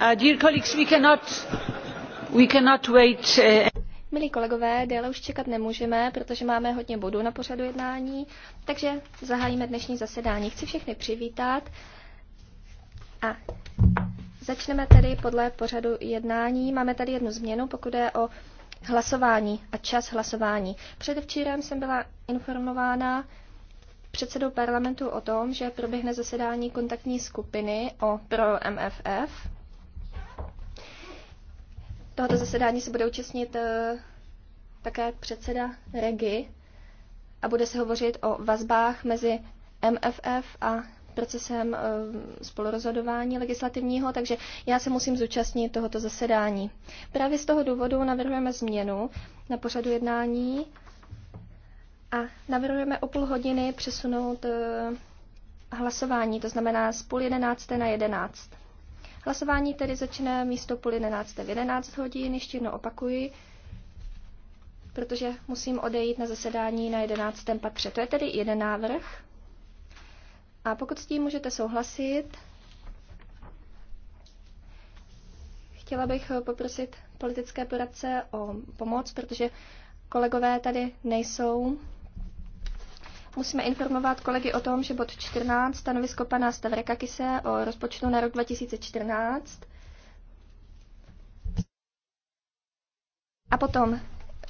Uh, uh, Milí kolegové, déle už čekat nemůžeme, protože máme hodně bodů na pořadu jednání, takže zahájíme dnešní zasedání. Chci všechny přivítat a začneme tedy podle pořadu jednání. Máme tady jednu změnu, pokud je o hlasování a čas hlasování. Předevčírem jsem byla informována předsedou parlamentu o tom, že proběhne zasedání kontaktní skupiny o pro MFF Tohoto zasedání se bude účastnit eh, také předseda Regi a bude se hovořit o vazbách mezi MFF a procesem eh, spolurozhodování legislativního, takže já se musím zúčastnit tohoto zasedání. Právě z toho důvodu navrhujeme změnu na pořadu jednání a navrhujeme o půl hodiny přesunout eh, hlasování, to znamená z půl jedenácté na jedenáct. Hlasování tedy začne místo půl jedenácté v 11 hodin, ještě jednou opakuji, protože musím odejít na zasedání na 11. patře. To je tedy jeden návrh. A pokud s tím můžete souhlasit, chtěla bych poprosit politické poradce o pomoc, protože kolegové tady nejsou. Musíme informovat kolegy o tom, že bod 14, stanovisko pana Stavrekakise o rozpočtu na rok 2014. A potom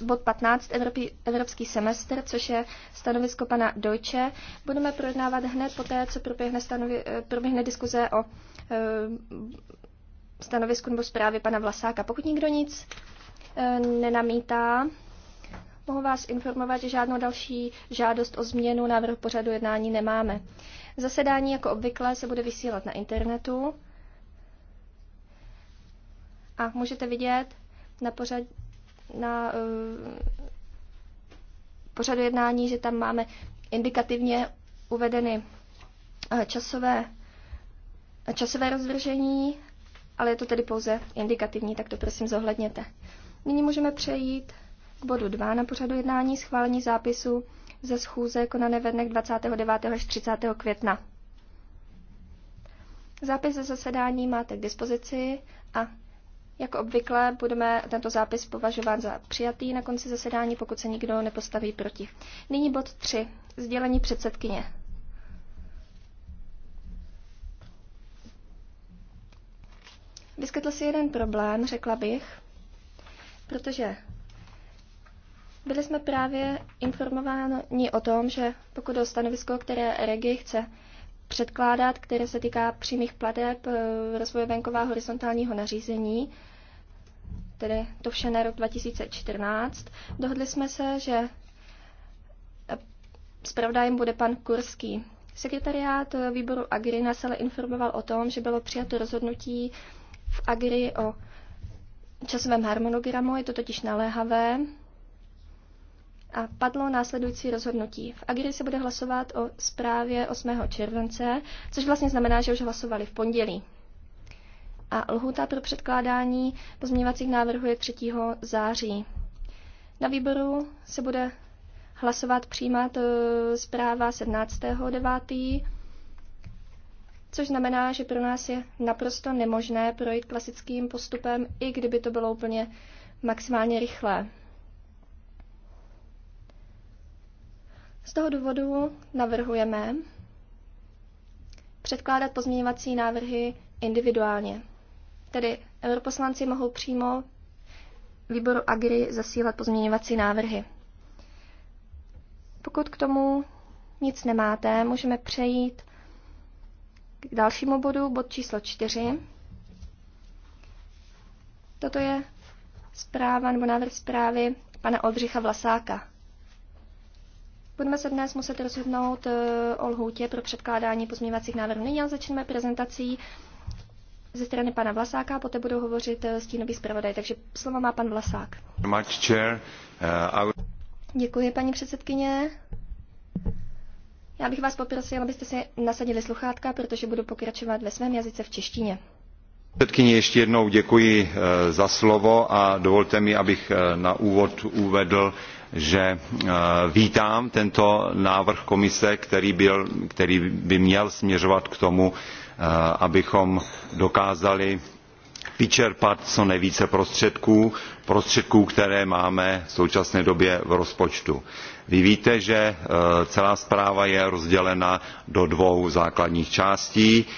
bod 15, Evropí, Evropský semestr, což je stanovisko pana Deutsche. Budeme projednávat hned poté, co proběhne, stanovi, eh, proběhne diskuze o e, stanovisku nebo zprávě pana Vlasáka. Pokud nikdo nic e, nenamítá, Mohu vás informovat, že žádnou další žádost o změnu návrhu pořadu jednání nemáme. Zasedání jako obvykle se bude vysílat na internetu a můžete vidět na, pořad, na uh, pořadu jednání, že tam máme indikativně uvedeny eh, časové, eh, časové rozvržení, ale je to tedy pouze indikativní, tak to prosím zohledněte. Nyní můžeme přejít k bodu 2 na pořadu jednání schválení zápisu ze schůze konané ve dnech 29. až 30. května. Zápis ze zasedání máte k dispozici a jako obvykle budeme tento zápis považován za přijatý na konci zasedání, pokud se nikdo nepostaví proti. Nyní bod 3. Sdělení předsedkyně. Vyskytl si jeden problém, řekla bych, protože byli jsme právě informováni o tom, že pokud o stanovisko, které Regi chce předkládat, které se týká přímých plateb eh, rozvoje venková horizontálního nařízení, tedy to vše na rok 2014, dohodli jsme se, že eh, zpravodajem bude pan Kurský. Sekretariát eh, výboru Agri nás ale informoval o tom, že bylo přijato rozhodnutí v Agri o časovém harmonogramu, je to totiž naléhavé, a padlo následující rozhodnutí. V Agri se bude hlasovat o zprávě 8. července, což vlastně znamená, že už hlasovali v pondělí. A lhůta pro předkládání pozměňovacích návrhů je 3. září. Na výboru se bude hlasovat přijímat e, zpráva 17. 9. Což znamená, že pro nás je naprosto nemožné projít klasickým postupem, i kdyby to bylo úplně maximálně rychlé. Z toho důvodu navrhujeme předkládat pozměňovací návrhy individuálně. Tedy europoslanci mohou přímo výboru Agri zasílat pozměňovací návrhy. Pokud k tomu nic nemáte, můžeme přejít k dalšímu bodu, bod číslo 4. Toto je zpráva nebo návrh zprávy pana Oldřicha Vlasáka. Budeme se dnes muset rozhodnout eh, o lhoutě pro předkládání pozměňovacích návrhů. Nyní začneme prezentací ze strany pana Vlasáka, poté budou hovořit eh, stínový zpravodaj. Takže slovo má pan Vlasák. Eh, děkuji, paní předsedkyně. Já bych vás poprosil, abyste si nasadili sluchátka, protože budu pokračovat ve svém jazyce v češtině. Předkyni ještě jednou děkuji za slovo a dovolte mi, abych na úvod uvedl že eh, vítám tento návrh komise který, byl, který by měl směřovat k tomu eh, abychom dokázali vyčerpat co nejvíce prostředků prostředků které máme v současné době v rozpočtu. vy víte že eh, celá zpráva je rozdělena do dvou základních částí. jedna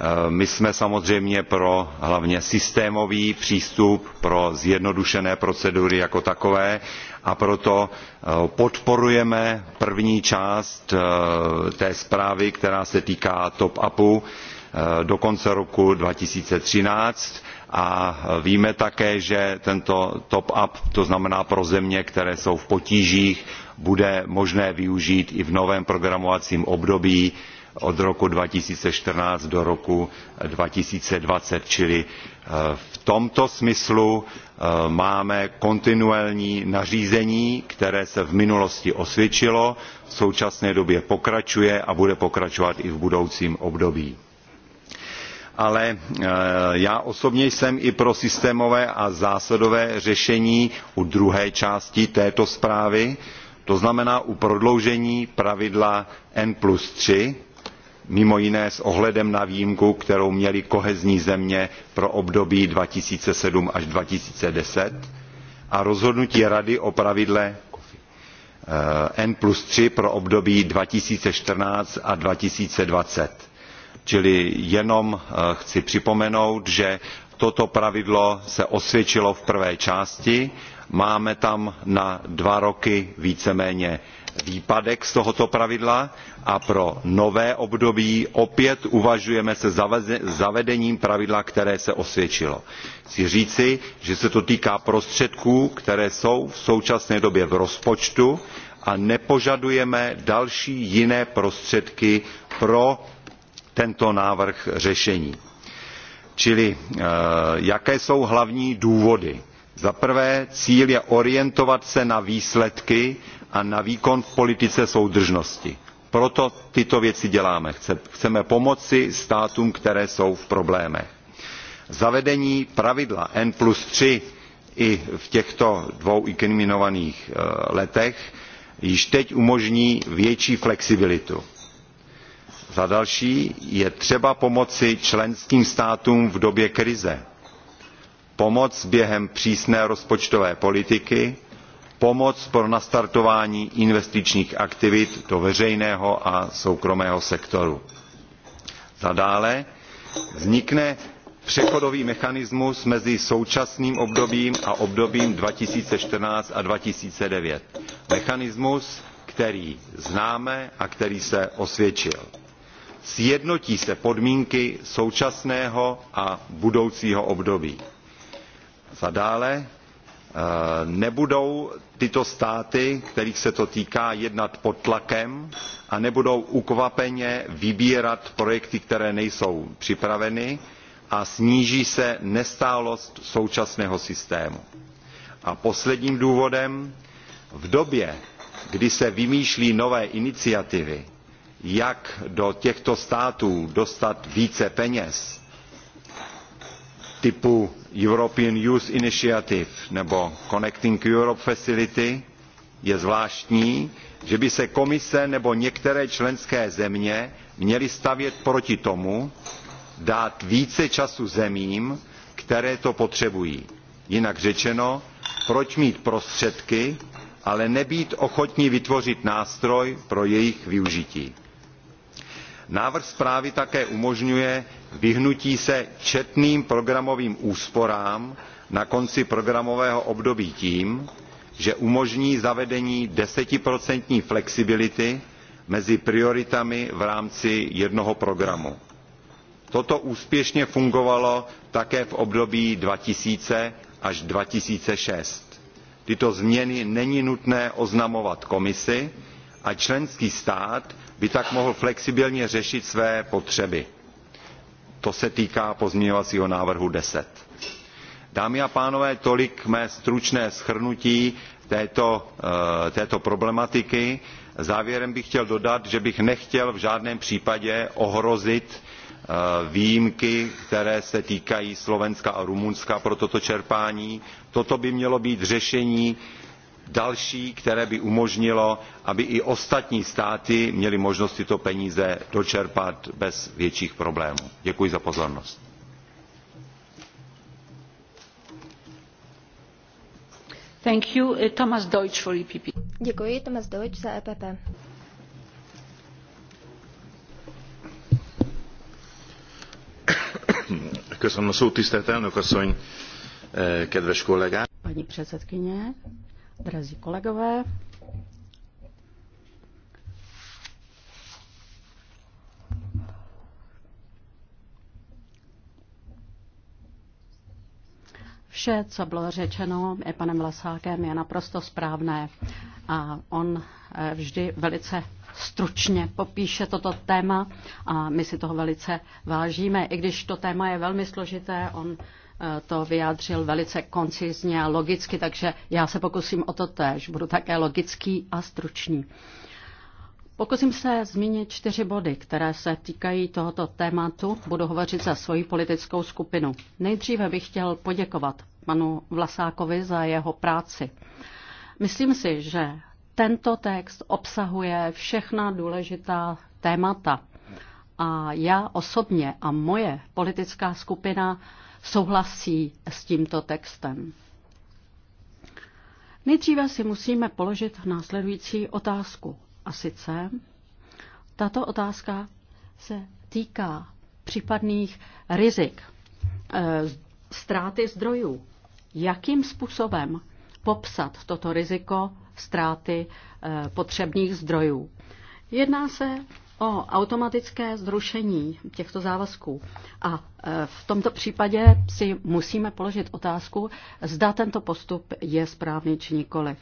Eh, my jsme samozřejmě pro hlavně systémový přístup pro zjednodušené procedury jako takové a proto eh, podporujeme první část eh, té zprávy která se týká top upu do konce roku two thousand and thirteen a víme také že tento top up to znamená pro země které jsou v potížích bude možné využít i v novém programovacím období two od roku 2014 do roku 2020, čili eh, v tomto smyslu eh, máme kontinuální nařízení, které se v minulosti osvědčilo, v současné době pokračuje a bude pokračovat i v budoucím období ale eh, já osobně jsem i pro systémové a zásadové řešení u druhé části této zprávy to znamená u prodloužení pravidla n three mimo jiné s ohledem na výjimku kterou měly kohezní země pro období two thousand and seven až two thousand and ten a rozhodnutí rady o pravidle eh, n three pro období two thousand and fourteen a two thousand and twenty čili jenom eh, chci připomenout že toto pravidlo se osvědčilo v prvé části máme tam na dva roky víceméně výpadek z tohoto pravidla a pro nové období opět uvažujeme se zavedením pravidla které se osvědčilo. chci říci že se to týká prostředků které jsou v současné době v rozpočtu a nepožadujeme další jiné prostředky pro tento návrh řešení. čili eh, jaké jsou hlavní důvody? za prvé cíl je orientovat se na výsledky a na výkon v politice soudržnosti. proto tyto věci děláme chceme pomoci státům které jsou v problémech. zavedení pravidla n three i v těchto dvou inkriminovaných eh, letech již teď umožní větší flexibilitu. za další je třeba pomoci členským státům v době krize. pomoc během přísné rozpočtové politiky pomoc pro nastartování investičních aktivit do veřejného a soukromého sektoru. Za dále vznikne přechodový mechanismus mezi současným obdobím a obdobím 2014 a 2009. Mechanismus, který známe a který se osvědčil. Sjednotí se podmínky současného a budoucího období. Za dále eh, nebudou tyto státy kterých se to týká jednat pod tlakem a nebudou ukvapeně vybírat projekty které nejsou připraveny a sníží se nestálost současného systému. a posledním důvodem v době kdy se vymýšlí nové iniciativy jak do těchto států dostat více peněz typu European Youth Initiative nebo Connecting Europe Facility je zvláštní, že by se komise nebo některé členské země měly stavět proti tomu, dát více času zemím, které to potřebují. Jinak řečeno, proč mít prostředky, ale nebýt ochotní vytvořit nástroj pro jejich využití návrh zprávy také umožňuje vyhnutí se četným programovým úsporám na konci programového období tím že umožní zavedení desetiprocentní flexibility mezi prioritami v rámci jednoho programu. toto úspěšně fungovalo také v období two thousand až two thousand and six tyto změny není nutné oznamovat komisi a členský stát by tak mohl flexibilně řešit své potřeby. To se týká pozměňovacího návrhu 10. Dámy a pánové, tolik mé stručné shrnutí této, eh, této problematiky. Závěrem bych chtěl dodat, že bych nechtěl v žádném případě ohrozit eh, výjimky, které se týkají Slovenska a Rumunska pro toto čerpání. Toto by mělo být řešení další které by umožnilo aby i ostatní státy měly možnost tyto peníze dočerpat bez větších problémů. děkuji za pozornost. Thank you. Eh, Thomas Deutsch for EPP. Děkuji, Thomas Deutsch za EPP. Eh, kedves Paní předsedkyně, Drazí kolegové, Vše, co bylo řečeno je panem Vlasákem, je naprosto správné a on eh, vždy velice stručně popíše toto téma a my si toho velice vážíme. I když to téma je velmi složité, on Eh, to vyjádřil velice koncizně a logicky, takže já se pokusím o to též. Budu také logický a stručný. Pokusím se zmínit čtyři body, které se týkají tohoto tématu. Budu hovořit za svoji politickou skupinu. Nejdříve bych chtěl poděkovat panu Vlasákovi za jeho práci. Myslím si, že tento text obsahuje všechna důležitá témata. A já osobně a moje politická skupina souhlasí s tímto textem. Nejdříve si musíme položit následující otázku. A sice tato otázka se týká případných rizik, eh, ztráty zdrojů. Jakým způsobem popsat toto riziko ztráty eh, potřebných zdrojů? Jedná se o automatické zrušení těchto závazků. A e, v tomto případě si musíme položit otázku, zda tento postup je správný či nikoliv.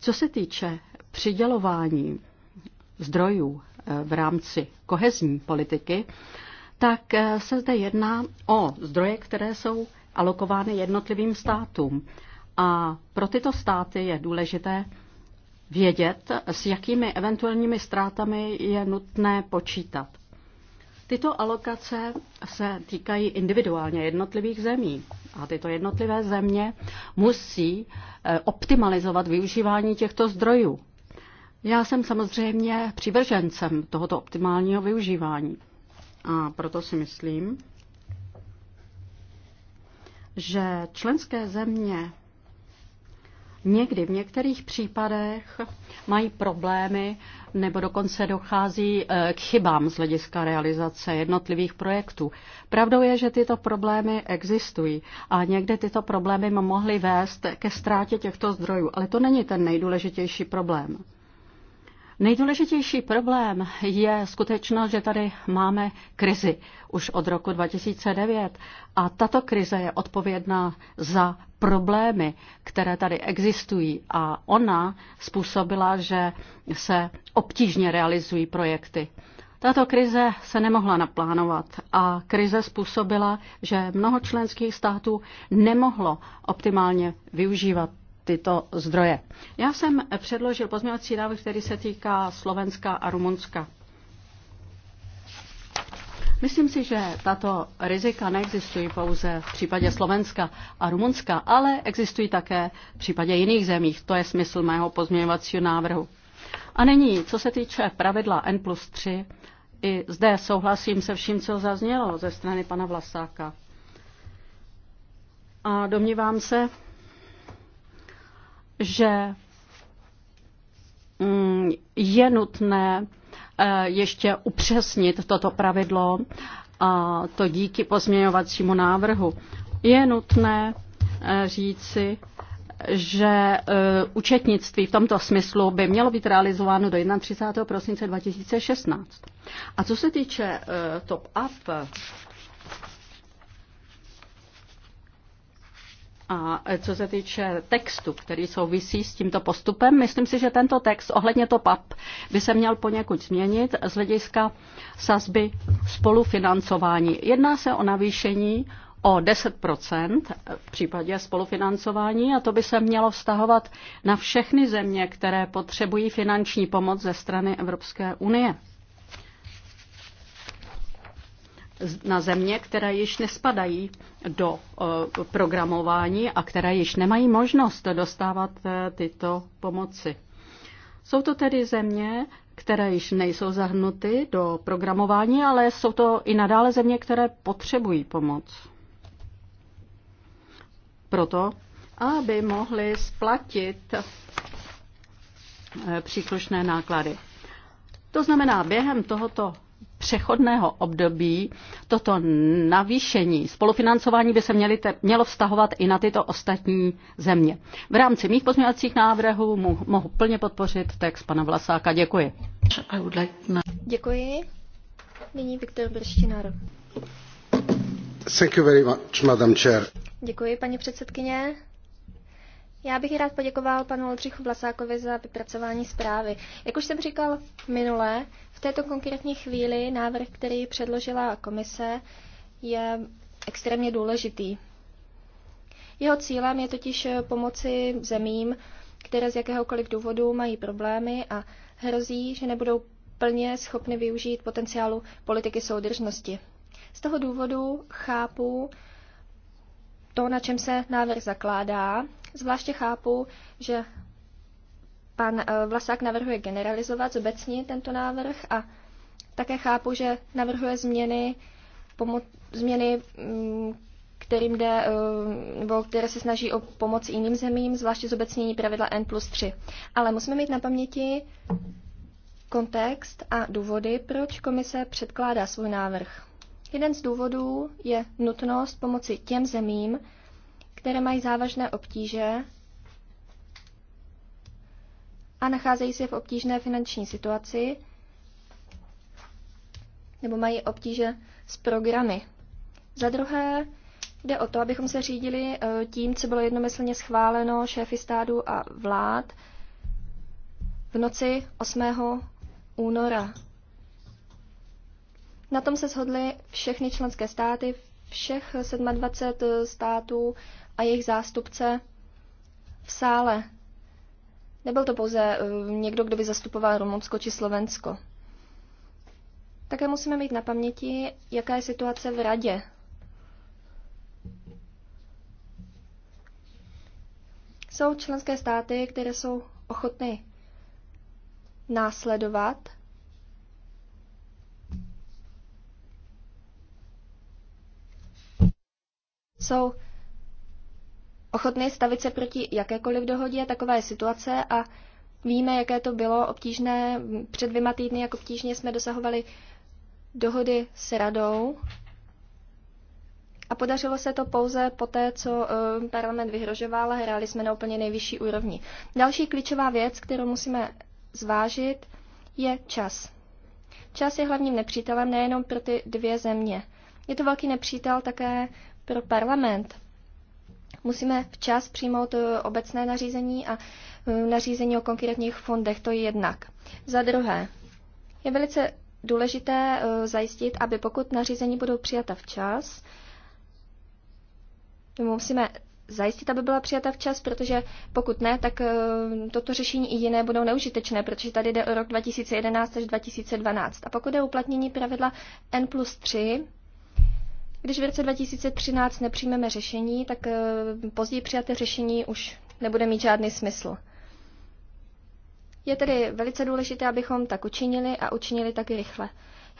Co se týče přidělování zdrojů e, v rámci kohezní politiky, tak e, se zde jedná o zdroje, které jsou alokovány jednotlivým státům. A pro tyto státy je důležité, vědět, s jakými eventuálními ztrátami je nutné počítat. Tyto alokace se týkají individuálně jednotlivých zemí a tyto jednotlivé země musí eh, optimalizovat využívání těchto zdrojů. Já jsem samozřejmě přivržencem tohoto optimálního využívání a proto si myslím, že členské země Někdy v některých případech mají problémy nebo dokonce dochází eh, k chybám z hlediska realizace jednotlivých projektů. Pravdou je, že tyto problémy existují a někde tyto problémy mohly vést ke ztrátě těchto zdrojů, ale to není ten nejdůležitější problém. Nejdůležitější problém je skutečnost, že tady máme krizi už od roku 2009 a tato krize je odpovědná za problémy, které tady existují a ona způsobila, že se obtížně realizují projekty. Tato krize se nemohla naplánovat a krize způsobila, že mnoho členských států nemohlo optimálně využívat tyto zdroje. Já jsem předložil pozměňovací návrh, který se týká Slovenska a Rumunska. Myslím si, že tato rizika neexistují pouze v případě Slovenska a Rumunska, ale existují také v případě jiných zemích. To je smysl mého pozměňovacího návrhu. A nyní, co se týče pravidla N plus 3, i zde souhlasím se vším, co zaznělo ze strany pana Vlasáka. A domnívám se, že mm, je nutné eh, ještě upřesnit toto pravidlo a to díky pozměňovacímu návrhu. Je nutné eh, říci, že eh, účetnictví v tomto smyslu by mělo být realizováno do 31. prosince 2016. A co se týče top-up, A e, co se týče textu, který souvisí s tímto postupem, myslím si, že tento text ohledně to PAP by se měl poněkud změnit z hlediska sazby spolufinancování. Jedná se o navýšení o 10 v případě spolufinancování a to by se mělo vztahovat na všechny země, které potřebují finanční pomoc ze strany Evropské unie. na země, které již nespadají do eh, programování a které již nemají možnost dostávat eh, tyto pomoci. Jsou to tedy země, které již nejsou zahrnuty do programování, ale jsou to i nadále země, které potřebují pomoc. Proto, aby mohly splatit eh, příslušné náklady. To znamená, během tohoto přechodného období toto navýšení spolufinancování by se měli te, mělo vztahovat i na tyto ostatní země. V rámci mých pozměňovacích návrhů mohu, mohu plně podpořit text pana Vlasáka. Děkuji. Děkuji. Nyní Viktor Brštinár. Thank you very much, Madam Chair. Děkuji, paní předsedkyně. Já bych rád poděkoval panu Oldřichu Vlasákovi za vypracování zprávy. Jak už jsem říkal minule, v této konkrétní chvíli návrh, který předložila komise, je extrémně důležitý. Jeho cílem je totiž pomoci zemím, které z jakéhokoliv důvodu mají problémy a hrozí, že nebudou plně schopny využít potenciálu politiky soudržnosti. Z toho důvodu chápu to, na čem se návrh zakládá. Zvláště chápu, že pan eh, Vlasák navrhuje generalizovat, zobecnit tento návrh a také chápu, že navrhuje změny, pomo- změny mm, kterým jde, eh, nebo které se snaží o pomoc jiným zemím, zvláště zobecnění pravidla N plus 3. Ale musíme mít na paměti kontext a důvody, proč komise předkládá svůj návrh. Jeden z důvodů je nutnost pomoci těm zemím, které mají závažné obtíže a nacházejí se v obtížné finanční situaci nebo mají obtíže s programy. Za druhé, jde o to, abychom se řídili eh, tím, co bylo jednomyslně schváleno šéfy stádu a vlád v noci 8. února na tom se shodly všechny členské státy, všech 27 eh, států a jejich zástupce v sále. Nebyl to pouze eh, někdo, kdo by zastupoval Rumunsko či Slovensko. Také musíme mít na paměti, jaká je situace v radě. Jsou členské státy, které jsou ochotny následovat jsou ochotny stavit se proti jakékoliv dohodě, taková je situace a víme, jaké to bylo obtížné před dvěma týdny, jak obtížně jsme dosahovali dohody s radou. A podařilo se to pouze po té, co eh, parlament vyhrožoval a hráli jsme na úplně nejvyšší úrovni. Další klíčová věc, kterou musíme zvážit, je čas. Čas je hlavním nepřítelem nejenom pro ty dvě země. Je to velký nepřítel také pro parlament. Musíme včas přijmout eh, obecné nařízení a eh, nařízení o konkrétních fondech, to je jednak. Za druhé, je velice důležité eh, zajistit, aby pokud nařízení budou přijata včas, musíme zajistit, aby byla přijata včas, protože pokud ne, tak toto řešení i jiné budou neužitečné, protože tady jde o rok 2011 až 2012. A pokud je uplatnění pravidla N plus 3, když v roce 2013 nepřijmeme řešení, tak eh, později přijaté řešení už nebude mít žádný smysl. Je tedy velice důležité, abychom tak učinili a učinili tak rychle.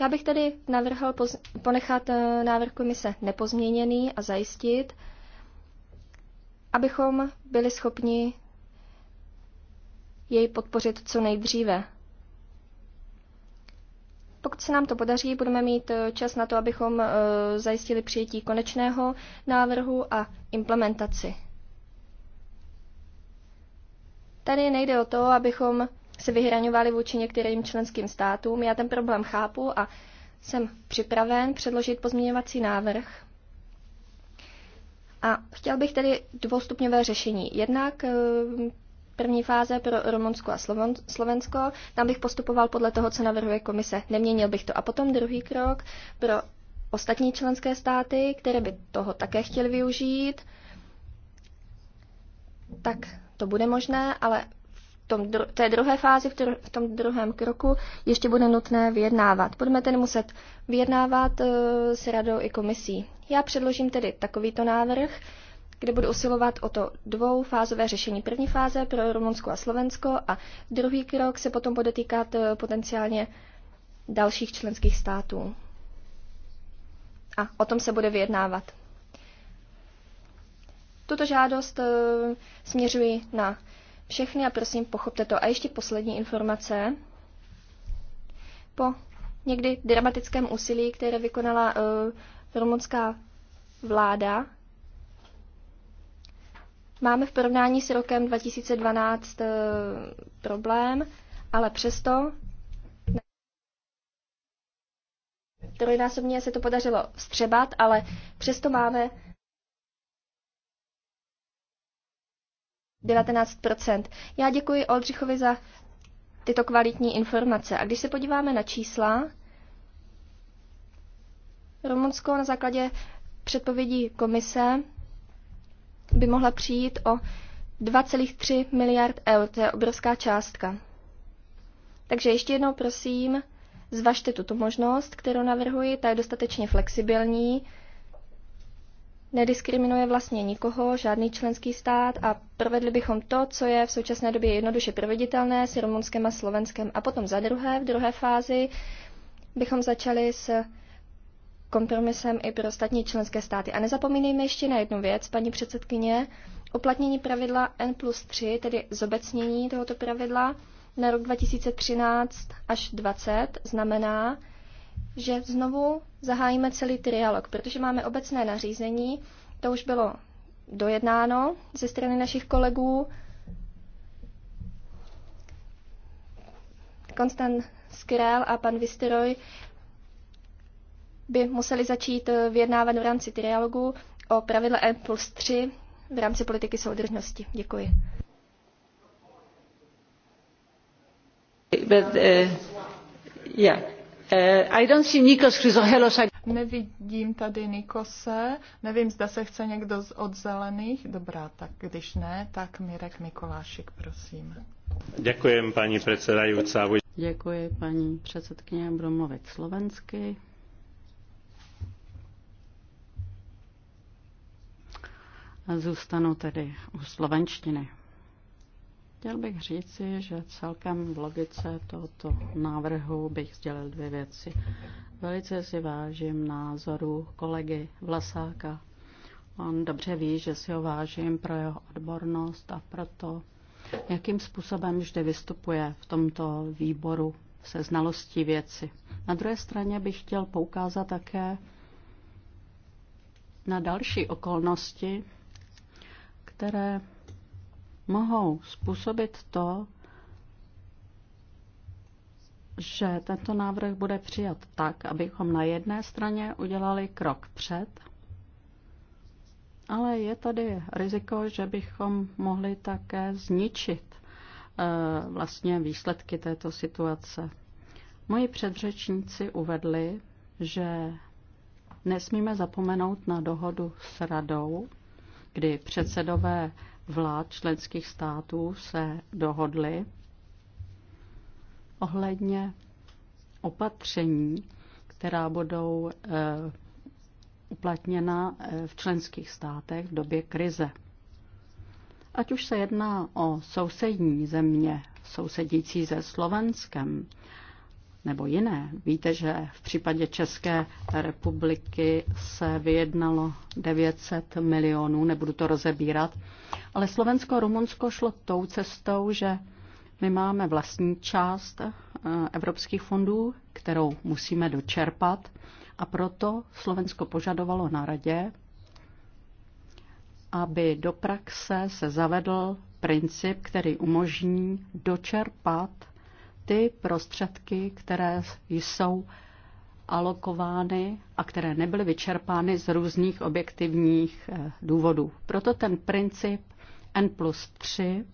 Já bych tedy navrhl ponechat eh, návrh komise nepozměněný a zajistit, abychom byli schopni jej podpořit co nejdříve. Pokud se nám to podaří, budeme mít eh, čas na to, abychom eh, zajistili přijetí konečného návrhu a implementaci. Tady nejde o to, abychom se vyhraňovali vůči některým členským státům. Já ten problém chápu a jsem připraven předložit pozměňovací návrh. A chtěl bych tedy dvoustupňové řešení. Jednak eh, První fáze pro Rumunsko a Slovensko, tam bych postupoval podle toho, co navrhuje komise. Neměnil bych to. A potom druhý krok pro ostatní členské státy, které by toho také chtěly využít, tak to bude možné, ale v tom dru- té druhé fázi, v, tr- v tom druhém kroku, ještě bude nutné vyjednávat. Budeme tedy muset vyjednávat uh, s radou i komisí. Já předložím tedy takovýto návrh, kde budu usilovat o to dvoufázové řešení. První fáze pro Rumunsko a Slovensko a druhý krok se potom bude týkat eh, potenciálně dalších členských států. A o tom se bude vyjednávat. Tuto žádost eh, směřuji na všechny a prosím, pochopte to. A ještě poslední informace. Po někdy dramatickém úsilí, které vykonala eh, rumunská vláda, Máme v porovnání s rokem 2012 eh, problém, ale přesto trojnásobně se to podařilo vstřebat, ale přesto máme 19%. Já děkuji Oldřichovi za tyto kvalitní informace. A když se podíváme na čísla, Rumunsko na základě předpovědí komise by mohla přijít o 2,3 miliard eur. To je obrovská částka. Takže ještě jednou prosím, zvažte tuto možnost, kterou navrhuji. Ta je dostatečně flexibilní, nediskriminuje vlastně nikoho, žádný členský stát a provedli bychom to, co je v současné době jednoduše proveditelné s Rumunskem a Slovenskem. A potom za druhé, v druhé fázi, bychom začali s kompromisem i pro ostatní členské státy. A nezapomínejme ještě na jednu věc, paní předsedkyně, uplatnění pravidla N plus 3, tedy zobecnění tohoto pravidla na rok 2013 až 20 znamená, že znovu zahájíme celý trialog, protože máme obecné nařízení, to už bylo dojednáno ze strany našich kolegů. Konstant Skrel a pan Vysteroj by museli začít eh, vyjednávat v rámci trialogu o pravidle N plus 3 v rámci politiky soudržnosti. Děkuji. But, uh, yeah. uh, I don't see Nikos Chrysohelos. I... Nevidím tady Nikose, nevím, zda se chce někdo z, od zelených. Dobrá, tak když ne, tak Mirek Mikolášik, prosím. Děkuji, paní předsedající. Děkuji, paní předsedkyně, budu mluvit slovensky. Zůstanu tedy u slovenštiny. Chtěl bych říci, že celkem v logice tohoto návrhu bych sdělil dvě věci. Velice si vážím názoru kolegy Vlasáka. On dobře ví, že si ho vážím pro jeho odbornost a proto, jakým způsobem vždy vystupuje v tomto výboru se znalostí věci. Na druhé straně bych chtěl poukázat také na další okolnosti, které mohou způsobit to, že tento návrh bude přijat tak, abychom na jedné straně udělali krok před, ale je tady riziko, že bychom mohli také zničit eh, vlastně výsledky této situace. Moji předřečníci uvedli, že nesmíme zapomenout na dohodu s radou kdy předsedové vlád členských států se dohodli ohledně opatření, která budou eh, uplatněna eh, v členských státech v době krize. Ať už se jedná o sousední země, sousedící se Slovenskem, nebo jiné. Víte, že v případě České republiky se vyjednalo 900 milionů, nebudu to rozebírat, ale Slovensko a Rumunsko šlo tou cestou, že my máme vlastní část eh, evropských fondů, kterou musíme dočerpat a proto Slovensko požadovalo na radě, aby do praxe se zavedl princip, který umožní dočerpat ty prostředky, které jsou alokovány a které nebyly vyčerpány z různých objektivních eh, důvodů. Proto ten princip N plus 3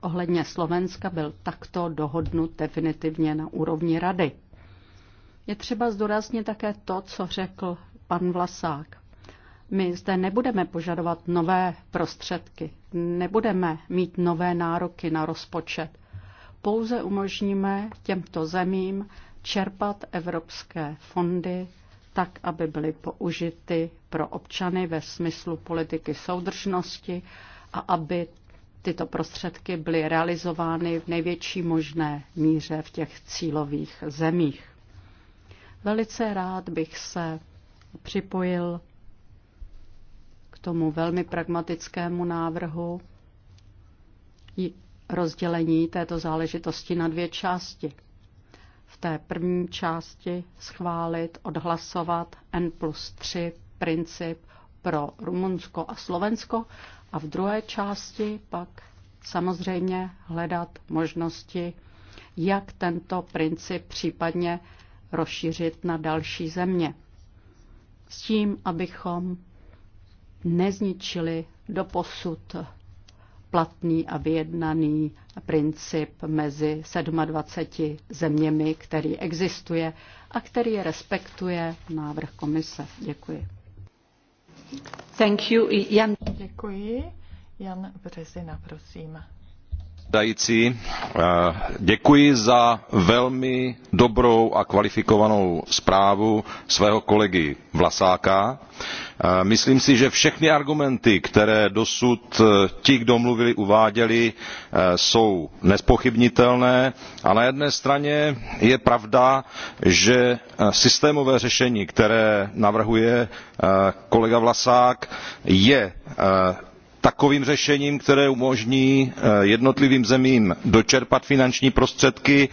ohledně Slovenska byl takto dohodnut definitivně na úrovni rady. Je třeba zdůraznit také to, co řekl pan Vlasák. My zde nebudeme požadovat nové prostředky, nebudeme mít nové nároky na rozpočet pouze umožníme těmto zemím čerpat evropské fondy tak, aby byly použity pro občany ve smyslu politiky soudržnosti a aby tyto prostředky byly realizovány v největší možné míře v těch cílových zemích. Velice rád bych se připojil k tomu velmi pragmatickému návrhu rozdělení této záležitosti na dvě části. V té první části schválit, odhlasovat N plus 3 princip pro Rumunsko a Slovensko a v druhé části pak samozřejmě hledat možnosti, jak tento princip případně rozšířit na další země. S tím, abychom nezničili doposud platný a vyjednaný princip mezi 27 zeměmi, který existuje a který respektuje návrh komise. Děkuji. Thank you, Jan. Děkuji. Jan Březina, prosím předsedající eh, děkuji za velmi dobrou a kvalifikovanou zprávu svého kolegy vlasáka. Eh, myslím si že všechny argumenty které dosud eh, ti kdo mluvili uváděli jsou nezpochybnitelné a na jedné straně je pravda že systémové řešení které navrhuje kolega vlasák je takovým řešením které umožní eh, jednotlivým zemím dočerpat finanční prostředky.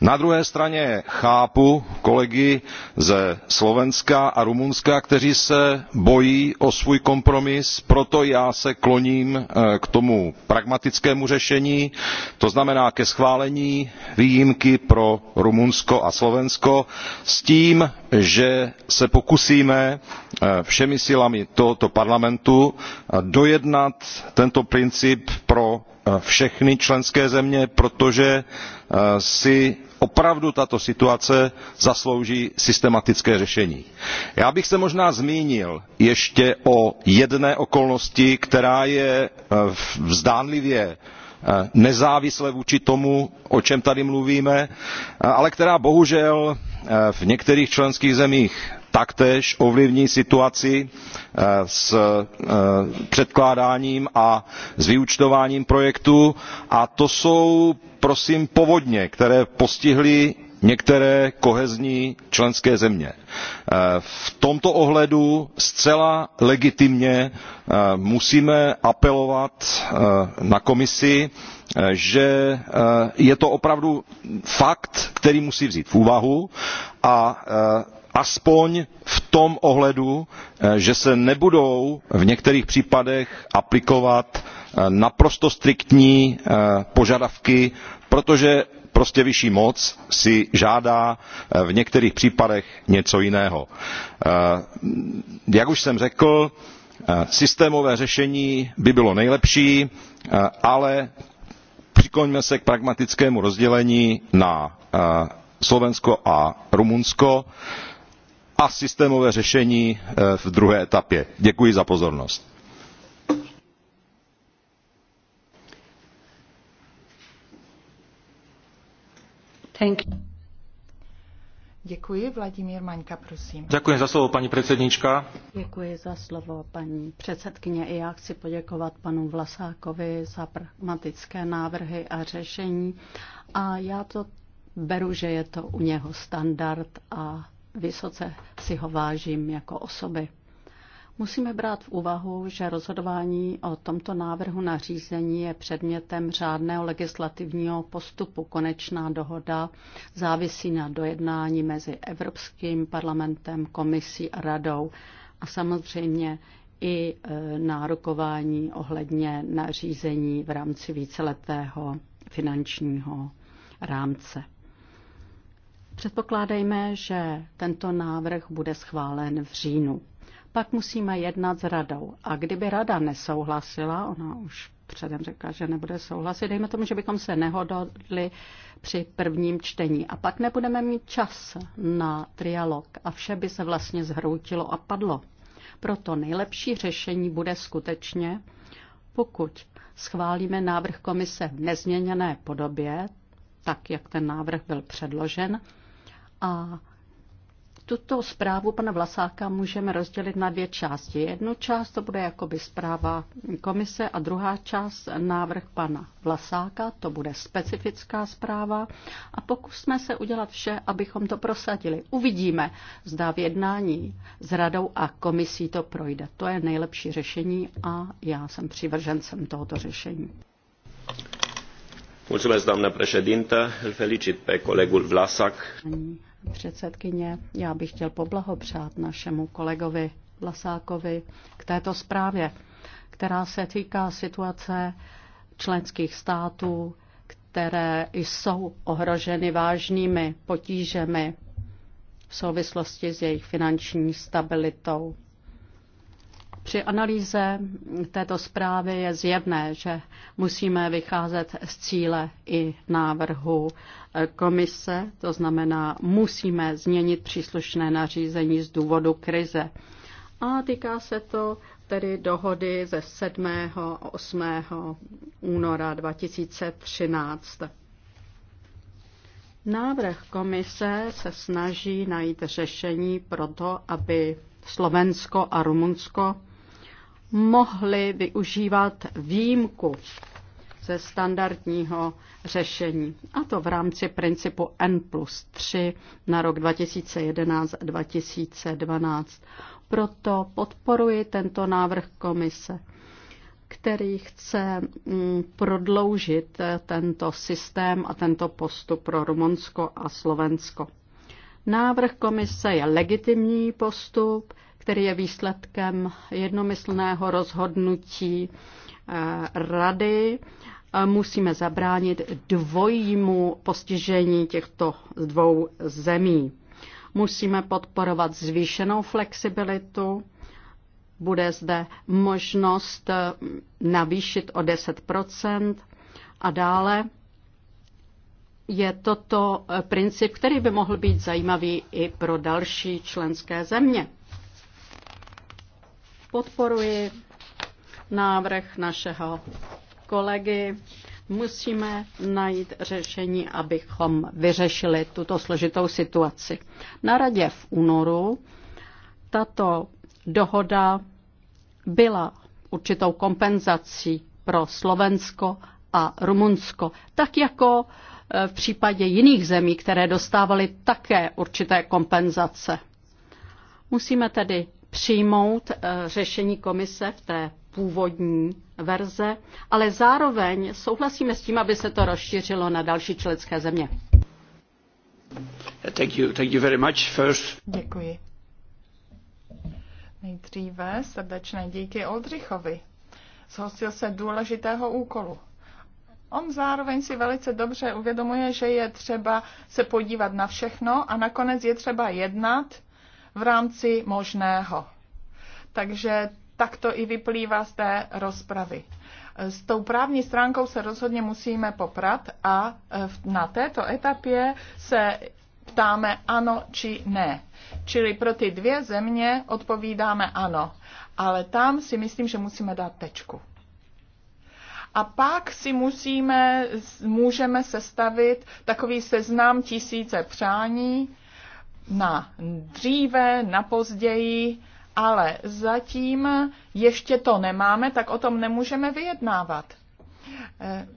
na druhé straně chápu kolegy ze slovenska a rumunska kteří se bojí o svůj kompromis proto já se kloním eh, k tomu pragmatickému řešení to znamená ke schválení výjimky pro rumunsko a slovensko s tím že se pokusíme eh, všemi silami tohoto parlamentu dojednat aplikovat tento princip pro eh, všechny členské země protože eh, si opravdu tato situace zaslouží systematické řešení. já bych se možná zmínil ještě o jedné okolnosti která je eh, zdánlivě nezávisle vůči tomu o čem tady mluvíme ale která bohužel v některých členských zemích taktéž ovlivní situaci eh, s eh, předkládáním a s vyúčtováním projektů a to jsou prosím povodně které postihly některé kohezní členské země. Eh, v tomto ohledu zcela legitimně musíme apelovat na komisi že je to opravdu fakt který musí vzít v úvahu a aspoň v tom ohledu eh, že se nebudou v některých případech aplikovat eh, naprosto striktní eh, požadavky protože prostě vyšší moc si žádá v některých případech něco jiného. jak už jsem řekl systémové řešení by bylo nejlepší ale přikloňme se k pragmatickému rozdělení na slovensko a rumunsko a systémové řešení eh, v druhé etapě. děkuji za pozornost. Děkuji. Vladimír Maňka, prosím. Děkuji za slovo, paní předsednička. Děkuji za slovo, paní předsedkyně. I já chci poděkovat panu Vlasákovi za pragmatické návrhy a řešení. A já to beru, že je to u něho standard a Vysoce si ho vážím jako osoby. Musíme brát v úvahu, že rozhodování o tomto návrhu nařízení je předmětem řádného legislativního postupu. Konečná dohoda závisí na dojednání mezi Evropským parlamentem, komisí a radou a samozřejmě i e, nárokování ohledně nařízení v rámci víceletého finančního rámce. Předpokládejme, že tento návrh bude schválen v říjnu. Pak musíme jednat s radou. A kdyby rada nesouhlasila, ona už předem řekla, že nebude souhlasit, dejme tomu, že bychom se nehodli při prvním čtení. A pak nebudeme mít čas na trialog a vše by se vlastně zhroutilo a padlo. Proto nejlepší řešení bude skutečně, pokud schválíme návrh komise v nezměněné podobě, tak jak ten návrh byl předložen, a tuto zprávu pana Vlasáka můžeme rozdělit na dvě části. Jednu část to bude jakoby zpráva komise a druhá část návrh pana Vlasáka, to bude specifická zpráva a pokusme se udělat vše, abychom to prosadili. Uvidíme, zda v jednání s radou a komisí to projde. To je nejlepší řešení a já jsem přivržencem tohoto řešení doamnă președintă îl felicit pe colegul vlasak. předsedkyně já bych chtěl poblahopřát našemu kolegovi vlasákovi k této zprávě která se týká situace členských států které jsou ohroženy vážnými potížemi v souvislosti s jejich finanční stabilitou. Při analýze této zprávy je zjevné, že musíme vycházet z cíle i návrhu komise, to znamená, musíme změnit příslušné nařízení z důvodu krize. A týká se to tedy dohody ze 7. a 8. února 2013. Návrh komise se snaží najít řešení pro to, aby Slovensko a Rumunsko mohli využívat výjimku ze standardního řešení. A to v rámci principu N plus 3 na rok 2011-2012. Proto podporuji tento návrh komise, který chce mm, prodloužit tento systém a tento postup pro Rumunsko a Slovensko. Návrh komise je legitimní postup, který je výsledkem jednomyslného rozhodnutí eh, rady. Musíme zabránit dvojímu postižení těchto dvou zemí. Musíme podporovat zvýšenou flexibilitu. Bude zde možnost eh, navýšit o 10 a dále je toto eh, princip, který by mohl být zajímavý i pro další členské země podporuji návrh našeho kolegy. Musíme najít řešení, abychom vyřešili tuto složitou situaci. Na radě v únoru tato dohoda byla určitou kompenzací pro Slovensko a Rumunsko, tak jako e, v případě jiných zemí, které dostávaly také určité kompenzace. Musíme tedy přijmout eh, řešení komise v té původní verze, ale zároveň souhlasíme s tím, aby se to rozšířilo na další členské země. Thank you, thank you very much first. Děkuji. Nejdříve srdečné díky Oldřichovi. Zhostil se důležitého úkolu. On zároveň si velice dobře uvědomuje, že je třeba se podívat na všechno a nakonec je třeba jednat v rámci možného. Takže tak to i vyplývá z té rozpravy. S tou právní stránkou se rozhodně musíme poprat a e, na této etapě se ptáme ano či ne. Čili pro ty dvě země odpovídáme ano, ale tam si myslím, že musíme dát tečku. A pak si musíme, můžeme sestavit takový seznam tisíce přání, na dříve, na později, ale zatím ještě to nemáme, tak o tom nemůžeme vyjednávat. Eh,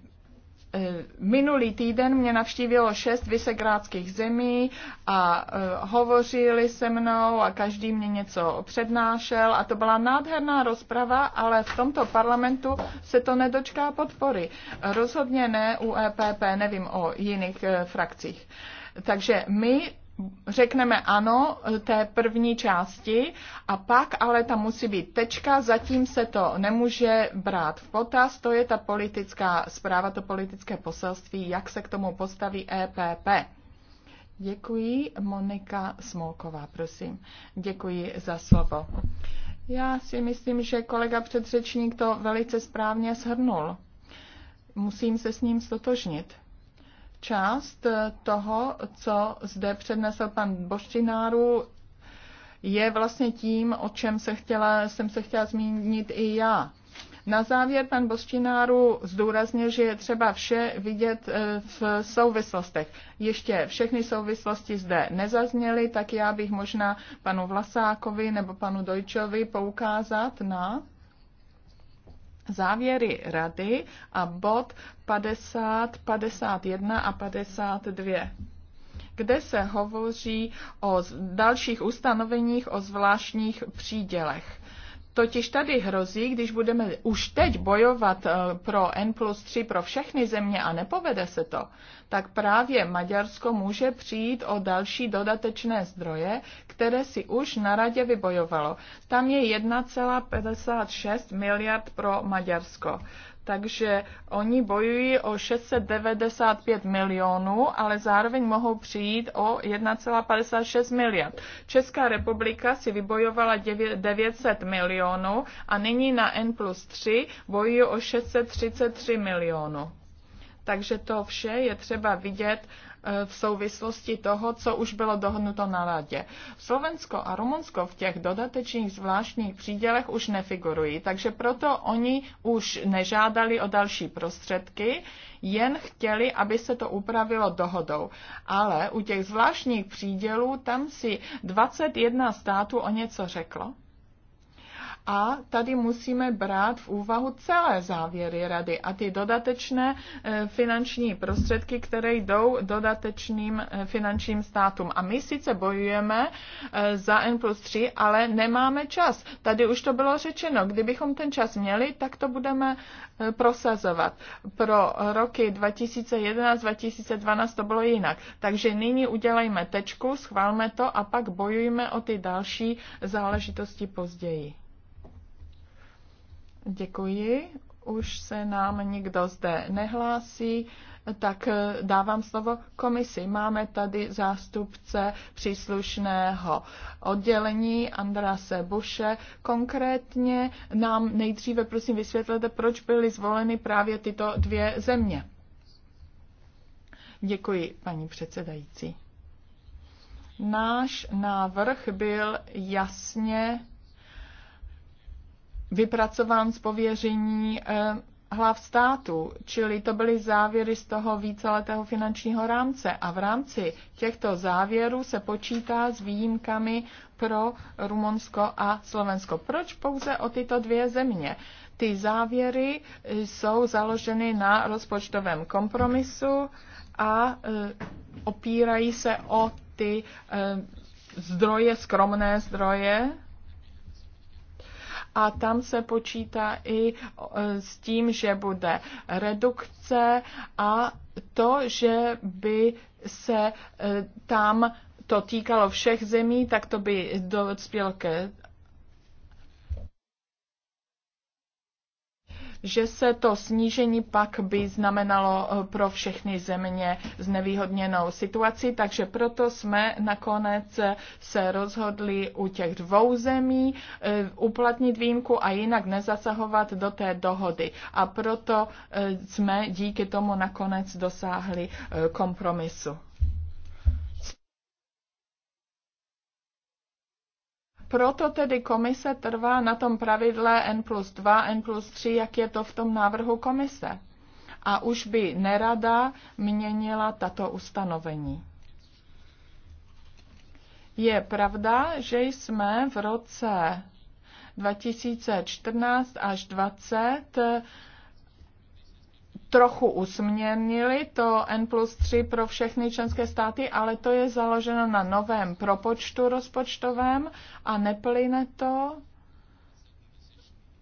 eh, minulý týden mě navštívilo šest vysegrádských zemí a eh, hovořili se mnou a každý mě něco přednášel a to byla nádherná rozprava, ale v tomto parlamentu se to nedočká podpory. Rozhodně ne u EPP, nevím o jiných frakcích. Takže my řekneme ano té první části a pak ale tam musí být tečka, zatím se to nemůže brát v potaz, to je ta politická zpráva, to politické poselství, jak se k tomu postaví EPP. Děkuji, Monika Smolková, prosím. Děkuji za slovo. Já si myslím, že kolega předřečník to velice správně shrnul. Musím se s ním stotožnit část eh, toho, co zde přednesl pan Boštináru, je vlastně tím, o čem se chtěla, jsem se chtěla zmínit i já. Na závěr pan Boštináru zdůraznil, že je třeba vše vidět eh, v souvislostech. Ještě všechny souvislosti zde nezazněly, tak já bych možná panu Vlasákovi nebo panu Dojčovi poukázat na závěry rady a bod 50, 51 a 52 kde se hovoří o dalších ustanoveních o zvláštních přídělech. Totiž tady hrozí, když budeme už teď bojovat eh, pro N plus 3 pro všechny země a nepovede se to, tak právě Maďarsko může přijít o další dodatečné zdroje, které si už na radě vybojovalo. Tam je 1,56 miliard pro Maďarsko. Takže oni bojují o 695 milionů, ale zároveň mohou přijít o 1,56 miliard. Česká republika si vybojovala 900 milionů a nyní na N plus 3 bojují o 633 milionů. Takže to vše je třeba vidět Eh, v souvislosti toho, co už bylo dohodnuto na radě. Slovensko a Rumunsko v těch dodatečných zvláštních přídělech už nefigurují, takže proto oni už nežádali o další prostředky, jen chtěli, aby se to upravilo dohodou. Ale u těch zvláštních přídělů tam si 21 států o něco řeklo a tady musíme brát v úvahu celé závěry rady a ty dodatečné eh, finanční prostředky, které jdou dodatečným eh, finančním státům. A my sice bojujeme eh, za N plus 3, ale nemáme čas. Tady už to bylo řečeno, kdybychom ten čas měli, tak to budeme prosazovat. Pro roky 2011, 2012 to bylo jinak. Takže nyní udělejme tečku, schválme to a pak bojujeme o ty další záležitosti později. Děkuji. Už se nám nikdo zde nehlásí, tak dávám slovo komisi. Máme tady zástupce příslušného oddělení Andrase Buše. Konkrétně nám nejdříve prosím vysvětlete, proč byly zvoleny právě tyto dvě země. Děkuji, paní předsedající. Náš návrh byl jasně vypracován z pověření eh, hlav státu, čili to byly závěry z toho víceletého finančního rámce. A v rámci těchto závěrů se počítá s výjimkami pro Rumunsko a Slovensko. Proč pouze o tyto dvě země? Ty závěry jsou založeny na rozpočtovém kompromisu a eh, opírají se o ty eh, zdroje, skromné zdroje a tam se počítá i e, s tím, že bude redukce a to, že by se e, tam to týkalo všech zemí, tak to by dospělo ke že se to snížení pak by znamenalo eh, pro všechny země znevýhodněnou situaci, takže proto jsme nakonec eh, se rozhodli u těch dvou zemí eh, uplatnit výjimku a jinak nezasahovat do té dohody. A proto jsme díky tomu nakonec dosáhli kompromisu. Proto tedy komise trvá na tom pravidle N plus 2, N plus 3, jak je to v tom návrhu komise. A už by nerada měnila tato ustanovení. Je pravda, že jsme v roce 2014 až 2020 trochu usměrnili to N plus 3 pro všechny členské státy, ale to je založeno na novém propočtu rozpočtovém a neplyne to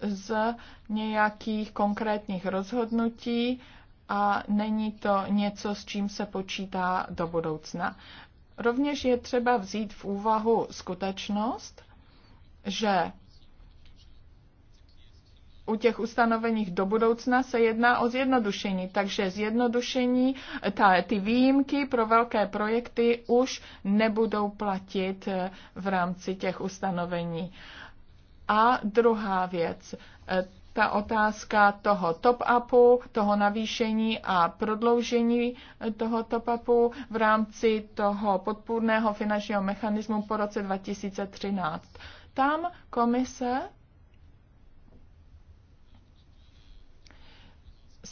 z nějakých konkrétních rozhodnutí a není to něco, s čím se počítá do budoucna. Rovněž je třeba vzít v úvahu skutečnost, že u těch ustanoveních do budoucna se jedná o zjednodušení, takže zjednodušení, ta, ty výjimky pro velké projekty už nebudou platit eh, v rámci těch ustanovení. A druhá věc, eh, ta otázka toho top-upu, toho navýšení a prodloužení eh, toho top-upu v rámci toho podpůrného finančního mechanismu po roce 2013. Tam komise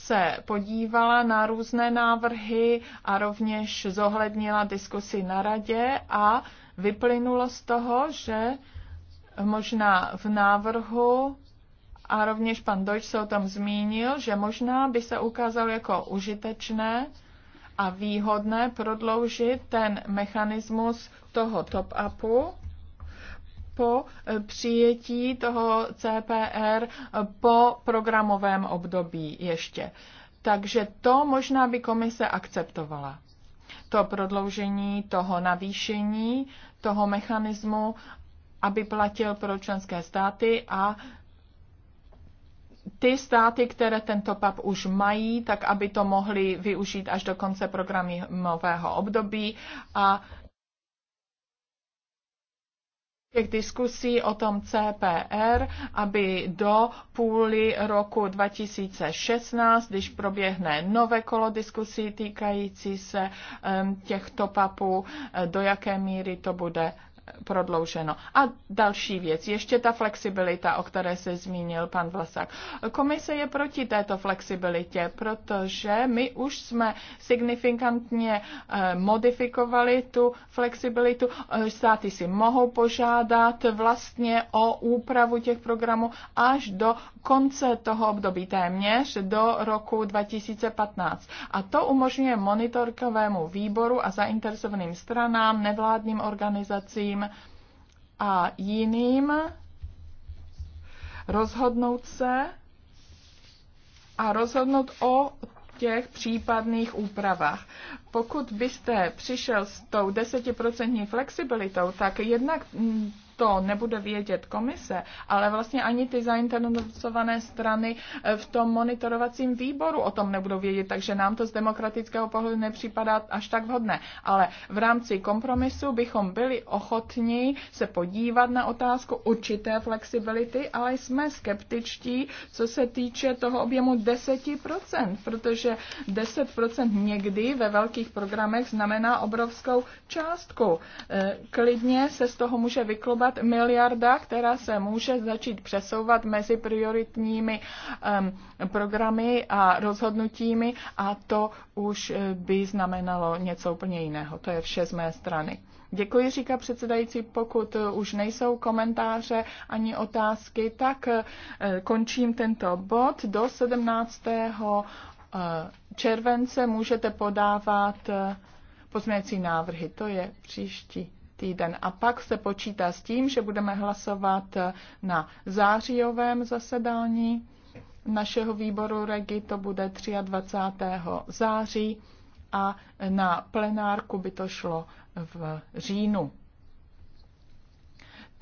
se podívala na různé návrhy a rovněž zohlednila diskusi na radě a vyplynulo z toho, že možná v návrhu a rovněž pan Deutsch se o tom zmínil, že možná by se ukázalo jako užitečné a výhodné prodloužit ten mechanismus toho top-upu po eh, přijetí toho CPR eh, po programovém období ještě. Takže to možná by komise akceptovala. To prodloužení toho navýšení, toho mechanismu, aby platil pro členské státy a ty státy, které tento PAP už mají, tak aby to mohly využít až do konce programového období a těch diskusí o tom CPR, aby do půly roku 2016, když proběhne nové kolo diskusí týkající se těchto papů, eh, do jaké míry to bude prodlouženo. A další věc, ještě ta flexibilita, o které se zmínil pan Vlasák. Komise je proti této flexibilitě, protože my už jsme signifikantně eh, modifikovali tu flexibilitu. Eh, státy si mohou požádat vlastně o úpravu těch programů až do konce toho období téměř do roku 2015. A to umožňuje monitorkovému výboru a zainteresovaným stranám, nevládním organizacím, druhým a jiným rozhodnout se a rozhodnout o těch případných úpravách. Pokud byste přišel s tou desetiprocentní flexibilitou, tak jednak mm, to nebude vědět komise, ale vlastně ani ty zainteresované strany eh, v tom monitorovacím výboru o tom nebudou vědět, takže nám to z demokratického pohledu nepřipadá až tak vhodné. Ale v rámci kompromisu bychom byli ochotni se podívat na otázku určité flexibility, ale jsme skeptičtí, co se týče toho objemu 10%, protože 10% někdy ve velkých programech znamená obrovskou částku. Eh, klidně se z toho může vyklobat přesouvat miliarda, která se může začít přesouvat mezi prioritními um, programy a rozhodnutími a to už eh, by znamenalo něco úplně jiného. To je vše z mé strany. Děkuji, říká předsedající. Pokud eh, už nejsou komentáře ani otázky, tak eh, končím tento bod. Do 17. července můžete podávat pozměňovací návrhy. To je příští týden. A pak se počítá s tím, že budeme hlasovat na zářijovém zasedání našeho výboru REGI, to bude 23. září a na plenárku by to šlo v říjnu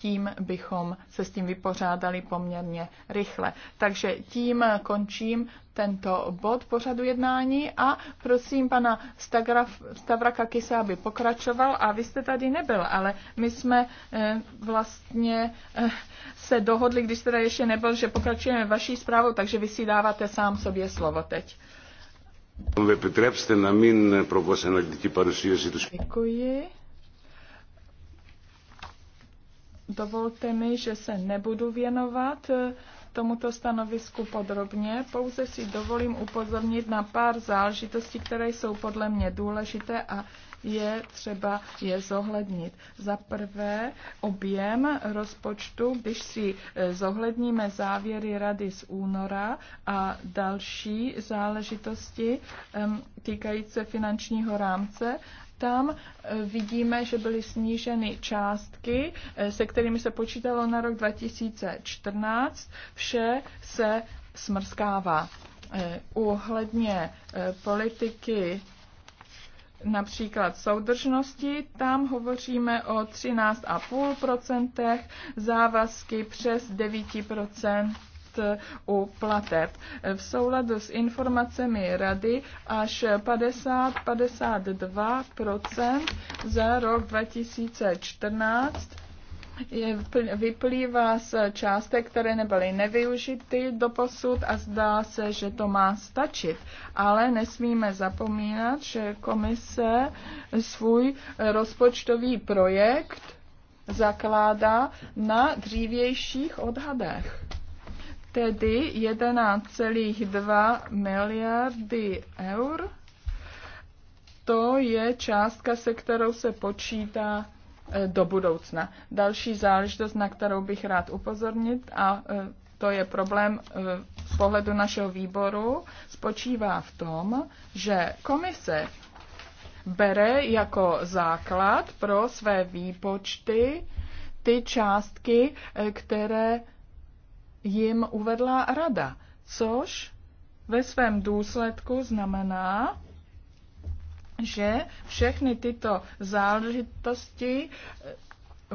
tím bychom se s tím vypořádali poměrně rychle. Takže tím končím tento bod pořadu jednání a prosím pana Stavra Kakise, aby pokračoval. A vy jste tady nebyl, ale my jsme eh, vlastně eh, se dohodli, když jste tady ještě nebyl, že pokračujeme vaší zprávou, takže vy si dáváte sám sobě slovo teď. Eh, Děkuji. Dovolte mi, že se nebudu věnovat eh, tomuto stanovisku podrobně, pouze si dovolím upozornit na pár záležitostí, které jsou podle mě důležité a je třeba je zohlednit. Za prvé objem rozpočtu, když si eh, zohledníme závěry rady z února a další záležitosti týkající se finančního rámce, tam eh, vidíme, že byly sníženy částky, eh, se kterými se počítalo na rok 2014. Vše se smrskává. Uhledně eh, politiky například soudržnosti, tam hovoříme o 13,5%, závazky přes 9%, Eh, u plateb. V souladu s informacemi rady až 50-52 za rok 2014 je, vyplývá z částek, které nebyly nevyužity do posud a zdá se, že to má stačit. Ale nesmíme zapomínat, že komise svůj rozpočtový projekt zakládá na dřívějších odhadech tedy 11,2 miliardy eur. To je částka, se kterou se počítá e, do budoucna. Další záležitost, na kterou bych rád upozornit, a e, to je problém e, z pohledu našeho výboru, spočívá v tom, že komise bere jako základ pro své výpočty ty částky, které jim uvedla rada, což ve svém důsledku znamená, že všechny tyto záležitosti eh,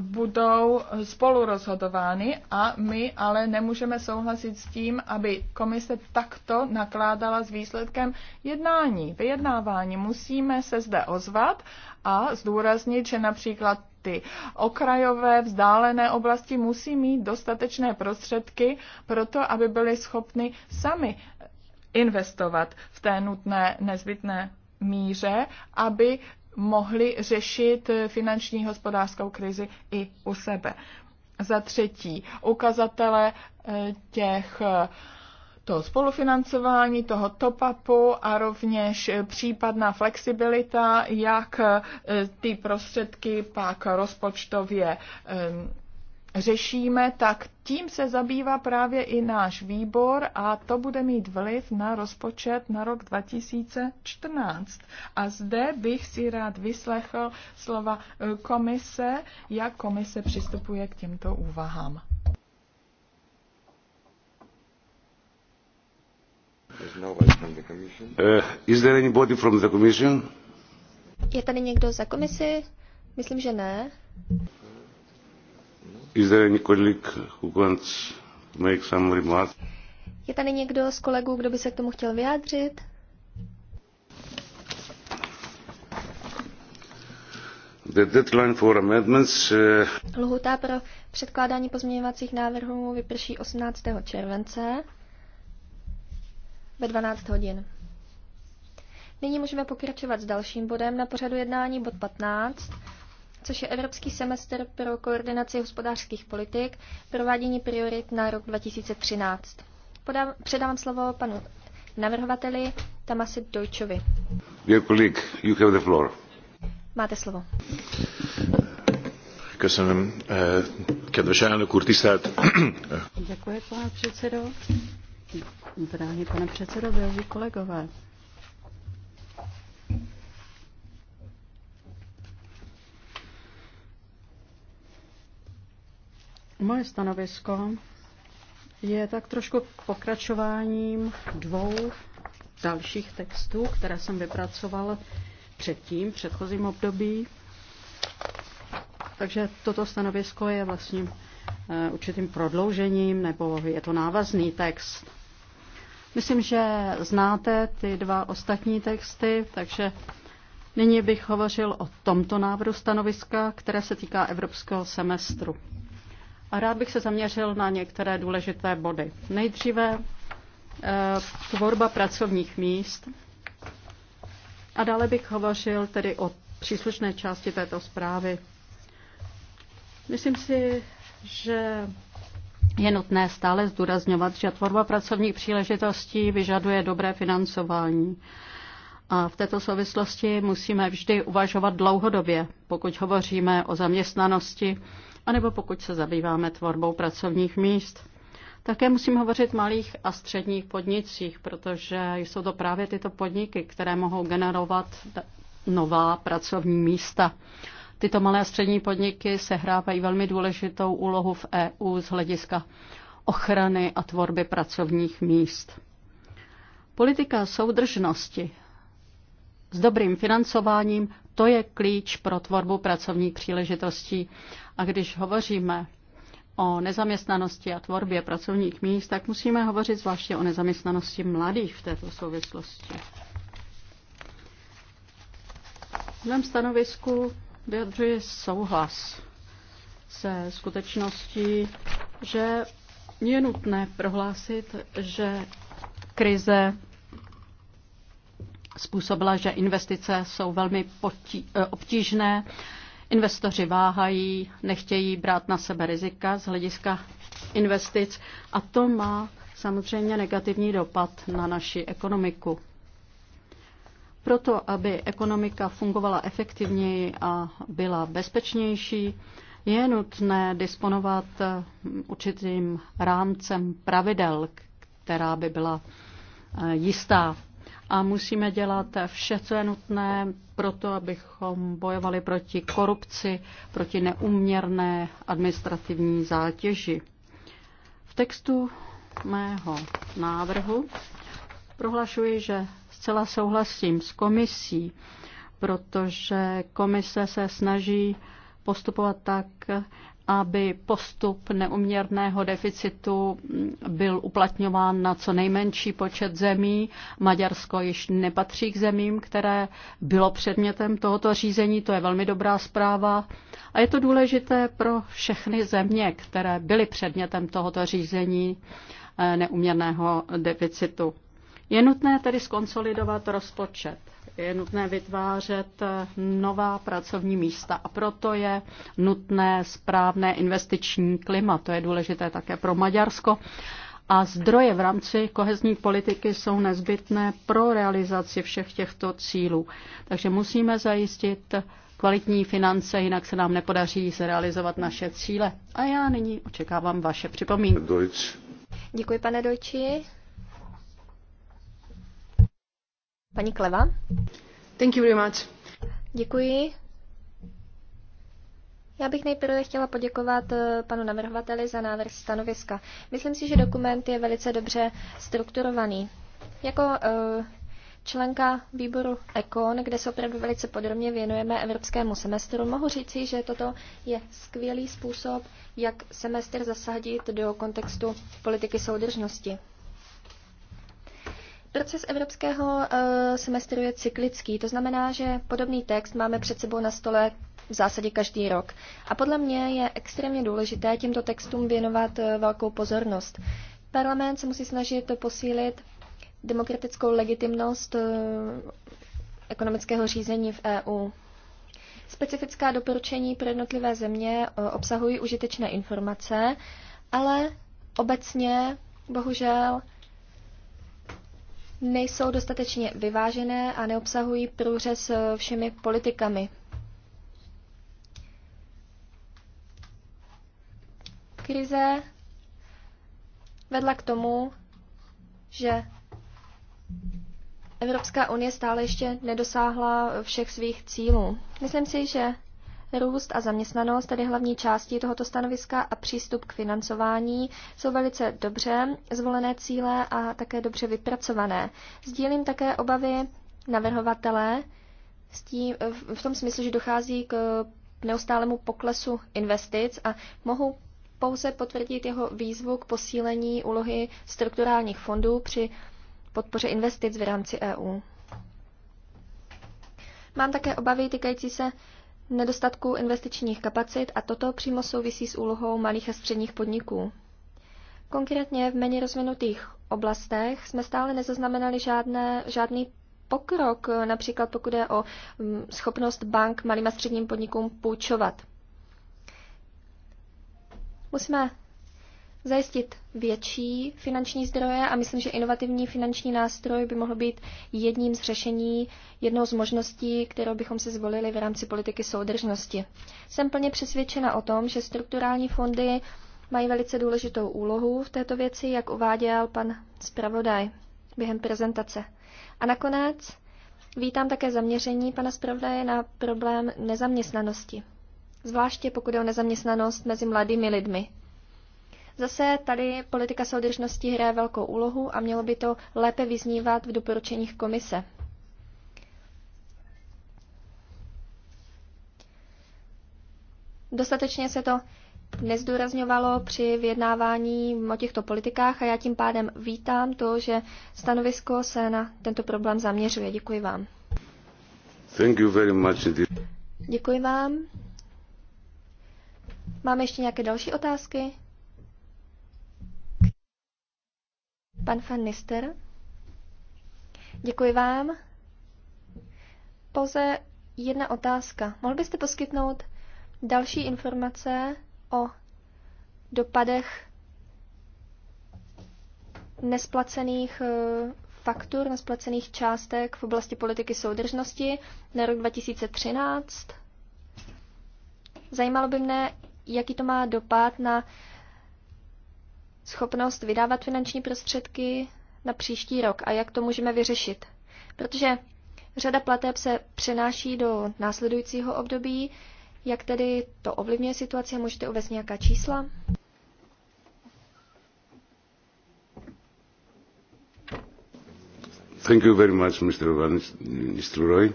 budou spolu rozhodovány a my ale nemůžeme souhlasit s tím, aby komise takto nakládala s výsledkem jednání, vyjednávání. Musíme se zde ozvat a zdůraznit, že například ty okrajové vzdálené oblasti musí mít dostatečné prostředky pro to, aby byly schopny sami investovat v té nutné, nezbytné míře, aby mohli řešit finanční hospodářskou krizi i u sebe. Za třetí, ukazatele eh, těch toho spolufinancování, toho top-upu a rovněž eh, případná flexibilita, jak eh, ty prostředky pak rozpočtově ehm, řešíme, tak tím se zabývá právě i náš výbor a to bude mít vliv na rozpočet na rok 2014. A zde bych si rád vyslechl slova eh, komise, jak komise přistupuje k těmto úvahám. No eh, is there anybody from the commission? Je tady někdo za komisi? Myslím, že ne. Eh, is there any who wants to make some remarks? Je tady někdo z kolegů, kdo by se k tomu chtěl vyjádřit? The deadline for amendments, uh... Eh, Lhutá pro předkládání pozměňovacích návrhů vyprší 18. července ve 12 hodin. Nyní můžeme pokračovat s dalším bodem na pořadu jednání, bod 15, což je Evropský semestr pro koordinaci hospodářských politik, provádění priorit na rok 2013. Podám, předám slovo panu navrhovateli Tamasi Dojčovi. Dear colleague, you have the floor. Máte slovo. Köszönöm, eh, kedves elnök úr, tisztelt... Děkuji, pane předsedo. Drahý pane předsedo, drazí kolegové. Moje stanovisko je tak trošku pokračováním dvou dalších textů, které jsem vypracoval předtím, v předchozím období. Takže toto stanovisko je vlastně eh, určitým prodloužením, nebo je to návazný text Myslím, že znáte ty dva ostatní texty, takže nyní bych hovořil o tomto návrhu stanoviska, které se týká evropského semestru. A rád bych se zaměřil na některé důležité body. Nejdříve eh, tvorba pracovních míst. A dále bych hovořil tedy o příslušné části této zprávy. Myslím si, že je nutné stále zdůrazňovat, že tvorba pracovních příležitostí vyžaduje dobré financování. A v této souvislosti musíme vždy uvažovat dlouhodobě, pokud hovoříme o zaměstnanosti, anebo pokud se zabýváme tvorbou pracovních míst. Také musím hovořit o malých a středních podnicích, protože jsou to právě tyto podniky, které mohou generovat nová pracovní místa. Tyto malé a střední podniky sehrávají velmi důležitou úlohu v EU z hlediska ochrany a tvorby pracovních míst. Politika soudržnosti s dobrým financováním, to je klíč pro tvorbu pracovních příležitostí. A když hovoříme o nezaměstnanosti a tvorbě pracovních míst, tak musíme hovořit zvláště o nezaměstnanosti mladých v této souvislosti. V mém stanovisku vyjadřuji souhlas se skutečností, že je nutné prohlásit, že krize způsobila, že investice jsou velmi eh, obtížné, investoři váhají, nechtějí brát na sebe rizika z hlediska investic a to má samozřejmě negativní dopad na naši ekonomiku. Proto, aby ekonomika fungovala efektivněji a byla bezpečnější, je nutné disponovat hm, určitým rámcem pravidel, která by byla eh, jistá. A musíme dělat vše, co je nutné pro to, abychom bojovali proti korupci, proti neuměrné administrativní zátěži. V textu mého návrhu prohlašuji, že zcela souhlasím s komisí, protože komise se snaží postupovat tak, aby postup neuměrného deficitu byl uplatňován na co nejmenší počet zemí. Maďarsko již nepatří k zemím, které bylo předmětem tohoto řízení, to je velmi dobrá zpráva. A je to důležité pro všechny země, které byly předmětem tohoto řízení eh, neuměrného deficitu. Je nutné tedy skonsolidovat rozpočet, je nutné vytvářet eh, nová pracovní místa a proto je nutné správné investiční klima. To je důležité také pro Maďarsko. A zdroje v rámci kohezní politiky jsou nezbytné pro realizaci všech těchto cílů. Takže musíme zajistit kvalitní finance, jinak se nám nepodaří zrealizovat naše cíle. A já nyní očekávám vaše připomínky. Děkuji, pane Dojči. Paní Kleva. Thank you very much. Děkuji. Já bych nejprve chtěla poděkovat eh, panu navrhovateli za návrh stanoviska. Myslím si, že dokument je velice dobře strukturovaný. Jako eh, členka výboru ECON, kde se opravdu velice podrobně věnujeme evropskému semestru, mohu říci, že toto je skvělý způsob, jak semestr zasadit do kontextu politiky soudržnosti. Proces evropského eh, semestru je cyklický, to znamená, že podobný text máme před sebou na stole v zásadě každý rok. A podle mě je extrémně důležité těmto textům věnovat eh, velkou pozornost. Parlament se musí snažit posílit demokratickou legitimnost eh, ekonomického řízení v EU. Specifická doporučení pro jednotlivé země obsahují užitečné informace, ale obecně, bohužel, nejsou dostatečně vyvážené a neobsahují průřez eh, všemi politikami. Krize vedla k tomu, že Evropská unie stále ještě nedosáhla všech svých cílů. Myslím si, že Růst a zaměstnanost, tedy hlavní části tohoto stanoviska a přístup k financování, jsou velice dobře zvolené cíle a také dobře vypracované. Sdílím také obavy navrhovatele s tím, v tom smyslu, že dochází k neustálému poklesu investic a mohu pouze potvrdit jeho výzvu k posílení úlohy strukturálních fondů při podpoře investic v rámci EU. Mám také obavy týkající se nedostatku investičních kapacit a toto přímo souvisí s úlohou malých a středních podniků. Konkrétně v méně rozvinutých oblastech jsme stále nezaznamenali žádné, žádný pokrok, například pokud je o mm, schopnost bank malým a středním podnikům půjčovat. Musíme zajistit větší finanční zdroje a myslím, že inovativní finanční nástroj by mohl být jedním z řešení, jednou z možností, kterou bychom si zvolili v rámci politiky soudržnosti. Jsem plně přesvědčena o tom, že strukturální fondy mají velice důležitou úlohu v této věci, jak uváděl pan zpravodaj během prezentace. A nakonec vítám také zaměření pana zpravodaje na problém nezaměstnanosti. Zvláště pokud je o nezaměstnanost mezi mladými lidmi. Zase tady politika soudržnosti hraje velkou úlohu a mělo by to lépe vyznívat v doporučeních komise. Dostatečně se to nezdůrazňovalo při vyjednávání o těchto politikách a já tím pádem vítám to, že stanovisko se na tento problém zaměřuje. Děkuji vám. Thank you very much. Děkuji vám. Máme ještě nějaké další otázky? Pan van Nister. Děkuji vám. Pouze jedna otázka. Mohl byste poskytnout další informace o dopadech nesplacených eh, faktur, nesplacených částek v oblasti politiky soudržnosti na rok 2013? Zajímalo by mne, jaký to má dopad na schopnost vydávat finanční prostředky na příští rok a jak to můžeme vyřešit. Protože řada plateb se přenáší do následujícího období. Jak tedy to ovlivňuje situaci? Můžete uvést nějaká čísla? Thank you very much, Mr. Van Nistelrooy.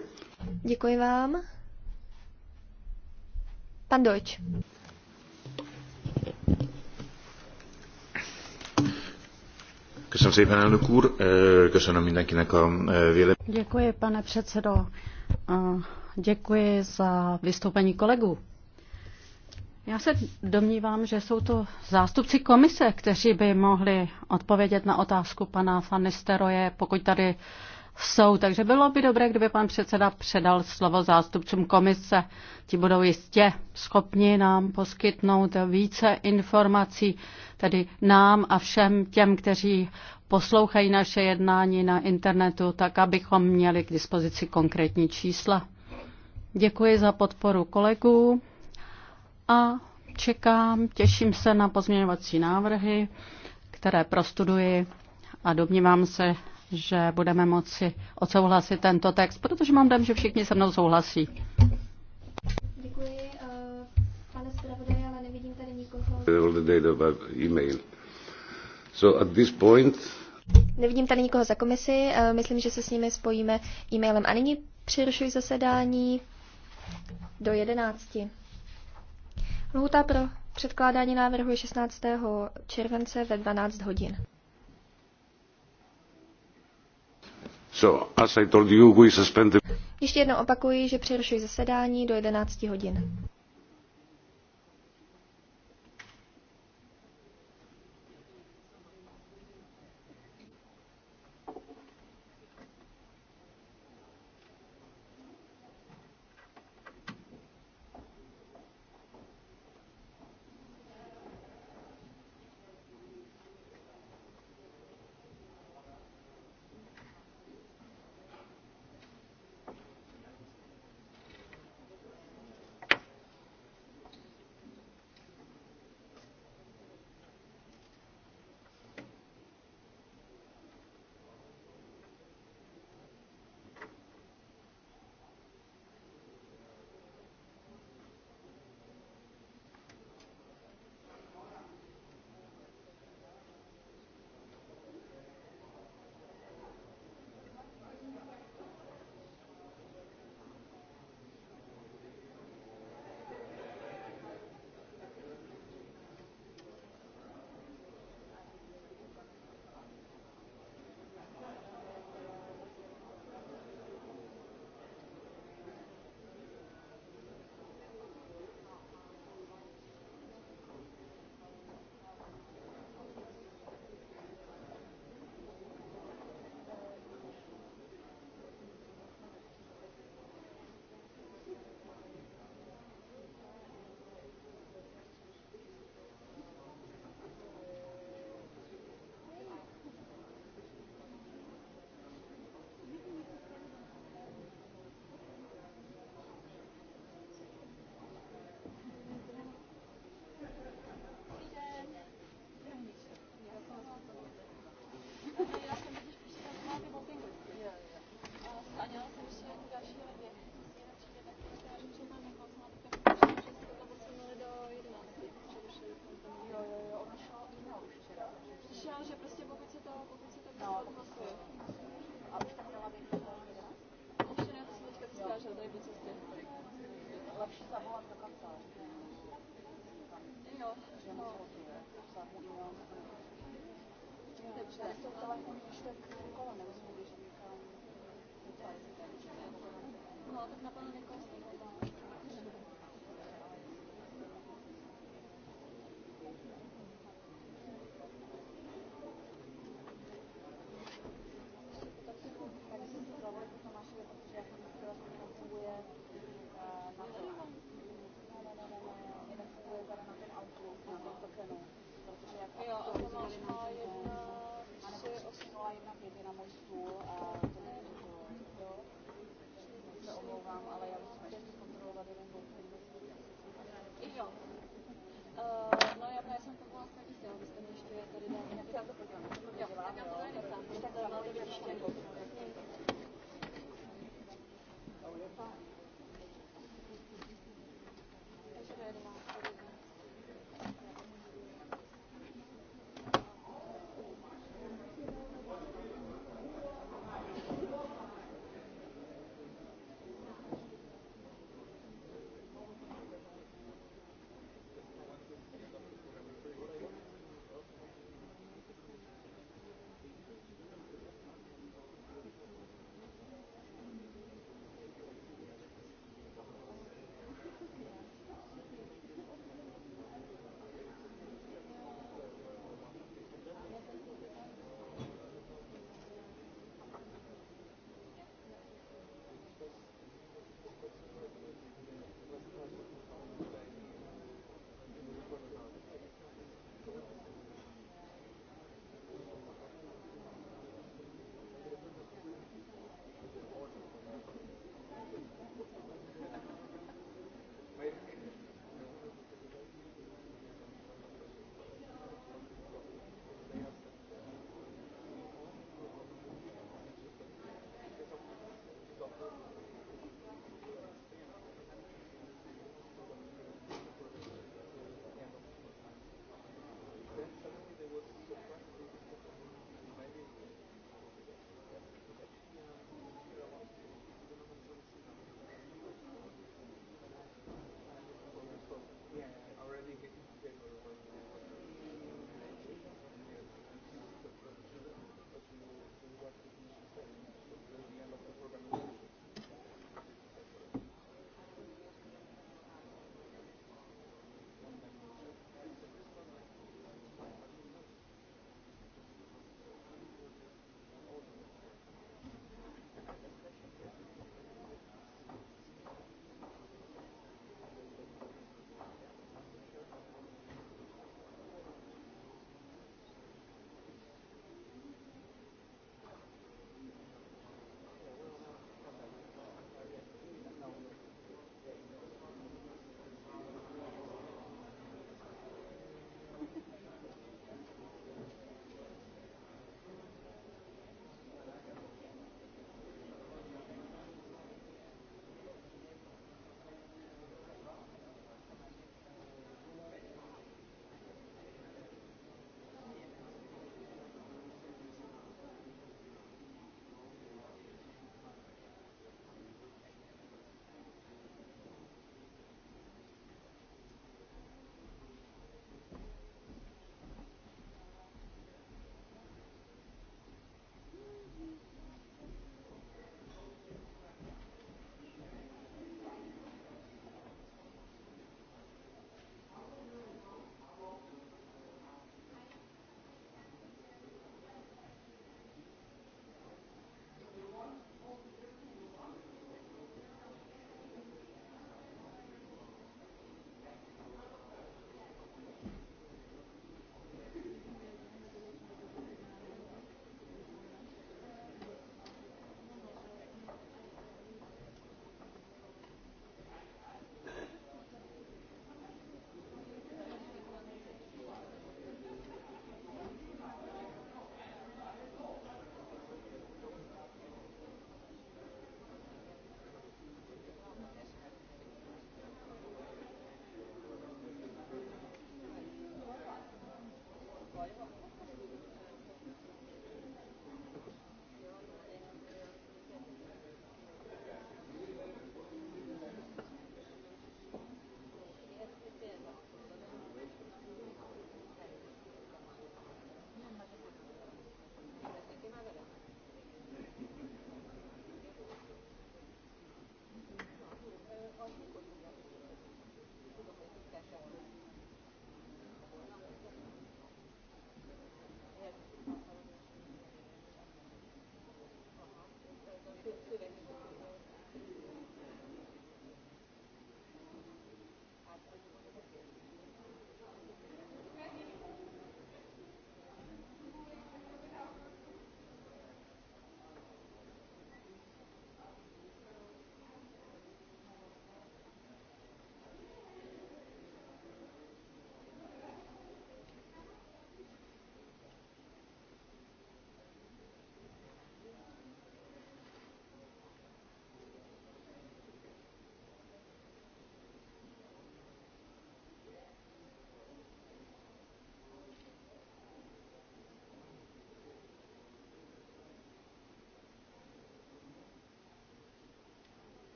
Děkuji vám. Pan Deutsch. Děkuji, pane předsedo. Děkuji za vystoupení kolegů. Já se domnívám, že jsou to zástupci komise, kteří by mohli odpovědět na otázku pana Fanisteroje, pokud tady jsou. Takže bylo by dobré, kdyby pan předseda předal slovo zástupcům komise. Ti budou jistě schopni nám poskytnout více informací, tedy nám a všem těm, kteří poslouchají naše jednání na internetu, tak abychom měli k dispozici konkrétní čísla. Děkuji za podporu kolegů a čekám, těším se na pozměňovací návrhy, které prostuduji a domnívám se, že budeme moci odsouhlasit tento text, protože mám dojem, že všichni se mnou souhlasí. Děkuji, uh, pane zpravodaj, ale nevidím tady nikoho. So at this point... Nevidím tady nikoho za komisi, uh, myslím, že se s nimi spojíme e-mailem. A nyní přerušuji zasedání do 11. Lhuta pro předkládání návrhu je 16. července ve 12 hodin. So, as I told you, we suspended... Ještě jednou opakuji, že přerušuji zasedání do 11 hodin. šitas Nikola neuspůsobí, že říkám, to je No, tak na pana Nikolského.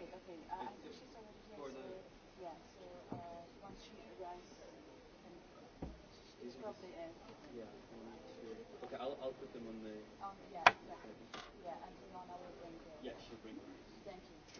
Okay, okay. Uh, I think she's already here. So, yeah, so uh, once she arrives, she's probably in. Yeah. Okay, I'll, I'll put them on the. Um, yeah, exactly. Yeah, and Ramona will bring them. Yeah, she'll bring them. Thank you.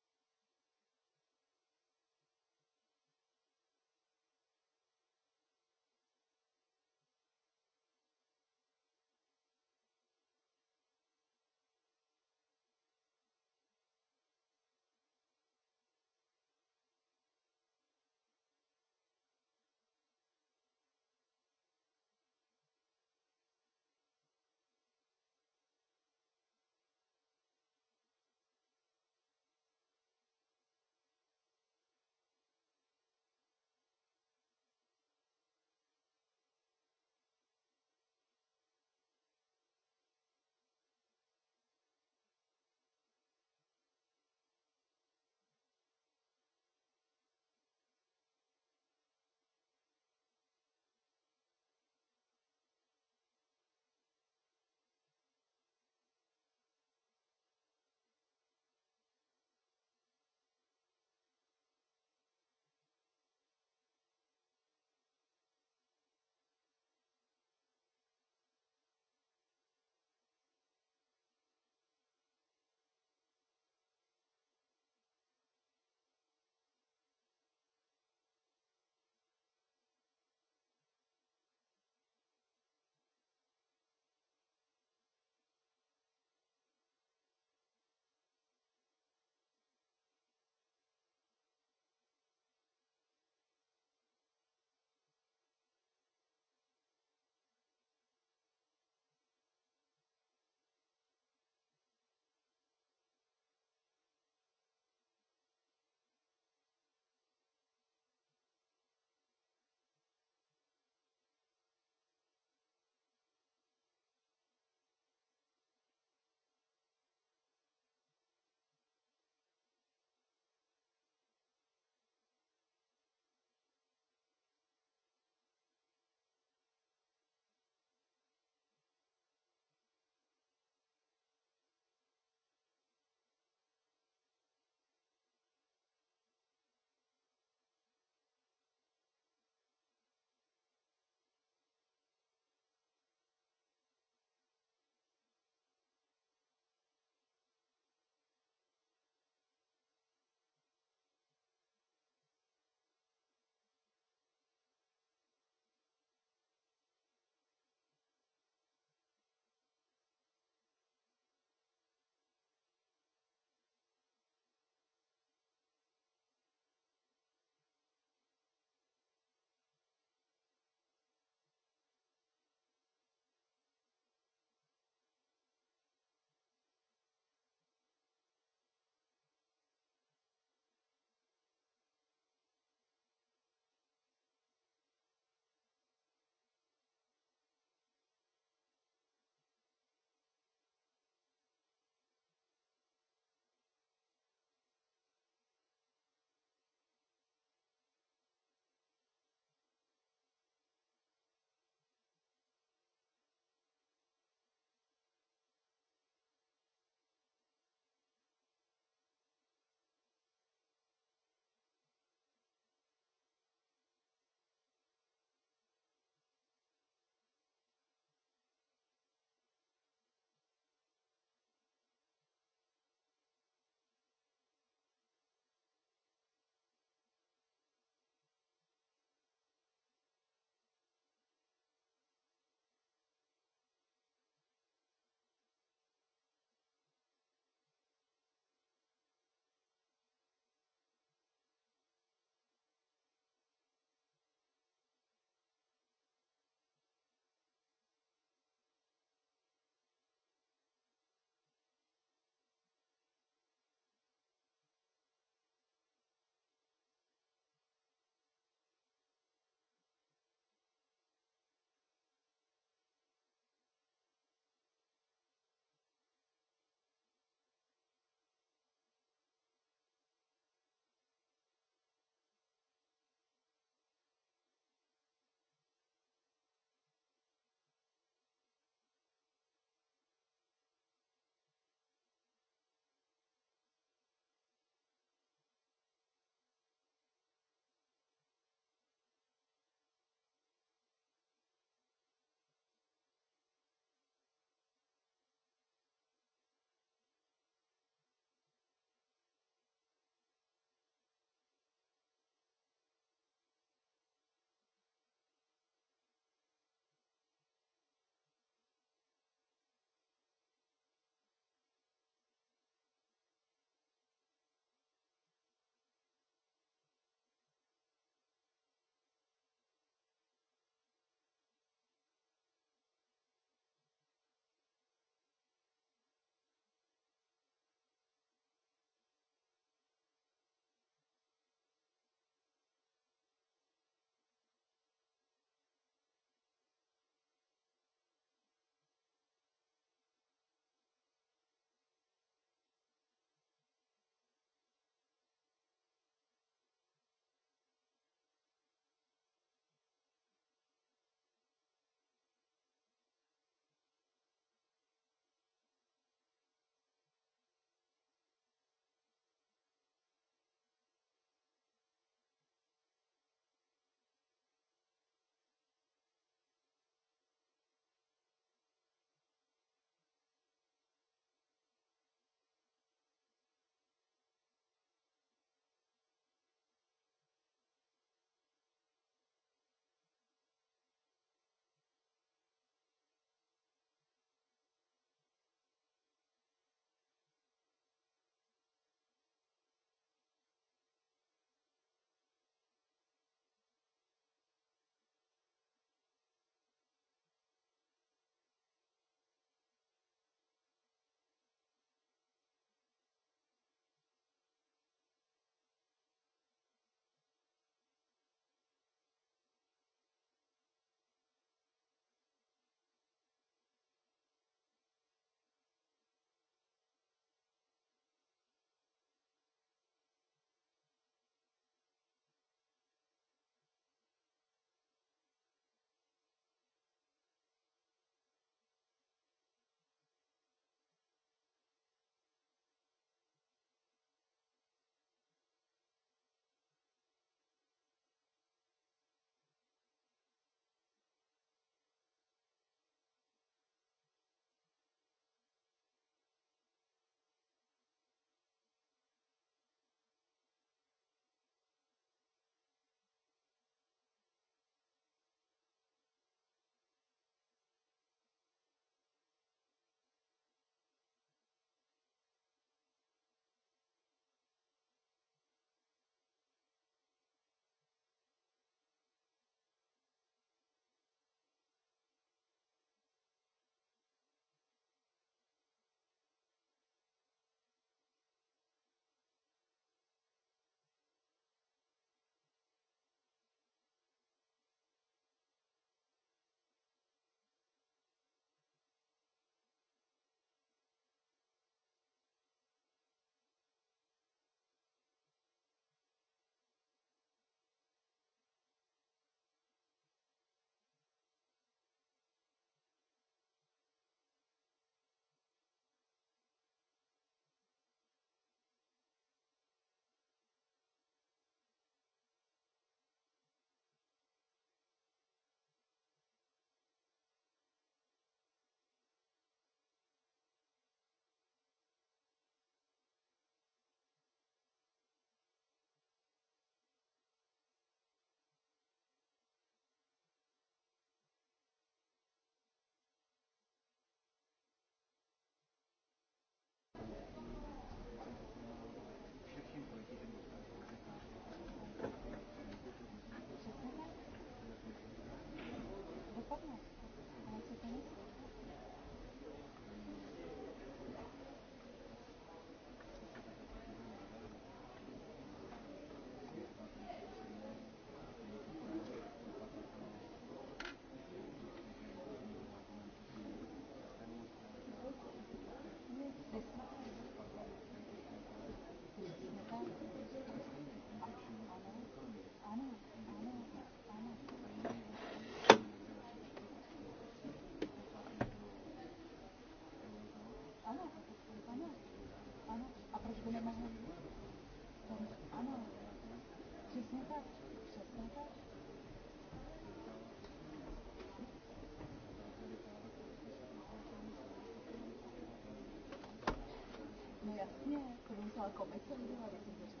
No, jako by jsem byla dezinfekce.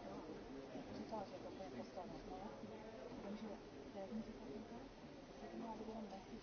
Říkala, že to je postavnost. No, takže já jsem si to říkala, že to byla měsíc,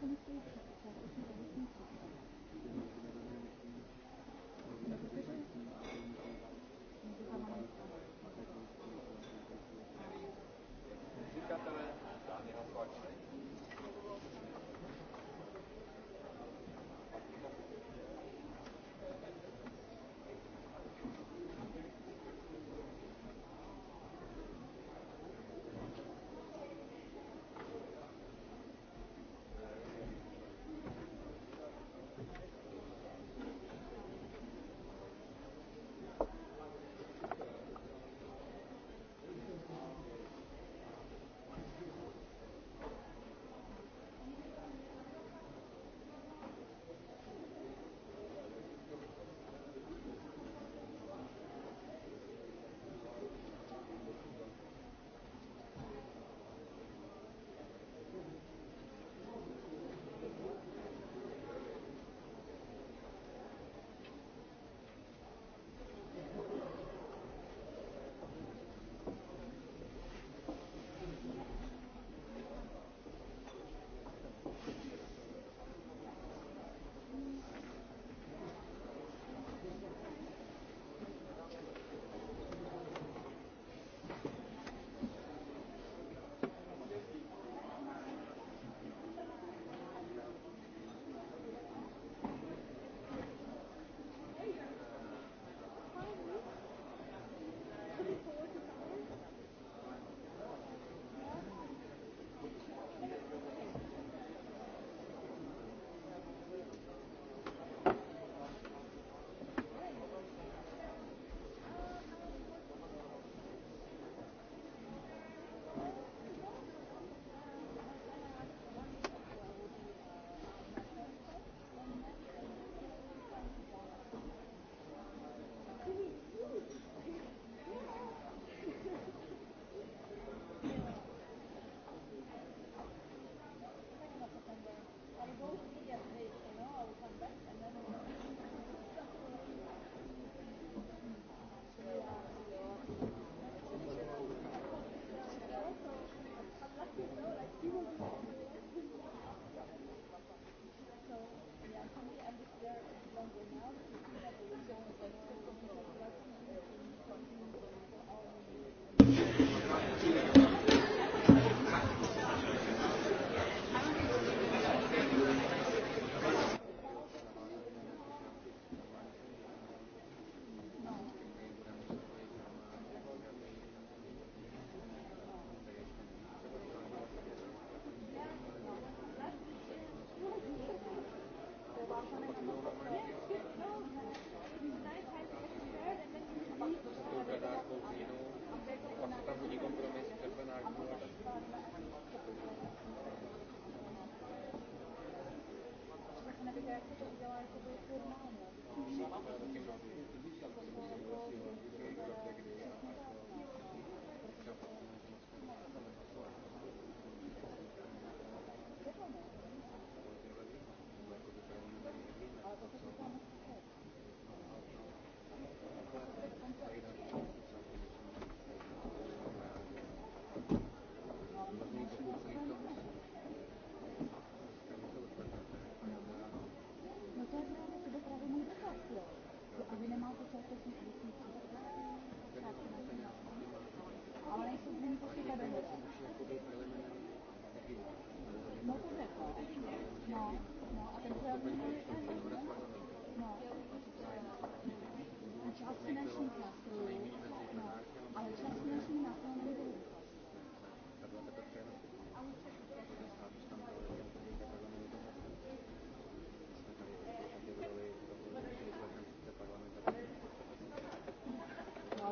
Kolik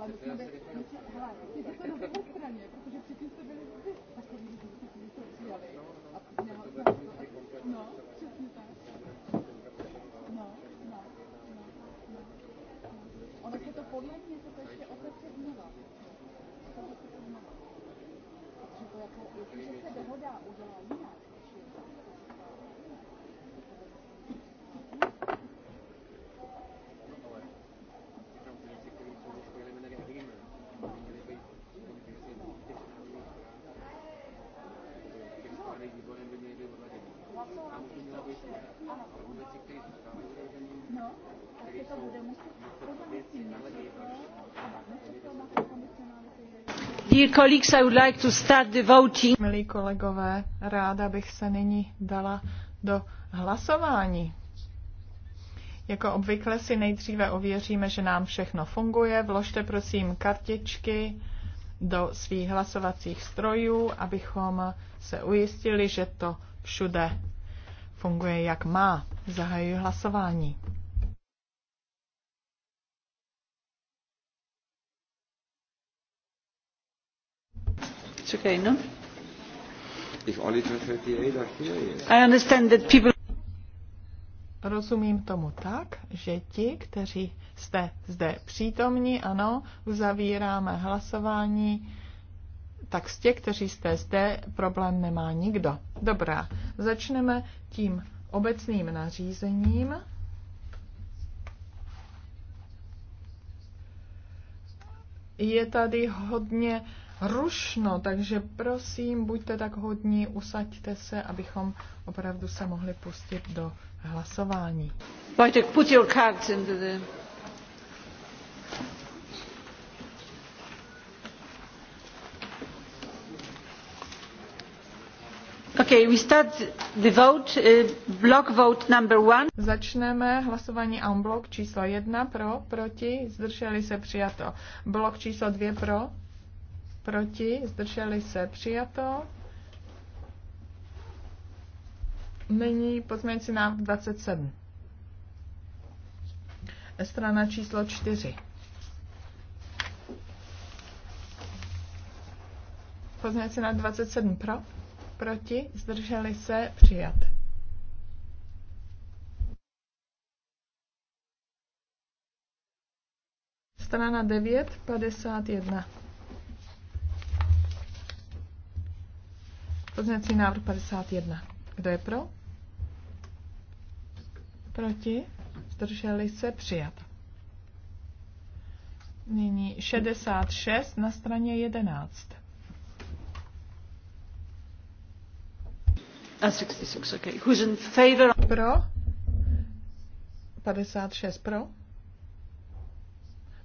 musíme, hele, je to na dvou straně, protože předtím jste byli tak se to bude muset Milí kolegové, ráda bych se nyní dala do hlasování. Jako obvykle si nejdříve ověříme, že nám všechno funguje. Vložte prosím kartičky do svých hlasovacích strojů, abychom se ujistili, že to všude funguje, jak má. Zahajuji hlasování. It's okay, no? Ich only are here, yes. I understand that people... Rozumím tomu tak, že ti, kteří jste zde přítomní, ano, uzavíráme hlasování, tak z těch, kteří jste zde, problém nemá nikdo. Dobrá, začneme tím obecným nařízením. Je tady hodně rušno, takže prosím, buďte tak hodní, usaďte se, abychom opravdu se mohli pustit do hlasování. put your cards into the... Okay, we start the vote, uh, block vote number one. Začneme hlasování en bloc číslo jedna pro, proti, zdrželi se přijato. Blok číslo dvě pro, proti, zdrželi se, přijato. Nyní pozměňující návrh 27. Strana číslo 4. Pozměňující návrh 27 pro, proti, zdrželi se, přijat. Strana 9, 51. Pozměňovací návrh 51. Kdo je pro? Proti? Zdrželi se? Přijat. Nyní 66 na straně 11. A 66, okay. Who's in favor? Pro? 56 pro?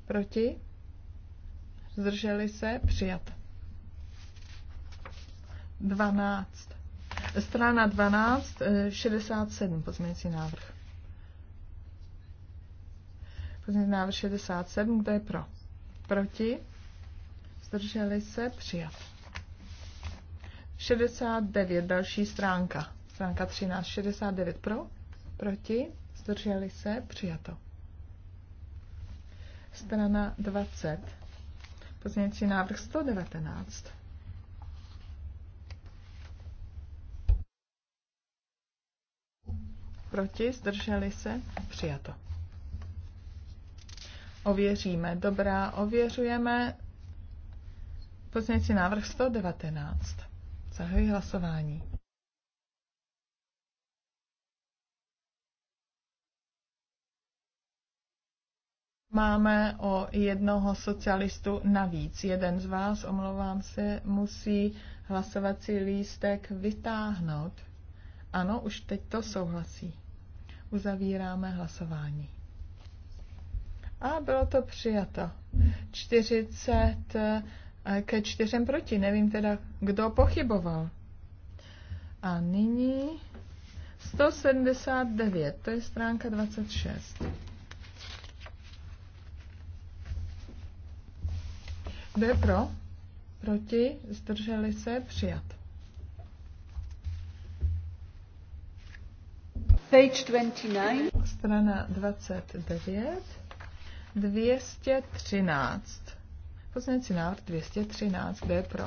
Proti? Zdrželi se? Přijat. 12. Strana 12, 67, eh, pozměňující návrh. Pozměňující návrh 67, kdo je pro? Proti? Zdrželi se? Přijat. 69, další stránka. Stránka 13, 69 pro? Proti? Zdrželi se? Přijato. Strana 20. Pozměňující návrh 119. Proti? Zdrželi se? Přijato. Ověříme. Dobrá, ověřujeme pozměňující návrh 119. Zahajuji hlasování. Máme o jednoho socialistu navíc. Jeden z vás, omlouvám se, musí hlasovací lístek vytáhnout. Ano, už teď to souhlasí. Uzavíráme hlasování. A bylo to přijato. 40 eh, ke čtyřem proti. Nevím teda, kdo pochyboval. A nyní 179, to je stránka 26. Kdo je pro? Proti? Zdrželi se? Přijat. Page 29. Strana 29. 213. Pozměňující návrh 213. Kde je pro?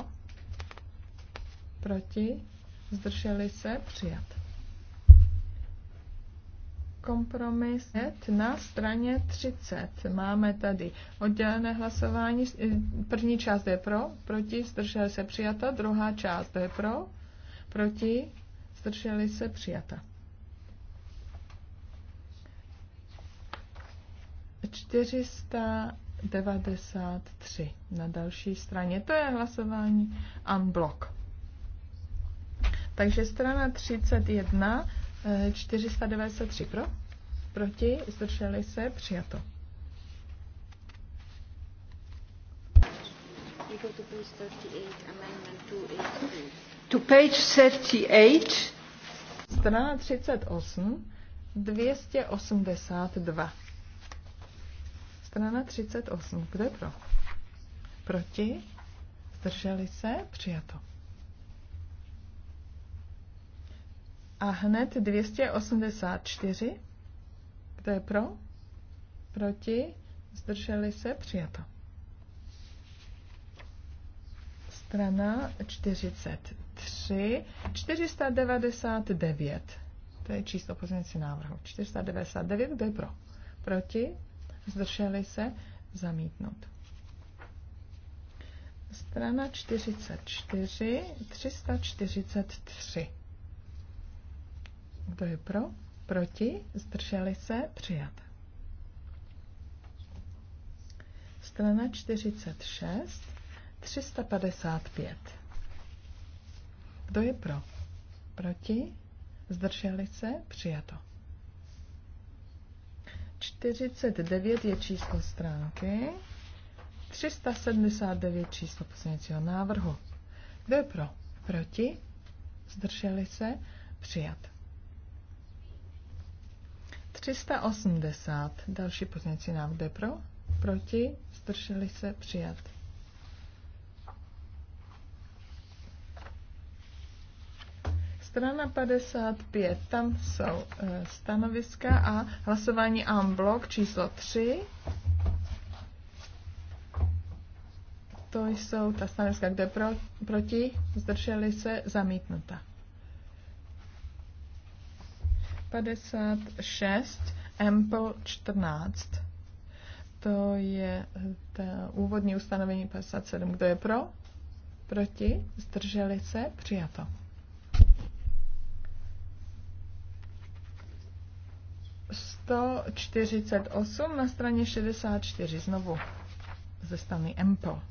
Proti? Zdrželi se? Přijat. Kompromis na straně 30. Máme tady oddělené hlasování. První část je pro, proti, zdrželi se přijata. Druhá část je pro, proti, zdrželi se přijata. 493 na další straně. To je hlasování unblock. Takže strana 31, 493 eh, pro, proti, zdrželi se, přijato. To page 38. Strana 38, 282. Strana 38. Kdo je pro? Proti? Zdrželi se? Přijato. A hned 284. Kdo je pro? Proti? Zdrželi se? Přijato. Strana 43. 499. To je číslo pozměnící návrhu. 499. Kdo je pro? Proti? zdrželi se, zamítnout. Strana 44, 343. Kdo je pro? Proti? Zdrželi se? Přijat. Strana 46, 355. Kdo je pro? Proti? Zdrželi se? Přijato. 49 je číslo stránky, 379 číslo pozměňovacího návrhu. Kdo je pro? Proti? Zdrželi se? Přijat. 380. Další pozměňovací návrh. Kdo je pro? Proti? Zdrželi se? Přijat. Strana 55, tam jsou eh, stanoviska a hlasování en blok číslo 3. To jsou ta stanoviska, kde pro, proti zdrželi se zamítnuta. 56, Mpl 14. To je eh, ta úvodní ustanovení 57. Kdo je pro? Proti? Zdrželi se? Přijato. 148 na straně 64 znovu ze strany MPO.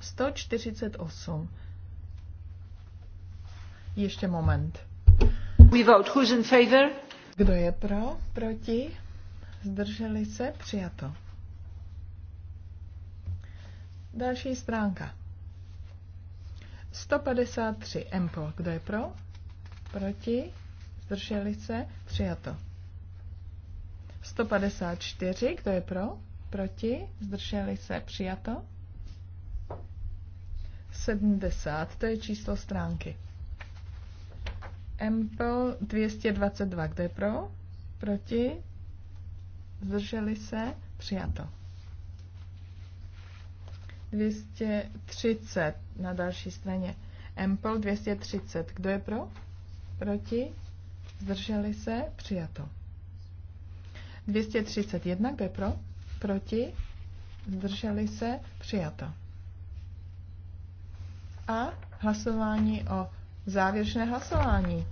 148. Ještě moment. We vote who's in favor? Kdo je pro? Proti? Zdrželi se? Přijato. Další stránka. 153 MPO. Kdo je pro? Proti? Zdrželi se? Přijato. 154, kdo je pro? Proti? Zdrželi se? Přijato. 70, to je číslo stránky. Ample 222, je pro? Proti? Zdrželi se? Přijato. 230 na další straně. Ample 230, kdo je pro? Proti? zdrželi se, přijato. 231, kdo je pro, proti, zdrželi se, přijato. A hlasování o závěrečné hlasování.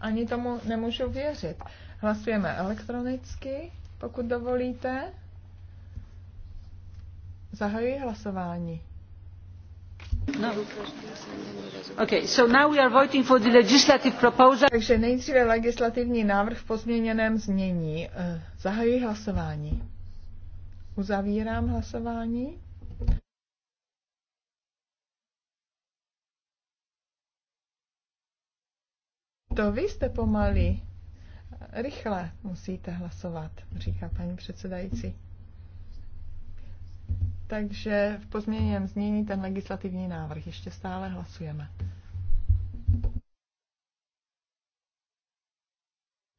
Ani tomu nemůžu věřit. Hlasujeme elektronicky, pokud dovolíte. Zahajuji hlasování. No. Takže nejdříve legislativní návrh v pozměněném znění. Eh, zahajuji hlasování. Uzavírám hlasování. To vy jste pomalí. Rychle musíte hlasovat, říká paní předsedající. Takže v pozměněném znění ten legislativní návrh ještě stále hlasujeme.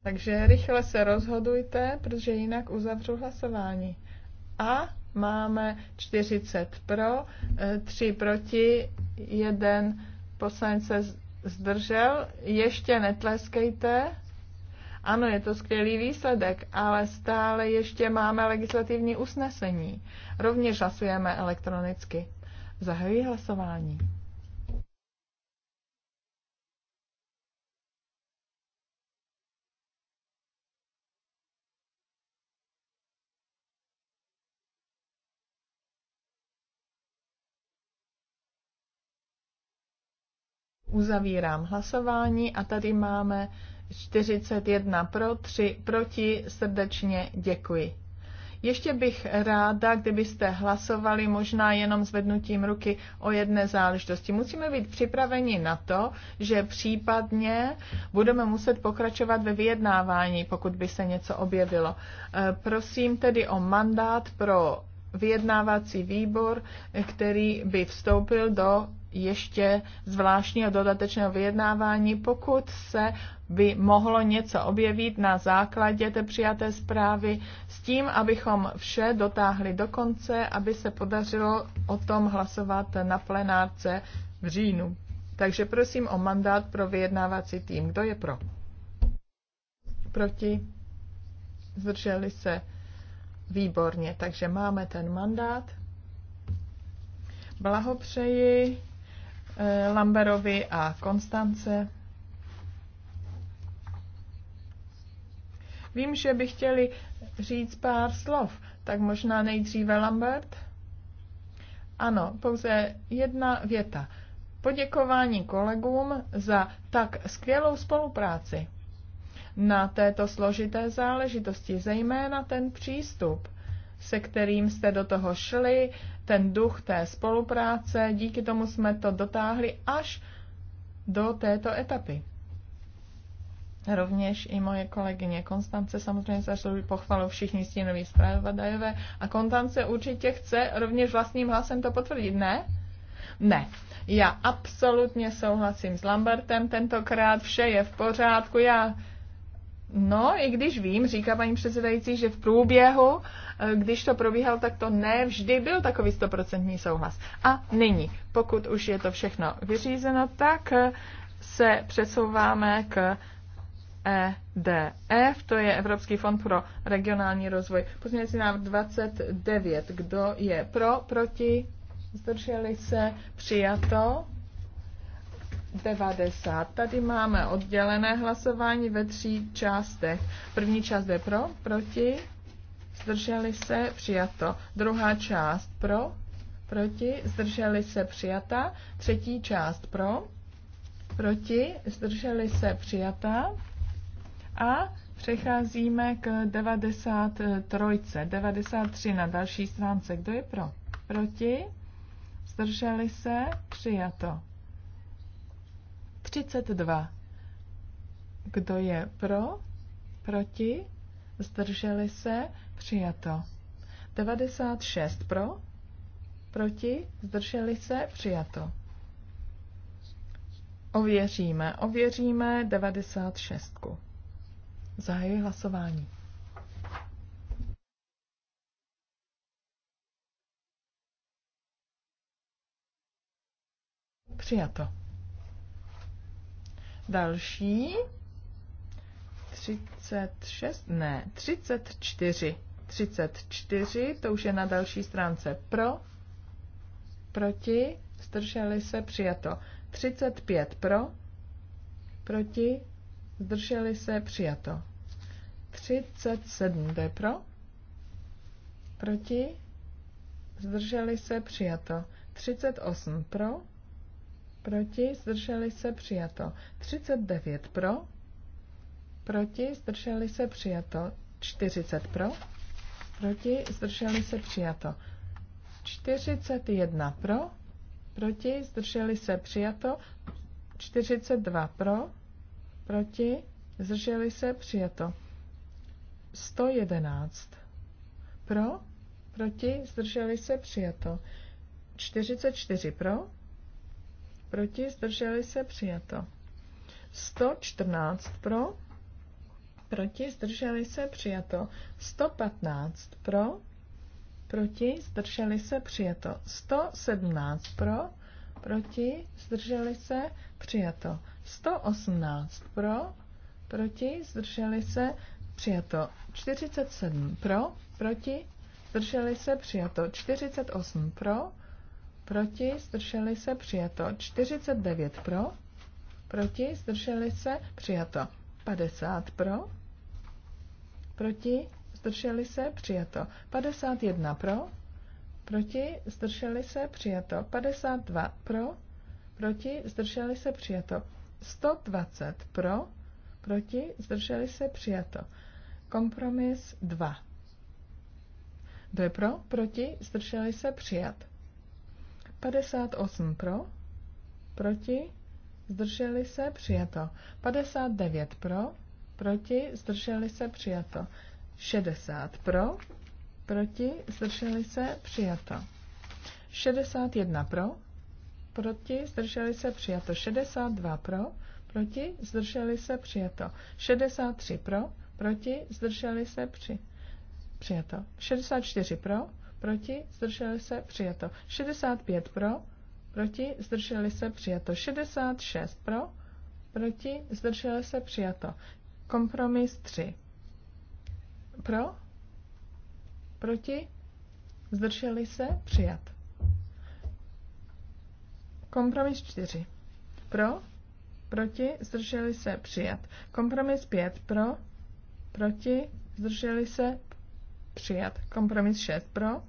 Takže rychle se rozhodujte, protože jinak uzavřu hlasování. A máme 40 pro, 3 eh, proti, jeden poslanec se zdržel. Ještě netleskejte. Ano, je to skvělý výsledek, ale stále ještě máme legislativní usnesení. Rovněž hlasujeme elektronicky. Zahajuji hlasování. Uzavírám hlasování a tady máme 41 pro, 3 proti, srdečně děkuji. Ještě bych ráda, kdybyste hlasovali možná jenom zvednutím ruky o jedné záležitosti. Musíme být připraveni na to, že případně budeme muset pokračovat ve vyjednávání, pokud by se něco objevilo. Eh, prosím tedy o mandát pro vyjednávací výbor, který by vstoupil do ještě zvláštního dodatečného vyjednávání, pokud se by mohlo něco objevit na základě té přijaté zprávy s tím, abychom vše dotáhli do konce, aby se podařilo o tom hlasovat na plenárce v říjnu. Takže prosím o mandát pro vyjednávací tým. Kdo je pro? Proti? Zdrželi se? Výborně. Takže máme ten mandát. Blahopřeji. Eh, Lamberovi a Konstance. Vím, že by chtěli říct pár slov, tak možná nejdříve Lambert? Ano, pouze jedna věta. Poděkování kolegům za tak skvělou spolupráci na této složité záležitosti, zejména ten přístup, se kterým jste do toho šli, ten duch té spolupráce, díky tomu jsme to dotáhli až do této etapy. Rovněž i moje kolegyně Konstance samozřejmě zaslouží pochvalu všichni stínoví zpravodajové a Konstance určitě chce rovněž vlastním hlasem to potvrdit, ne? Ne. Já absolutně souhlasím s Lambertem tentokrát, vše je v pořádku, já No, i když vím, říká paní předsedající, že v průběhu, eh, když to probíhal, tak to ne vždy byl takový stoprocentní souhlas. A nyní, pokud už je to všechno vyřízeno, tak eh, se přesouváme k EDF, to je Evropský fond pro regionální rozvoj. si návrh 29. Kdo je pro, proti, zdrželi se, přijato. 90. Tady máme oddělené hlasování ve tří částech. První část je pro, proti, zdrželi se, přijato. Druhá část pro, proti, zdrželi se, přijata. Třetí část pro, proti, zdrželi se, přijata. A přecházíme k 93. 93 na další stránce. Kdo je pro? Proti, zdrželi se, přijato. 32. Kdo je pro? Proti? Zdrželi se? Přijato. 96 pro? Proti? Zdrželi se? Přijato. Ověříme. Ověříme 96. Zahajuji hlasování. Přijato. Další. 36, ne, 34. 34, to už je na další stránce. Pro, proti, zdrželi se, přijato. 35 pro, proti, zdrželi se, přijato. 37, to je pro, proti, zdrželi se, přijato. 38 pro, proti, zdrželi se přijato. 39 pro, proti, zdrželi se přijato. 40 pro, proti, zdrželi se přijato. 41 pro, proti, zdrželi se přijato. 42 pro, proti, zdrželi se přijato. 111 pro, proti, zdrželi se přijato. 44 pro, proti, zdrželi se, přijato. 114 pro, proti, zdrželi se, přijato. 115 pro, proti, zdrželi se, přijato. 117 pro, proti, zdrželi se, přijato. 118 pro, proti, zdrželi se, přijato. 47 pro, proti, zdrželi se, přijato. 48 pro, proti, zdrželi se, přijato. 49 pro, proti, zdrželi se, přijato. 50 pro, proti, zdrželi se, přijato. 51 pro, proti, zdrželi se, přijato. 52 pro, proti, zdrželi se, přijato. 120 pro, proti, zdrželi se, přijato. Kompromis 2. Kdo je pro, proti, zdrželi se, přijat. 58 pro, proti, zdrželi se, přijato. 59 pro, proti, zdrželi se, přijato. 60 pro, proti, zdrželi se, přijato. 61 pro, proti, zdrželi se, přijato. 62 pro, proti, zdrželi se, přijato. 63 pro, proti, zdrželi se, přijato. 64 pro, proti, zdrželi se, přijato. 65 pro, proti, zdrželi se, přijato. 66 pro, proti, zdrželi se, přijato. Kompromis 3. Pro, proti, zdrželi se, přijat. Kompromis 4. Pro, proti, zdrželi se, přijat. Kompromis 5. Pro, proti, zdrželi se, přijat. Kompromis 6 pro,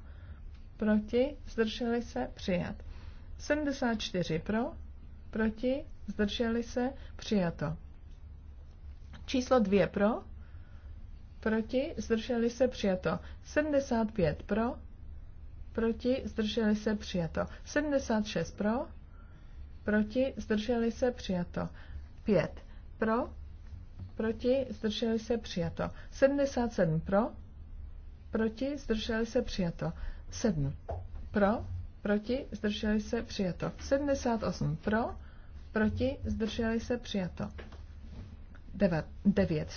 proti, zdrželi se, přijat. 74 pro, proti, zdrželi se, přijato. Číslo 2 pro, proti, zdrželi se, přijato. 75 pro, proti, zdrželi se, přijato. 76 pro, proti, zdrželi se, přijato. 5 pro, proti, zdrželi se, přijato. 77 pro, proti, zdrželi se, přijato. 7. Pro, proti, zdrželi se, přijato. 78. Pro, proti, zdrželi se, přijato. 9.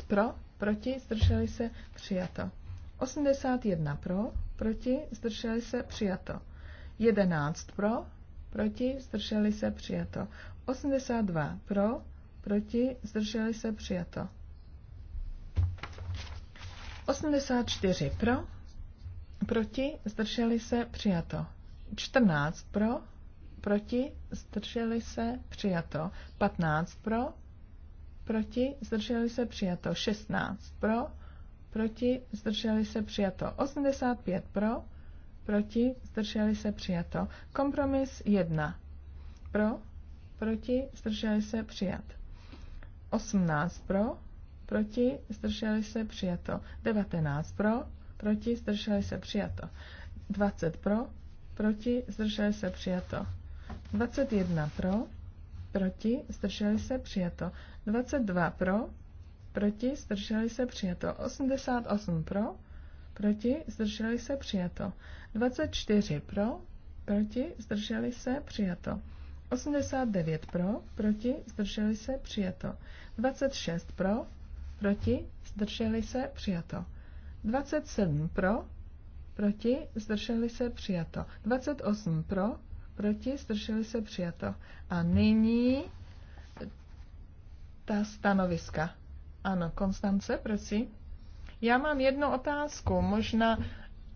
Pro, proti, zdrželi se, přijato. 81 pro, proti, zdrželi se, přijato. 11 pro, proti, zdrželi se, přijato. 82 pro, proti, zdrželi se, přijato. 84 pro, proti, zdrželi se, přijato. 14 pro, proti, zdrželi se, přijato. 15 pro, proti, zdrželi se, přijato. 16 pro, proti, zdrželi se, přijato. 85 pro, proti, zdrželi se, přijato. Kompromis 1 pro, proti, zdrželi se, přijat. 18 pro, proti, zdrželi se, přijato. 19 pro, proti, zdrželi se, přijato. 20 pro, proti, zdrželi se, přijato. 21 pro, proti, zdrželi se, přijato. 22 pro, proti, zdrželi se, přijato. 88 pro, proti, zdrželi se, přijato. 24 pro, proti, zdrželi se, přijato. 89 pro, proti, zdrželi se, přijato. 26 pro, proti, zdrželi se, přijato. 27 pro, proti, zdrželi se, přijato. 28 pro, proti, zdrželi se, přijato. A nyní ta stanoviska. Ano, Konstance, prosím. Já mám jednu otázku. Možná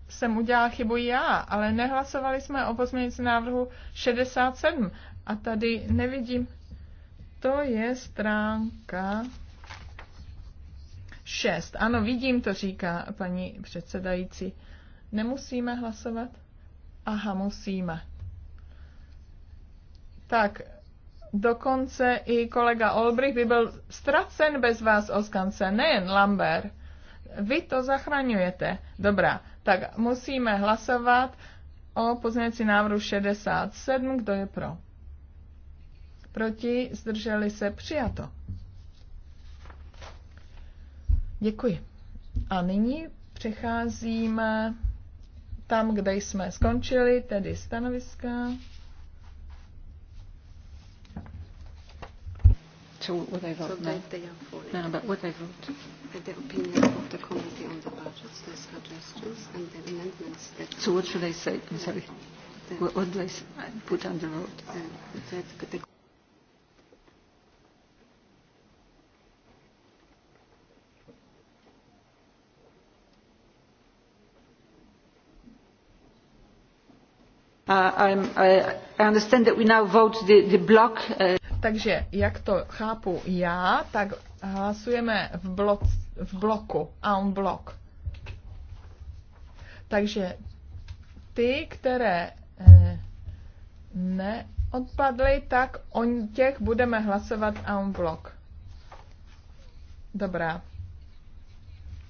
jsem udělala chybu já, ale nehlasovali jsme o pozměnici návrhu 67. A tady nevidím. To je stránka 6. Ano, vidím to, říká paní předsedající. Nemusíme hlasovat? Aha, musíme. Tak, dokonce i kolega Olbrich by byl ztracen bez vás, Oskance, nejen Lambert. Vy to zachraňujete. Dobrá, tak musíme hlasovat o pozměňovací návrhu 67. Kdo je pro? Proti? Zdrželi se? Přijato. Děkuji. A nyní přecházíme tam, kde jsme skončili, tedy stanoviska. So what I vote so now? They are falling. No, no, but what I vote? And the opinion of the committee on the budgets, the suggestions and the amendments that... So what should I say? I'm sorry. The, what, what do I put on the vote? The, uh, that, the Takže jak to chápu já, tak hlasujeme v, blok, v bloku, en blok. Takže ty, které eh, neodpadly, tak o těch budeme hlasovat en blok. Dobrá.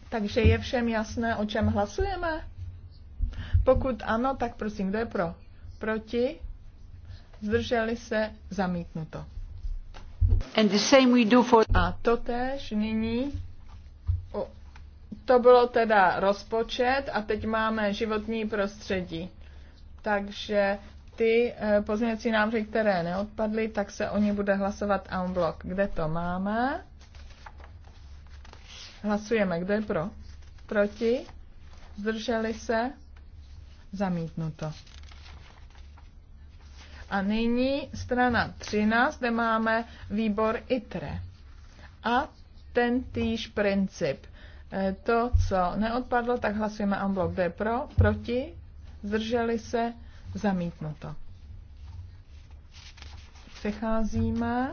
Takže je všem jasné, o čem hlasujeme? Pokud ano, tak prosím, kdo je pro? Proti? Zdrželi se? Zamítnuto. And the same we do for... A to tež nyní. O, to bylo teda rozpočet a teď máme životní prostředí. Takže ty eh, pozměňovací návrhy, které neodpadly, tak se o ní bude hlasovat en bloc. Kde to máme? Hlasujeme. Kdo je pro? Proti? Zdrželi se? Zamítnuto. A nyní strana 13, kde máme výbor ITRE. A ten týž princip. E, to, co neodpadlo, tak hlasujeme en bloc D pro, proti, zdrželi se, zamítnuto. Přecházíme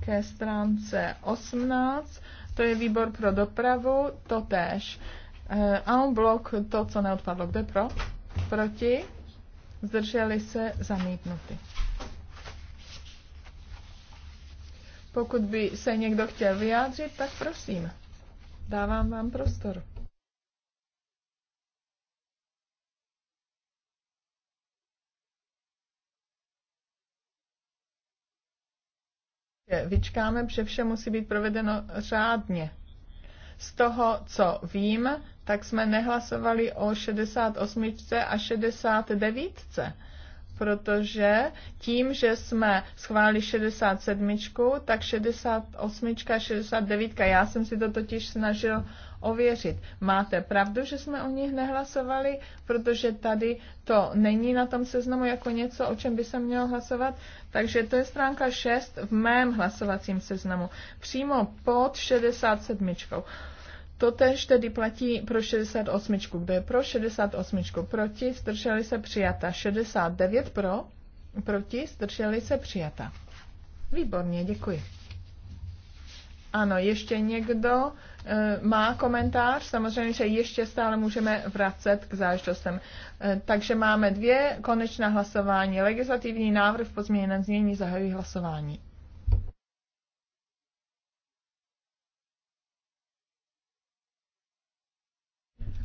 ke stránce 18, to je výbor pro dopravu, to tež. E, en bloc, to, co neodpadlo, kde pro, proti, zdrželi se, zamítnuty. Pokud by se někdo chtěl vyjádřit, tak prosím, dávám vám prostor. Vyčkáme, že vše musí být provedeno řádně. Z toho, co vím, tak jsme nehlasovali o 68 a 69, protože tím, že jsme schválili 67, tak 68 a 69, já jsem si to totiž snažil uh, ověřit. Máte pravdu, že jsme o nich nehlasovali, protože tady to není na tom seznamu jako něco, o čem by se mělo hlasovat. Takže to je stránka 6 v mém hlasovacím seznamu, přímo pod 67. tež tedy platí pro 68, kdo je pro 68 proti, zdrželi se přijata. 69 pro, proti, zdrželi se přijata. Výborně, děkuji. Ano, ještě někdo Eh, má komentář. Samozřejmě, že ještě stále můžeme vracet k záležitostem. Eh, takže máme dvě konečná hlasování. Legislativní návrh v pozměněném změní zahajují hlasování.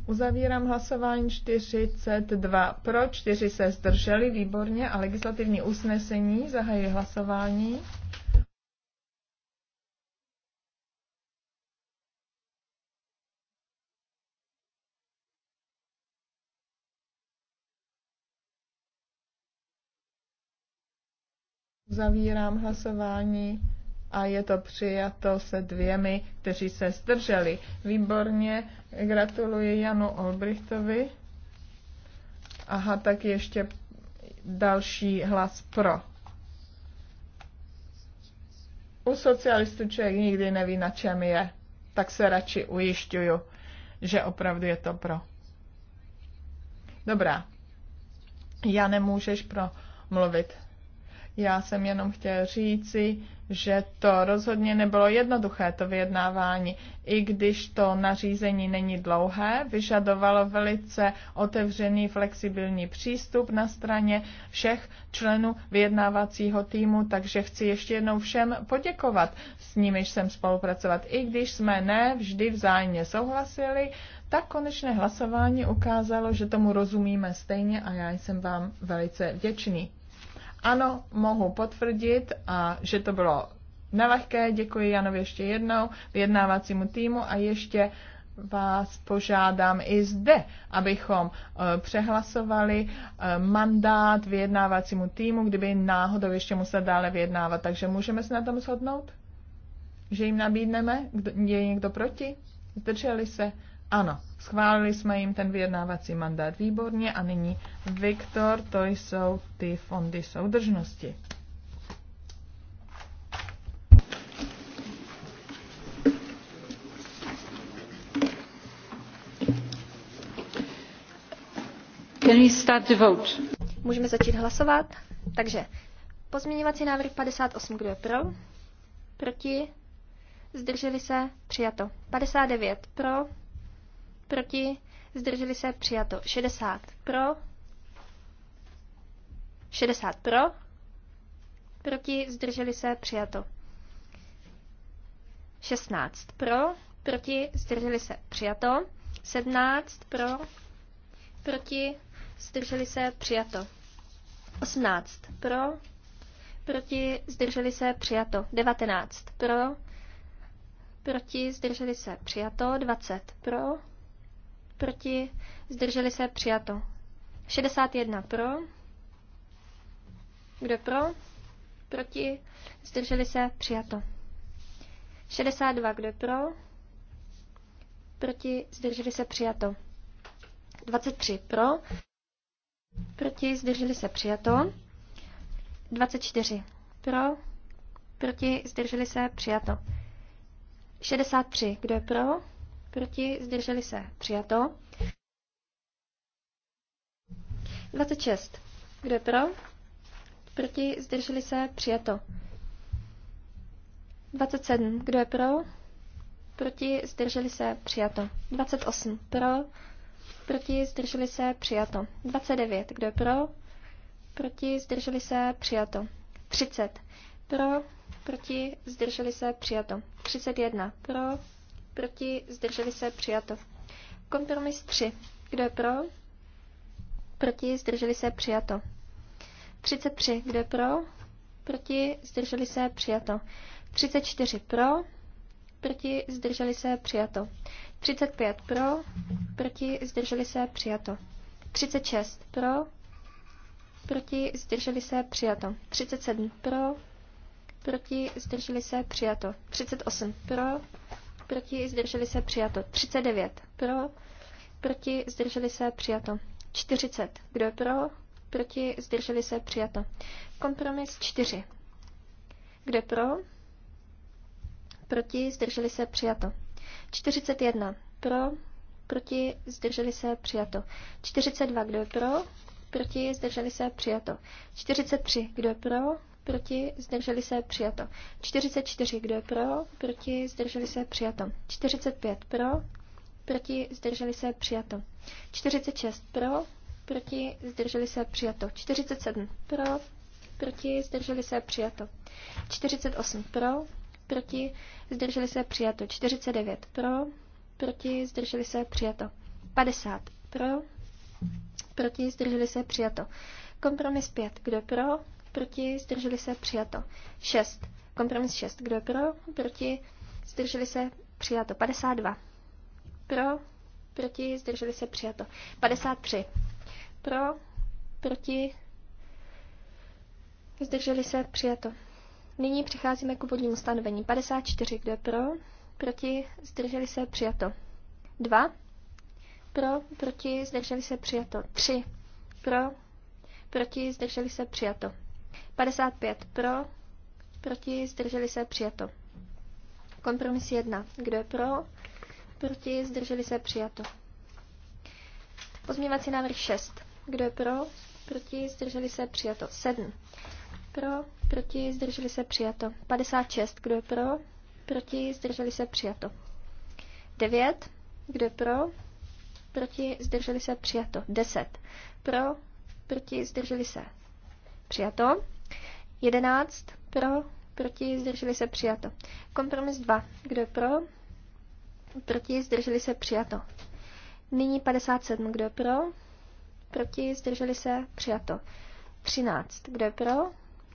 Uzavírám hlasování 42 pro, 4 se zdrželi, výborně, a legislativní usnesení zahají hlasování. Zavírám hlasování a je to přijato se dvěmi, kteří se zdrželi. Výborně, gratuluji Janu Olbrichtovi. Aha, tak ještě další hlas pro. U socialistů člověk nikdy neví, na čem je, tak se radši ujišťuju, že opravdu je to pro. Dobrá. Já nemůžeš pro mluvit. Já jsem jenom chtěl říci, že to rozhodně nebylo jednoduché, to vyjednávání. I když to nařízení není dlouhé, vyžadovalo velice otevřený, flexibilní přístup na straně všech členů vyjednávacího týmu, takže chci ještě jednou všem poděkovat, s nimiž jsem spolupracovat. I když jsme ne vždy vzájemně souhlasili, tak konečné hlasování ukázalo, že tomu rozumíme stejně a já jsem vám velice vděčný. Ano, mohu potvrdit, a že to bylo nelehké. Děkuji Janovi ještě jednou, vyjednávacímu týmu a ještě vás požádám i zde, abychom e, přehlasovali e, mandát vyjednávacímu týmu, kdyby náhodou ještě musel dále vyjednávat. Takže můžeme se na tom shodnout? Že jim nabídneme? Kdo, je někdo proti? Zdrželi se? Ano, schválili jsme jim ten vyjednávací mandát výborně a nyní Viktor, to jsou ty fondy soudržnosti. Can we start the vote? Můžeme začít hlasovat. Takže pozměňovací návrh 58, kdo je pro? Proti? Zdrželi se? Přijato. 59 pro, proti, zdrželi se, přijato 60 pro, 60 pro, proti, zdrželi se, přijato 16 pro, proti, zdrželi se, přijato 17 pro, proti, zdrželi se, přijato 18 pro, proti, zdrželi se, přijato 19 pro, proti, zdrželi se, přijato 20 pro, proti, zdrželi se, přijato. 61 pro, kdo pro, proti, zdrželi se, přijato. 62, kdo pro, proti, zdrželi se, přijato. 23 pro, proti, zdrželi se, přijato. 24 pro, proti, zdrželi se, přijato. 63, kdo je pro, proti, zdrželi se, přijato. 26. Kdo je pro? Proti, zdrželi se, přijato. 27. Kdo je pro? Proti, zdrželi se, přijato. 28. Pro? Proti, zdrželi se, přijato. 29. Kdo je pro? Proti, zdrželi se, přijato. 30. Pro? Proti, zdrželi se, přijato. 31. Pro? proti, zdrželi se, přijato. Kompromis 3. Kdo je pro? Proti, zdrželi se, přijato. 33. Kdo je pro? Proti, zdrželi se, přijato. 34 pro, proti, zdrželi se, přijato. 35 pro, proti, zdrželi se, přijato. 36 pro, proti, zdrželi se, přijato. 37 pro, proti, zdrželi se, přijato. 38 pro, proti, zdrželi se, přijato. 39 pro, proti, zdrželi se, přijato. 40, kdo je pro, proti, zdrželi se, přijato. Kompromis 4, kdo je pro, proti, zdrželi se, přijato. 41, pro, proti, zdrželi se, přijato. 42, kdo je pro, proti, zdrželi se, přijato. 43, kdo je pro, proti, zdrželi se, přijato. 44, kdo je pro, proti, zdrželi se, přijato. 45 pro, proti, zdrželi se, přijato. 46 pro, proti, zdrželi se, přijato. 47 pro, proti, zdrželi se, přijato. 48 pro, proti, zdrželi se, přijato. 49 pro, proti, zdrželi se, přijato. 50 pro, proti, zdrželi se, přijato. Kompromis 5, kdo pro, proti, zdrželi se, přijato. 6. Kompromis 6. Kdo je pro, proti, zdrželi se, přijato. 52. Pro, proti, zdrželi se, přijato. 53. Pro, proti, zdrželi se, přijato. Nyní přicházíme k úvodnímu stanovení. 54. Kdo je pro, proti, zdrželi se, přijato. 2. Pro, proti, zdrželi se, přijato. 3. Pro, proti, zdrželi se, přijato. 55 pro, proti, zdrželi se, přijato. Kompromis 1. Kdo je pro, proti, zdrželi se, přijato. Pozměvací návrh 6. Kdo je pro, proti, zdrželi se, přijato. 7. Pro, proti, zdrželi se, přijato. 56. Kdo je pro, proti, zdrželi se, přijato. 9. Kdo je pro, proti, zdrželi se, přijato. 10. Pro, proti, zdrželi se, Přijato. 11 pro, proti, zdrželi se přijato. Kompromis 2. Kdo je pro? Proti, zdrželi se přijato. Nyní 57. Kdo je pro? Proti, zdrželi se přijato. 13. Kdo je pro?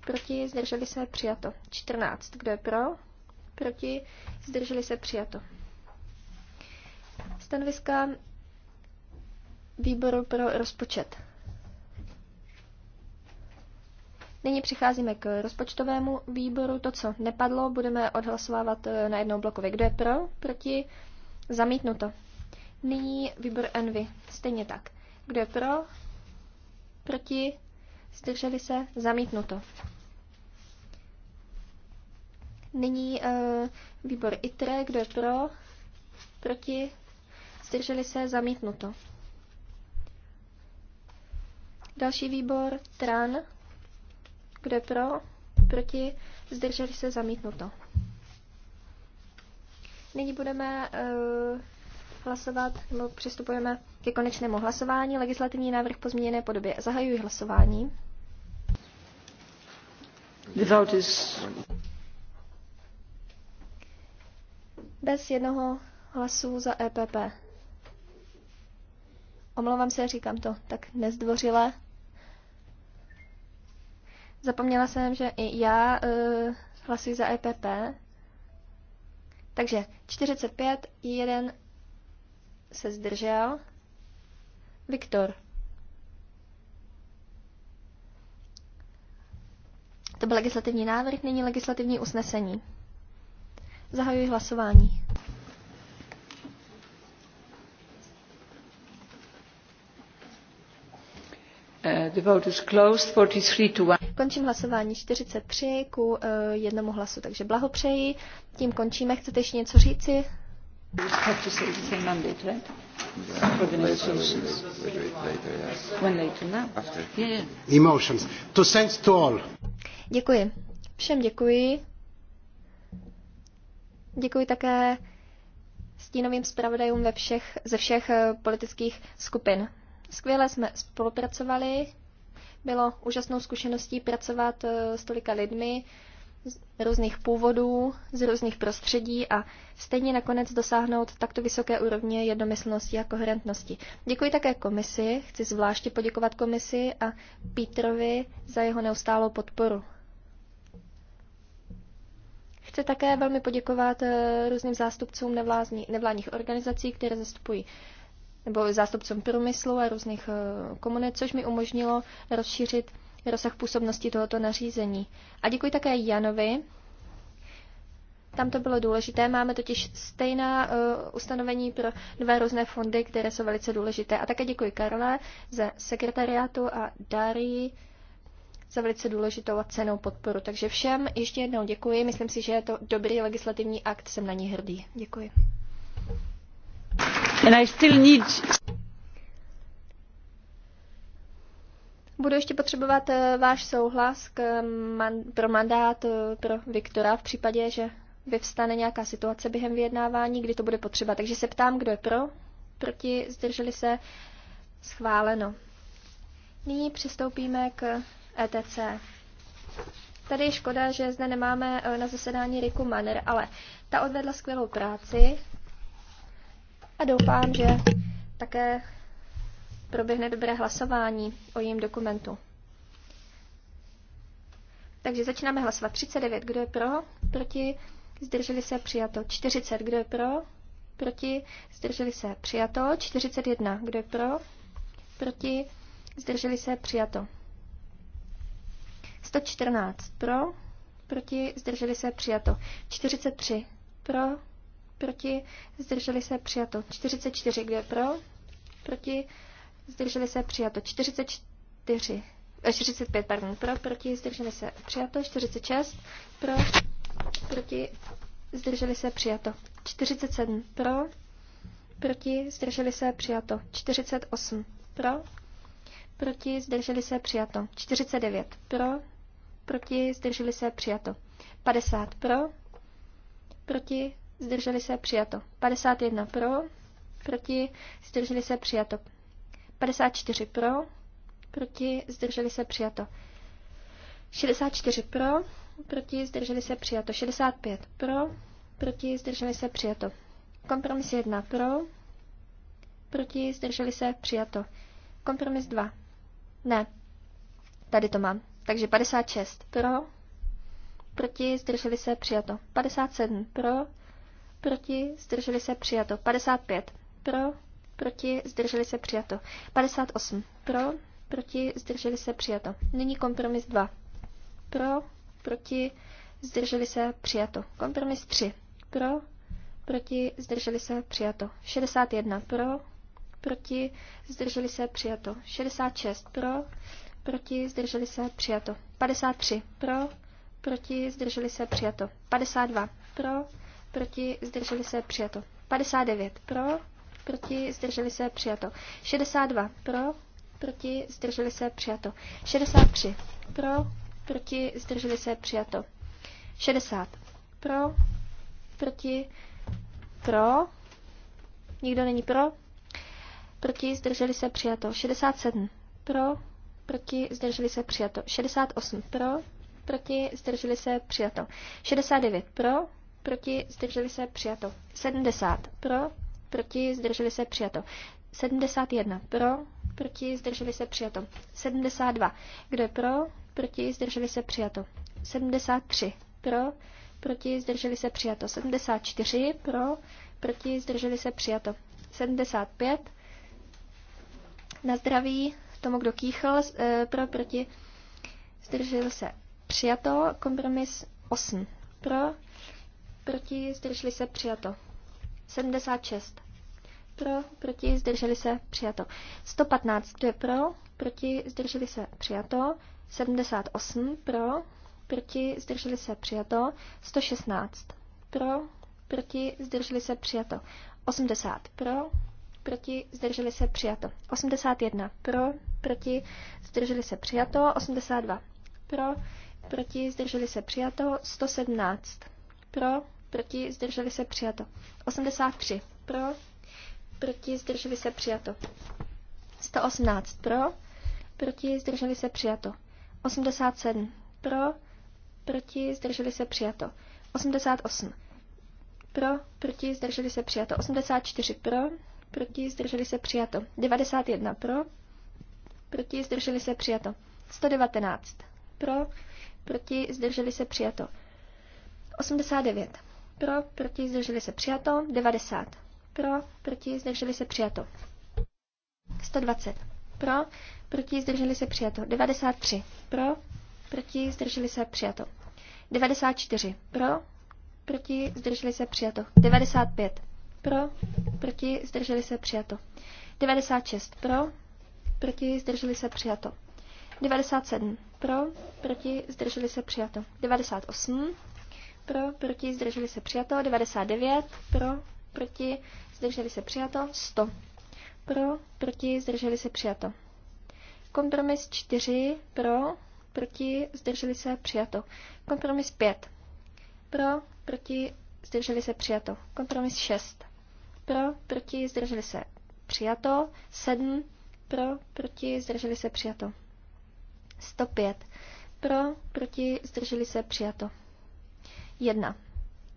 Proti, zdrželi se přijato. 14. Kdo je pro? Proti, zdrželi se přijato. Stanoviska výboru pro rozpočet. Nyní přicházíme k rozpočtovému výboru. To, co nepadlo, budeme odhlasovávat eh, na jednou blokově. Kdo je pro? Proti? Zamítnuto. Nyní výbor Envy. Stejně tak. Kdo je pro? Proti? Zdrželi se? Zamítnuto. Nyní e, výbor ITRE. Kdo je pro? Proti? Zdrželi se? Zamítnuto. Další výbor TRAN. Kdo je pro? Proti? Zdrželi se zamítnuto. Nyní budeme uh, hlasovat, nebo přistupujeme ke konečnému hlasování. Legislativní návrh po změněné podobě. Zahajuji hlasování. is... Bez jednoho hlasu za EPP. Omlouvám se, říkám to tak nezdvořile. Zapomněla jsem, že i já uh, hlasuji za EPP. Takže 45, jeden se zdržel. Viktor. To byl legislativní návrh, není legislativní usnesení. Zahajuji hlasování. Uh, the vote is closed. 43 to 1. Končím hlasování 43 ku eh, jednomu hlasu, takže blahopřeji. Tím končíme. Chcete ještě něco říci? Děkuji. Všem děkuji. Děkuji také stínovým zpravodajům ve všech, ze všech eh, politických skupin. Skvěle jsme spolupracovali. Bylo úžasnou zkušeností pracovat eh, s tolika lidmi z různých původů, z různých prostředí a stejně nakonec dosáhnout takto vysoké úrovně jednomyslnosti a koherentnosti. Děkuji také komisi, chci zvláště poděkovat komisi a Pítrovi za jeho neustálou podporu chci také velmi poděkovat eh, různým zástupcům nevládních organizací, které zastupují nebo zástupcům průmyslu a různých eh, komunit, což mi umožnilo rozšířit rozsah působnosti tohoto nařízení. A děkuji také Janovi. Tam to bylo důležité. Máme totiž stejná uh, ustanovení pro dva různé fondy, které jsou velice důležité. A také děkuji Karle ze sekretariátu a Darii za velice důležitou a cenou podporu. Takže všem ještě jednou děkuji. Myslím si, že je to dobrý legislativní akt. Jsem na ní hrdý. Děkuji. And I still need... Budu ještě potřebovat eh, váš souhlas k mm, man- pro mandát eh, pro Viktora v případě, že vyvstane nějaká situace během vyjednávání, kdy to bude potřeba. Takže se ptám, kdo je pro, proti, zdrželi se, schváleno. Nyní přistoupíme k ETC. Tady je škoda, že zde nemáme eh, na zasedání Riku Manner, ale ta odvedla skvělou práci a doufám, že také proběhne dobré hlasování o jejím dokumentu. Takže začínáme hlasovat 39, kdo je pro, proti, zdrželi se přijato 40, kdo je pro, proti, zdrželi se přijato 41, kdo je pro, proti, zdrželi se přijato 114 pro, proti, zdrželi se přijato 43 pro, proti, zdrželi se přijato 44, kdo je pro, proti, zdrželi se přijato 44, 45, eh, pardon, pro, proti, zdrželi se přijato 46, pro, proti, zdrželi se přijato 47, pro, proti, zdrželi se přijato 48, pro, proti, zdrželi se přijato 49, pro, proti, zdrželi se přijato 50, pro, proti, zdrželi se, přijato. 51 pro, proti, zdrželi se, přijato. 54 pro, proti, zdrželi se, přijato. 64 pro, proti, zdrželi se, přijato. 65 pro, proti, zdrželi se, přijato. Kompromis 1 pro, proti, zdrželi se, přijato. Kompromis 2. Ne, tady to mám. Takže 56 pro, proti, zdrželi se, přijato. 57 pro, proti, zdrželi se, přijato. 55 pro, proti, zdrželi se, přijato. 58 pro, proti, zdrželi se, přijato. Nyní kompromis 2. Pro, proti, zdrželi se, přijato. Kompromis 3. Pro, proti, zdrželi se, přijato. 61 pro, proti, zdrželi se, přijato. 66 pro, proti, zdrželi se, přijato. 53 pro, proti, zdrželi se, přijato. 52 pro, proti, zdrželi se, přijato. 59 pro, proti, zdrželi se, přijato. 62 pro, proti, zdrželi se, přijato. 63 pro, proti, zdrželi se, přijato. 60 pro, proti, pro, nikdo není pro, proti, zdrželi se, přijato. 67 pro, proti, zdrželi se, přijato. 68 pro, proti, zdrželi se, přijato. 69 pro, proti, zdrželi se, přijato. 70 pro, proti, zdrželi se, přijato. 71 pro, proti, zdrželi se, přijato. 72. Kdo je pro, proti, zdrželi se, přijato. 73 pro, proti, zdrželi se, přijato. 74 pro, proti, zdrželi se, přijato. 75 na zdraví tomu, kdo kýchl, e, pro, proti, zdržel se, přijato, kompromis 8 pro, proti, zdrželi se, přijato. 76. Pro, proti, zdrželi se, přijato. 115. Kdo je pro, proti, zdrželi se, přijato. 78. Pro, proti, zdrželi se, přijato. 116. Pro, proti, zdrželi se, přijato. 80. Pro, proti, zdrželi se, přijato. 81. Pro, proti, zdrželi se, přijato. 82. Pro, proti, zdrželi se, přijato. 117. Pro, proti, zdrželi se přijato. 83 pro, proti, zdrželi se přijato. 118 pro, proti, zdrželi se přijato. 87 pro, proti, zdrželi se přijato. 88 pro, proti, zdrželi se přijato. 84 pro, proti, zdrželi se přijato. 91 pro, proti, zdrželi se přijato. 119 pro, proti, zdrželi se přijato. 89 pro, proti, zdrželi se přijato. 90. Pro, proti, zdrželi se přijato. 120. Pro, proti, zdrželi se přijato. 93. Pro, proti, zdrželi se přijato. 94. Pro, proti, zdrželi se přijato. 95. Pro, proti, zdrželi se přijato. 96. Pro, proti, zdrželi se přijato. 97. Pro, proti, zdrželi se přijato. 98 pro, proti, zdrželi se přijato, 99 pro, proti, zdrželi se přijato, 100 pro, proti, zdrželi se přijato. Kompromis 4 pro, proti, zdrželi se přijato. Kompromis 5 pro, proti, zdrželi se přijato. Kompromis 6 pro, proti, zdrželi se přijato, 7 pro, proti, zdrželi se přijato. 105 pro, proti, zdrželi se přijato. 1.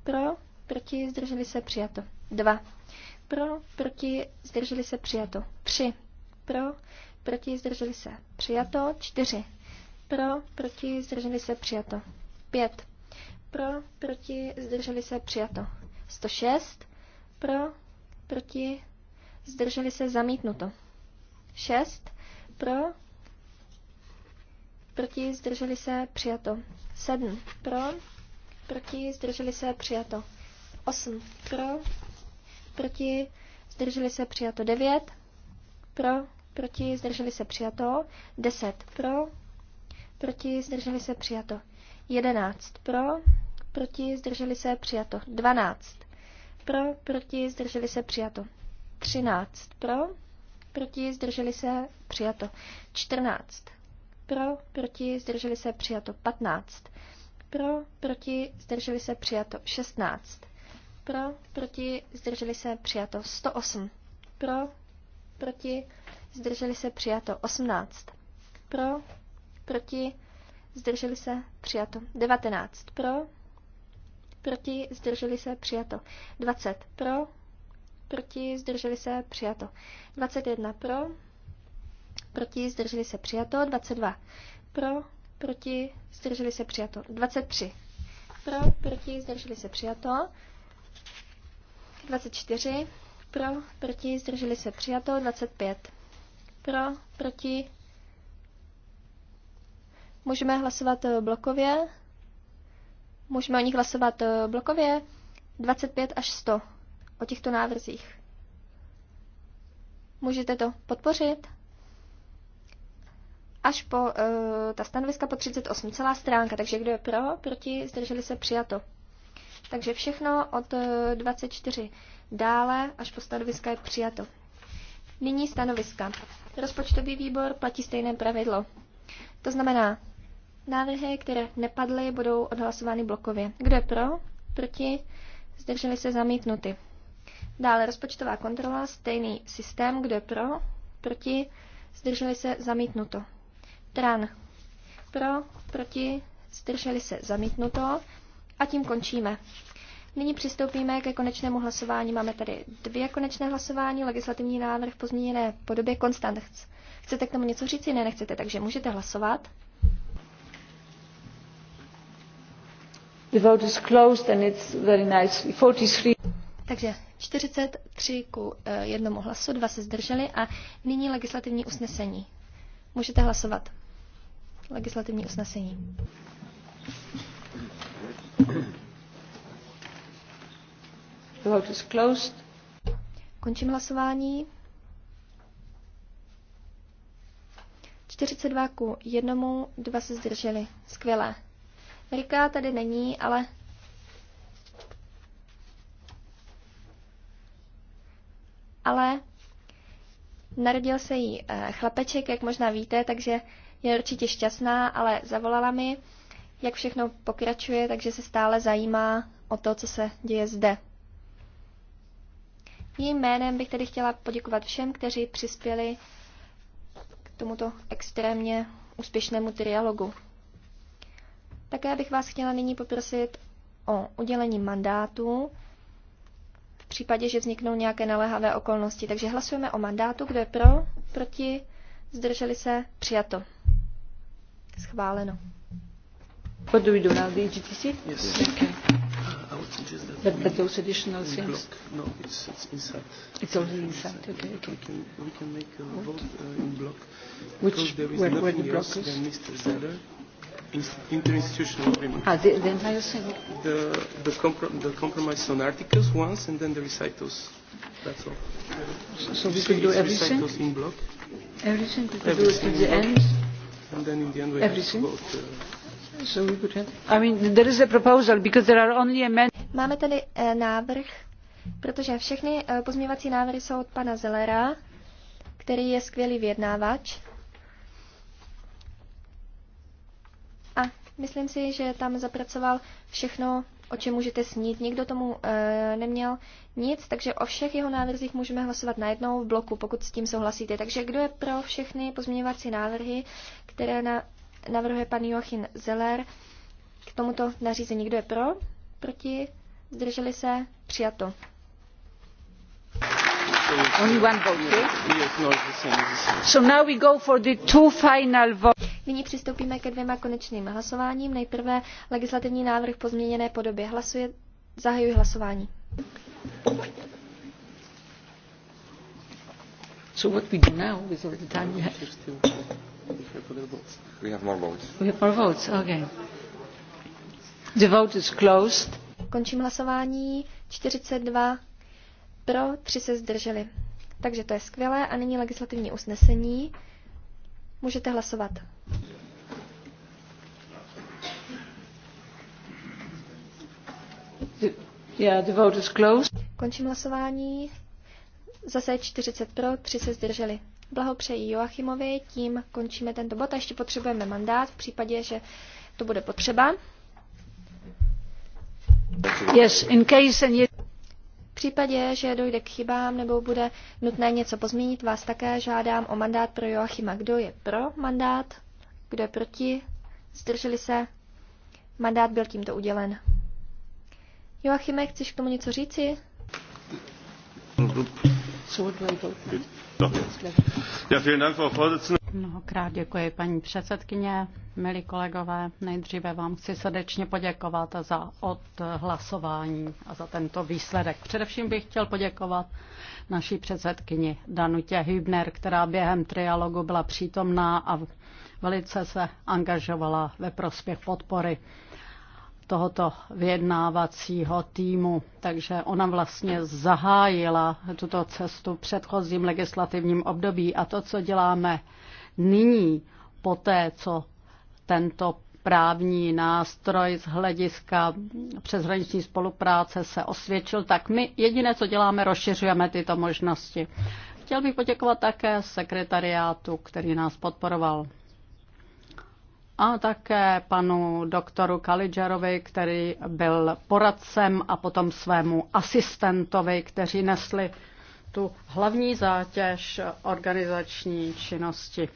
Pro, proti, zdrželi se, přijato. 2. Pro, proti, zdrželi se, přijato. 3. Pro, proti, zdrželi se, přijato. 4. Pro, proti, zdrželi se, přijato. 5. Pro, proti, zdrželi se, přijato. 106. Pro, proti, zdrželi se, zamítnuto. 6. Pro, proti, zdrželi se, přijato. 7. Pro, proti, zdrželi se, přijato 8 pro, proti, zdrželi se, přijato 9 pro, proti, zdrželi se, přijato 10 pro, proti, zdrželi se, přijato 11 pro, proti, zdrželi se, přijato 12 pro, proti, zdrželi se, přijato 13 pro, proti, zdrželi se, přijato 14 pro, proti, zdrželi se, přijato 15 pro, proti, zdrželi se přijato 16. Pro, proti, zdrželi se přijato 108. Pro, proti, zdrželi se přijato 18. Pro, proti, zdrželi se přijato 19. Pro, proti, zdrželi se přijato 20. Pro, proti, zdrželi se přijato 21. Pro, proti, zdrželi se přijato 22. Pro, proti, zdrželi se přijato. 23. Pro, proti, zdrželi se přijato. 24. Pro, proti, zdrželi se přijato. 25. Pro, proti. Můžeme hlasovat eh, blokově. Můžeme o nich hlasovat eh, blokově. 25 až 100 o těchto návrzích. Můžete to podpořit? až po uh, ta stanoviska po 38, celá stránka, takže kdo je pro, proti, zdrželi se, přijato. Takže všechno od uh, eh, 24 dále až po stanoviska je přijato. Nyní stanoviska. Rozpočtový výbor platí stejné pravidlo. To znamená, návrhy, které nepadly, budou odhlasovány blokově. Kdo je pro, proti, zdrželi se, zamítnuty. Dále rozpočtová kontrola, stejný systém, kdo je pro, proti, zdrželi se, zamítnuto. Tran. Pro, proti, zdrželi se zamítnuto. A tím končíme. Nyní přistoupíme ke konečnému hlasování. Máme tady dvě konečné hlasování, legislativní návrh pozměněné změněné podobě. Konstant, chcete k tomu něco říct, Ne, nechcete, takže můžete hlasovat. The vote is closed and it's very nice. 43. Takže 43 ku eh, jednomu hlasu, dva se zdrželi a nyní legislativní usnesení. Můžete hlasovat legislativní usnesení. Vote is closed. Končím hlasování. 42 ku jednomu, dva se zdrželi. Skvělé. Rika tady není, ale ale narodil se jí eh, chlapeček, jak možná víte, takže je určitě šťastná, ale zavolala mi, jak všechno pokračuje, takže se stále zajímá o to, co se děje zde. Jejím jménem bych tedy chtěla poděkovat všem, kteří přispěli k tomuto extrémně úspěšnému trialogu. Také bych vás chtěla nyní poprosit o udělení mandátu v případě, že vzniknou nějaké naléhavé okolnosti. Takže hlasujeme o mandátu, kdo je pro, proti, zdrželi se, přijato. Schváleno. What do we do now? The EGTC? Yes. Okay. Uh, that but, those additional things? Block. No, it's, it's inside. It's already inside. inside. Okay, okay. We can, we can make a what? vote uh, in block. Which, there is where, where the block is? Mr. Zeller. Interinstitutional agreement. Ah, the, the entire thing? The, the, comprom the compromise on articles once and then the recitals. That's all. So, so we can do everything? Recitals in block. Everything we the end? and then in the end we Everything? have to vote. Uh, I mean, there is a proposal because there are only amendments. Máme tady uh, návrh, protože všechny uh, pozměňovací návrhy jsou od pana Zelera, který je skvělý vyjednávač. A myslím si, že tam zapracoval všechno o čem můžete snít. Nikdo tomu e, neměl nic, takže o všech jeho návrzích můžeme hlasovat najednou v bloku, pokud s tím souhlasíte. Takže kdo je pro všechny pozměňovací návrhy, které na, navrhuje pan Joachim Zeller k tomuto nařízení? Kdo je pro? Proti? Zdrželi se? Přijato. Only one vote. So now we go for the two final votes. Nyní přistoupíme ke dvěma konečným hlasováním. Nejprve legislativní návrh po změněné podobě. Hlasuje, zahajuji hlasování. So what we do now is all the time we have. We have more votes. We have more votes, okay. The vote is closed. Končím hlasování. 42 pro, 3 se zdrželi. Takže to je skvělé. A nyní legislativní usnesení. Můžete hlasovat. yeah, the vote is closed. Končím hlasování. Zase 40 pro, 3 se zdrželi. Blahopřeji Joachimovi, tím končíme tento bod a ještě potřebujeme mandát v případě, že to bude potřeba. Yes, in case any... V případě, že dojde k chybám nebo bude nutné něco pozměnit, vás také žádám o mandát pro Joachima. Kdo je pro mandát? Kdo je proti? Zdrželi se? Mandát byl tímto udělen. Joachime, chceš k tomu něco říci? No. Mnohokrát děkuji, paní předsedkyně, milí kolegové. Nejdříve vám chci srdečně poděkovat za odhlasování a za tento výsledek. Především bych chtěl poděkovat naší předsedkyni Danutě Hübner, která během trialogu byla přítomná a velice se angažovala ve prospěch podpory tohoto vyjednávacího týmu. Takže ona vlastně zahájila tuto cestu předchozím legislativním období a to, co děláme nyní, po té, co tento právní nástroj z hlediska přeshraniční spolupráce se osvědčil, tak my jediné, co děláme, rozšiřujeme tyto možnosti. Chtěl bych poděkovat také sekretariátu, který nás podporoval a také panu doktoru Kaligerovi, který byl poradcem a potom svému asistentovi, kteří nesli tu hlavní zátěž organizační činnosti.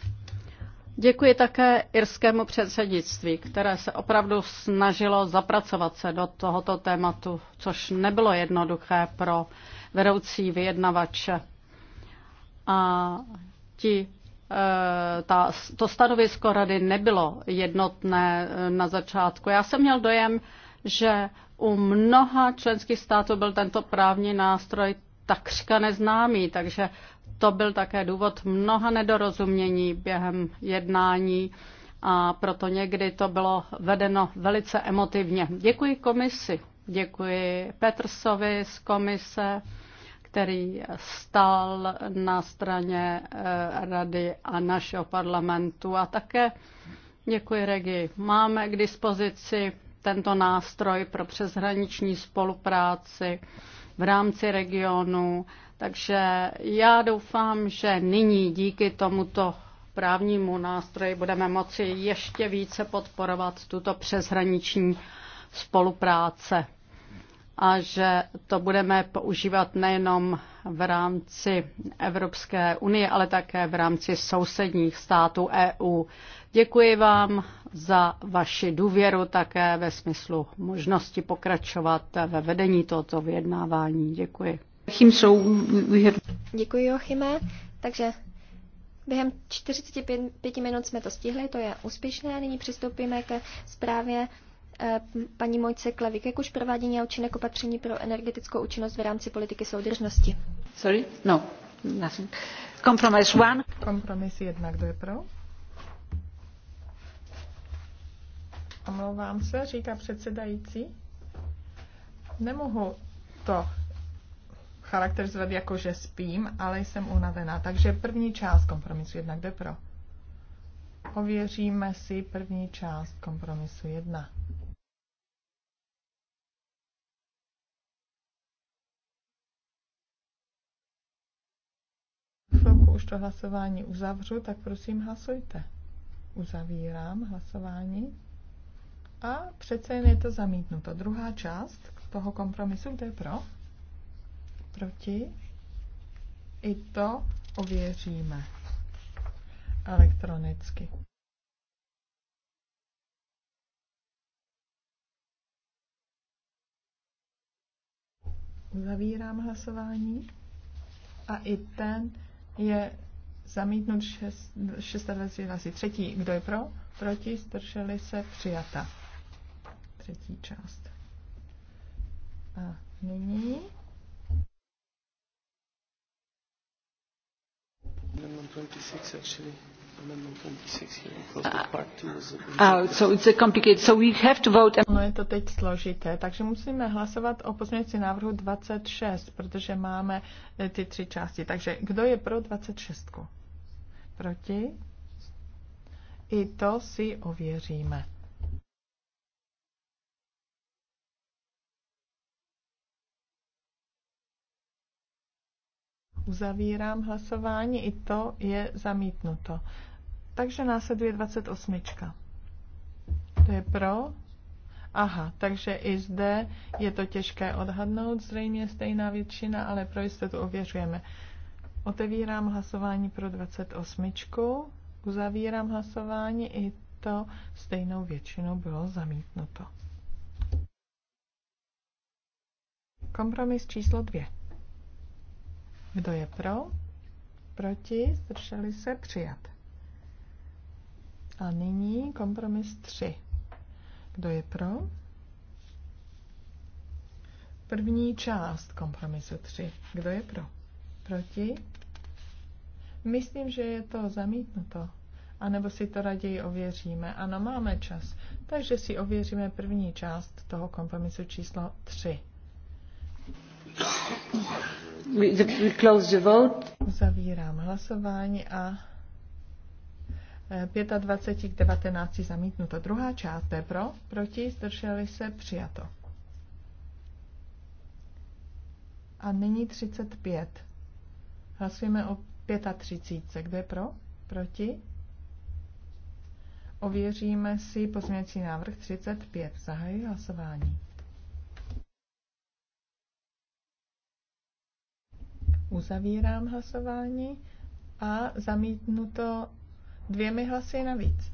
Děkuji také irskému předsednictví, které se opravdu snažilo zapracovat se do tohoto tématu, což nebylo jednoduché pro vedoucí vyjednavače. A ti Eh, ta, to stanovisko rady nebylo jednotné eh, na začátku. Já jsem měl dojem, že u mnoha členských států byl tento právní nástroj takřka neznámý, takže to byl také důvod mnoha nedorozumění během jednání a proto někdy to bylo vedeno velice emotivně. Děkuji komisi, děkuji Petrsovi z komise který stál na straně eh, rady a našeho parlamentu. A také děkuji Regi. Máme k dispozici tento nástroj pro přeshraniční spolupráci v rámci regionu. Takže já doufám, že nyní díky tomuto právnímu nástroji budeme moci ještě více podporovat tuto přeshraniční spolupráce a že to budeme používat nejenom v rámci Evropské unie, ale také v rámci sousedních států EU. Děkuji vám za vaši důvěru také ve smyslu možnosti pokračovat ve vedení tohoto vyjednávání. Děkuji. Děkuji, Jochime. Takže během 45 minut jsme to stihli, to je úspěšné. Nyní přistoupíme ke zprávě Eh, paní Mojce jak už provádění a účinek opatření pro energetickou účinnost v rámci politiky soudržnosti. Sorry? No. Nothing. Kompromis one. Kompromis jedna, kdo je pro? Omlouvám se, říká předsedající. Nemohu to charakterizovat jako, že spím, ale jsem unavená. Takže první část kompromisu jedna, kde pro? Ověříme si první část kompromisu jedna. už to hlasování uzavřu, tak prosím hlasujte. Uzavírám hlasování. A přece jen je to zamítnuto. Druhá část toho kompromisu, kde je pro, proti, i to ověříme elektronicky. Uzavírám hlasování a i ten je zamítnut 26 hlasy. Třetí, kdo je pro? Proti, zdrželi se, přijata. Třetí část. A nyní... Amendment 26 actually. Ah, ono je to teď složité, takže musíme hlasovat o pozměňovacím návrhu 26, protože máme eh, ty tři části. Takže kdo je pro 26? Proti? I to si ověříme. Uzavírám hlasování, i to je zamítnuto. Takže následuje 28. To je pro. Aha, takže i zde je to těžké odhadnout, zřejmě stejná většina, ale pro jistotu ověřujeme. Otevírám hlasování pro 28. Uzavírám hlasování, i to stejnou většinou bylo zamítnuto. Kompromis číslo 2. Kdo je pro? Proti? Zdrželi se? Přijat. A nyní kompromis 3. Kdo je pro? První část kompromisu 3. Kdo je pro? Proti? Myslím, že je to zamítnuto. A nebo si to raději ověříme. Ano, máme čas. Takže si ověříme první část toho kompromisu číslo 3. We, close the vote. Zavírám hlasování a 25 eh, k 19 zamítnuto. Druhá část je pro, proti, zdrželi se, přijato. A nyní 35. Hlasujeme o 35. Kdo je pro? Proti? Ověříme si pozměňovací návrh 35. Zahajuji hlasování. Uzavírám hlasování a zamítnu to dvěmi hlasy navíc.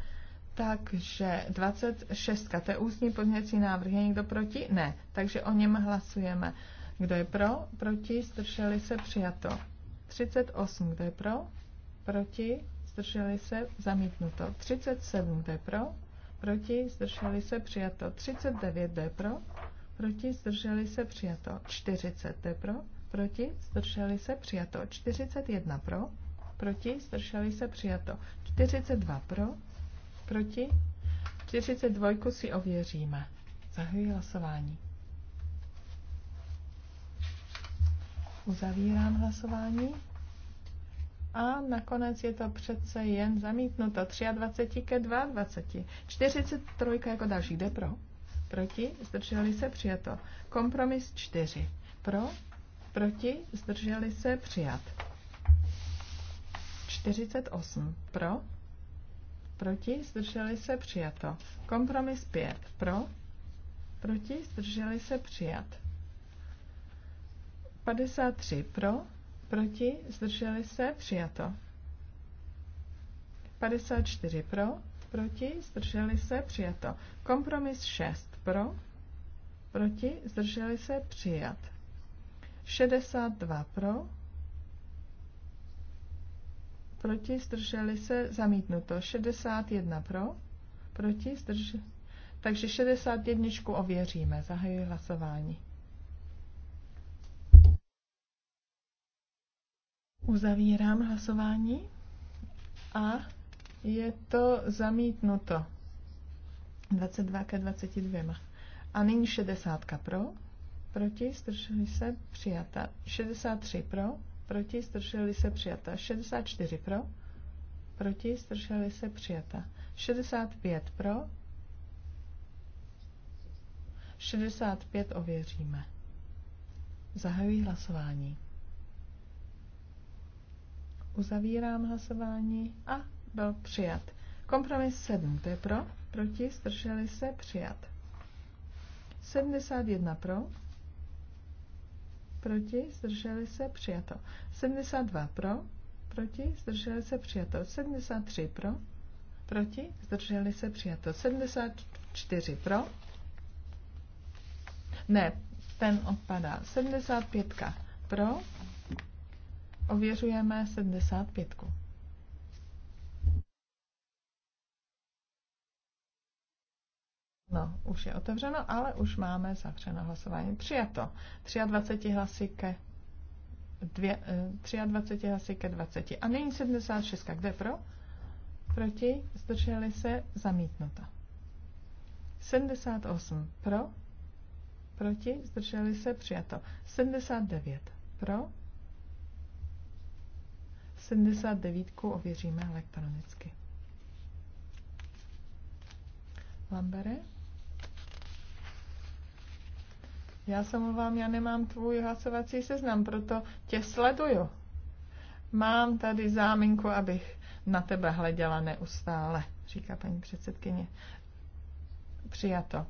Takže 26. To je ústní pozměcí návrh. Je někdo proti? Ne. Takže o něm hlasujeme. Kdo je pro? Proti? Zdrželi se? Přijato. 38. Kdo je pro? Proti? Zdrželi se? Zamítnuto. 37. Kdo je pro? Proti? Zdrželi se? Přijato. 39. Kdo je pro? Proti? Zdrželi se? Přijato. 40. Kdo je pro? proti, zdrželi se, přijato. 41 pro, proti, zdrželi se, přijato. 42 pro, proti, 42 si ověříme. Zahajuji hlasování. Uzavírám hlasování. A nakonec je to přece jen zamítnuto 23 ke 22. 43 jako další jde pro. Proti, zdrželi se, přijato. Kompromis 4. Pro, Proti? Zdrželi se? Přijat. 48. Pro? Proti? Zdrželi se? Přijato. Kompromis 5. Pro? Proti? Zdrželi se? Přijat. 53. Pro? Proti? Zdrželi se? Přijato. 54. Pro? Proti? Zdrželi se? Přijato. Kompromis 6. Pro? Proti? Zdrželi se? Přijat. 62 pro, proti, zdrželi se, zamítnuto. 61 pro, proti, zdrželi. Takže 61 ověříme, zahajuji hlasování. Uzavírám hlasování a je to zamítnuto. 22 ke 22. A nyní 60 pro, proti, zdrželi se, přijata. 63 pro, proti, zdrželi se, přijata. 64 pro, proti, zdrželi se, přijata. 65 pro, 65 ověříme. Zahajuji hlasování. Uzavírám hlasování a byl přijat. Kompromis 7, to je pro, proti, zdrželi se, přijat. 71 pro, proti, zdrželi se, přijato. 72 pro, proti, zdrželi se, přijato. 73 pro, proti, zdrželi se, přijato. 74 pro, ne, ten odpadá. 75 pro, ověřujeme 75. No, už je otevřeno, ale už máme zavřeno hlasování. Přijato. 23 hlasy ke dvě, 23 eh, hlasy ke 20. A nyní 76. Kde pro? Proti? Zdrželi se? Zamítnuto. 78. Pro? Proti? Zdrželi se? Přijato. 79. Pro? 79 ověříme elektronicky. Lambere? Já se vám, já nemám tvůj hlasovací seznam, proto tě sleduju. Mám tady záminku, abych na tebe hleděla neustále, říká paní předsedkyně. Přijato.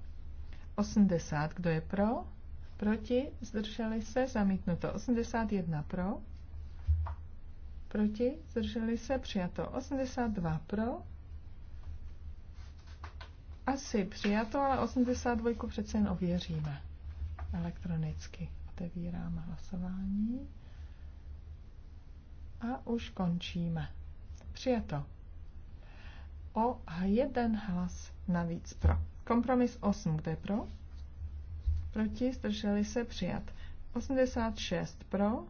80, kdo je pro? Proti? Zdrželi se? Zamítnuto. 81 pro? Proti? Zdrželi se? Přijato. 82 pro? Asi přijato, ale 82 přece jen ověříme elektronicky. Otevírám hlasování a už končíme. Přijato. O jeden hlas navíc pro. Kompromis 8, kde pro? Proti, zdrželi se, přijat. 86 pro,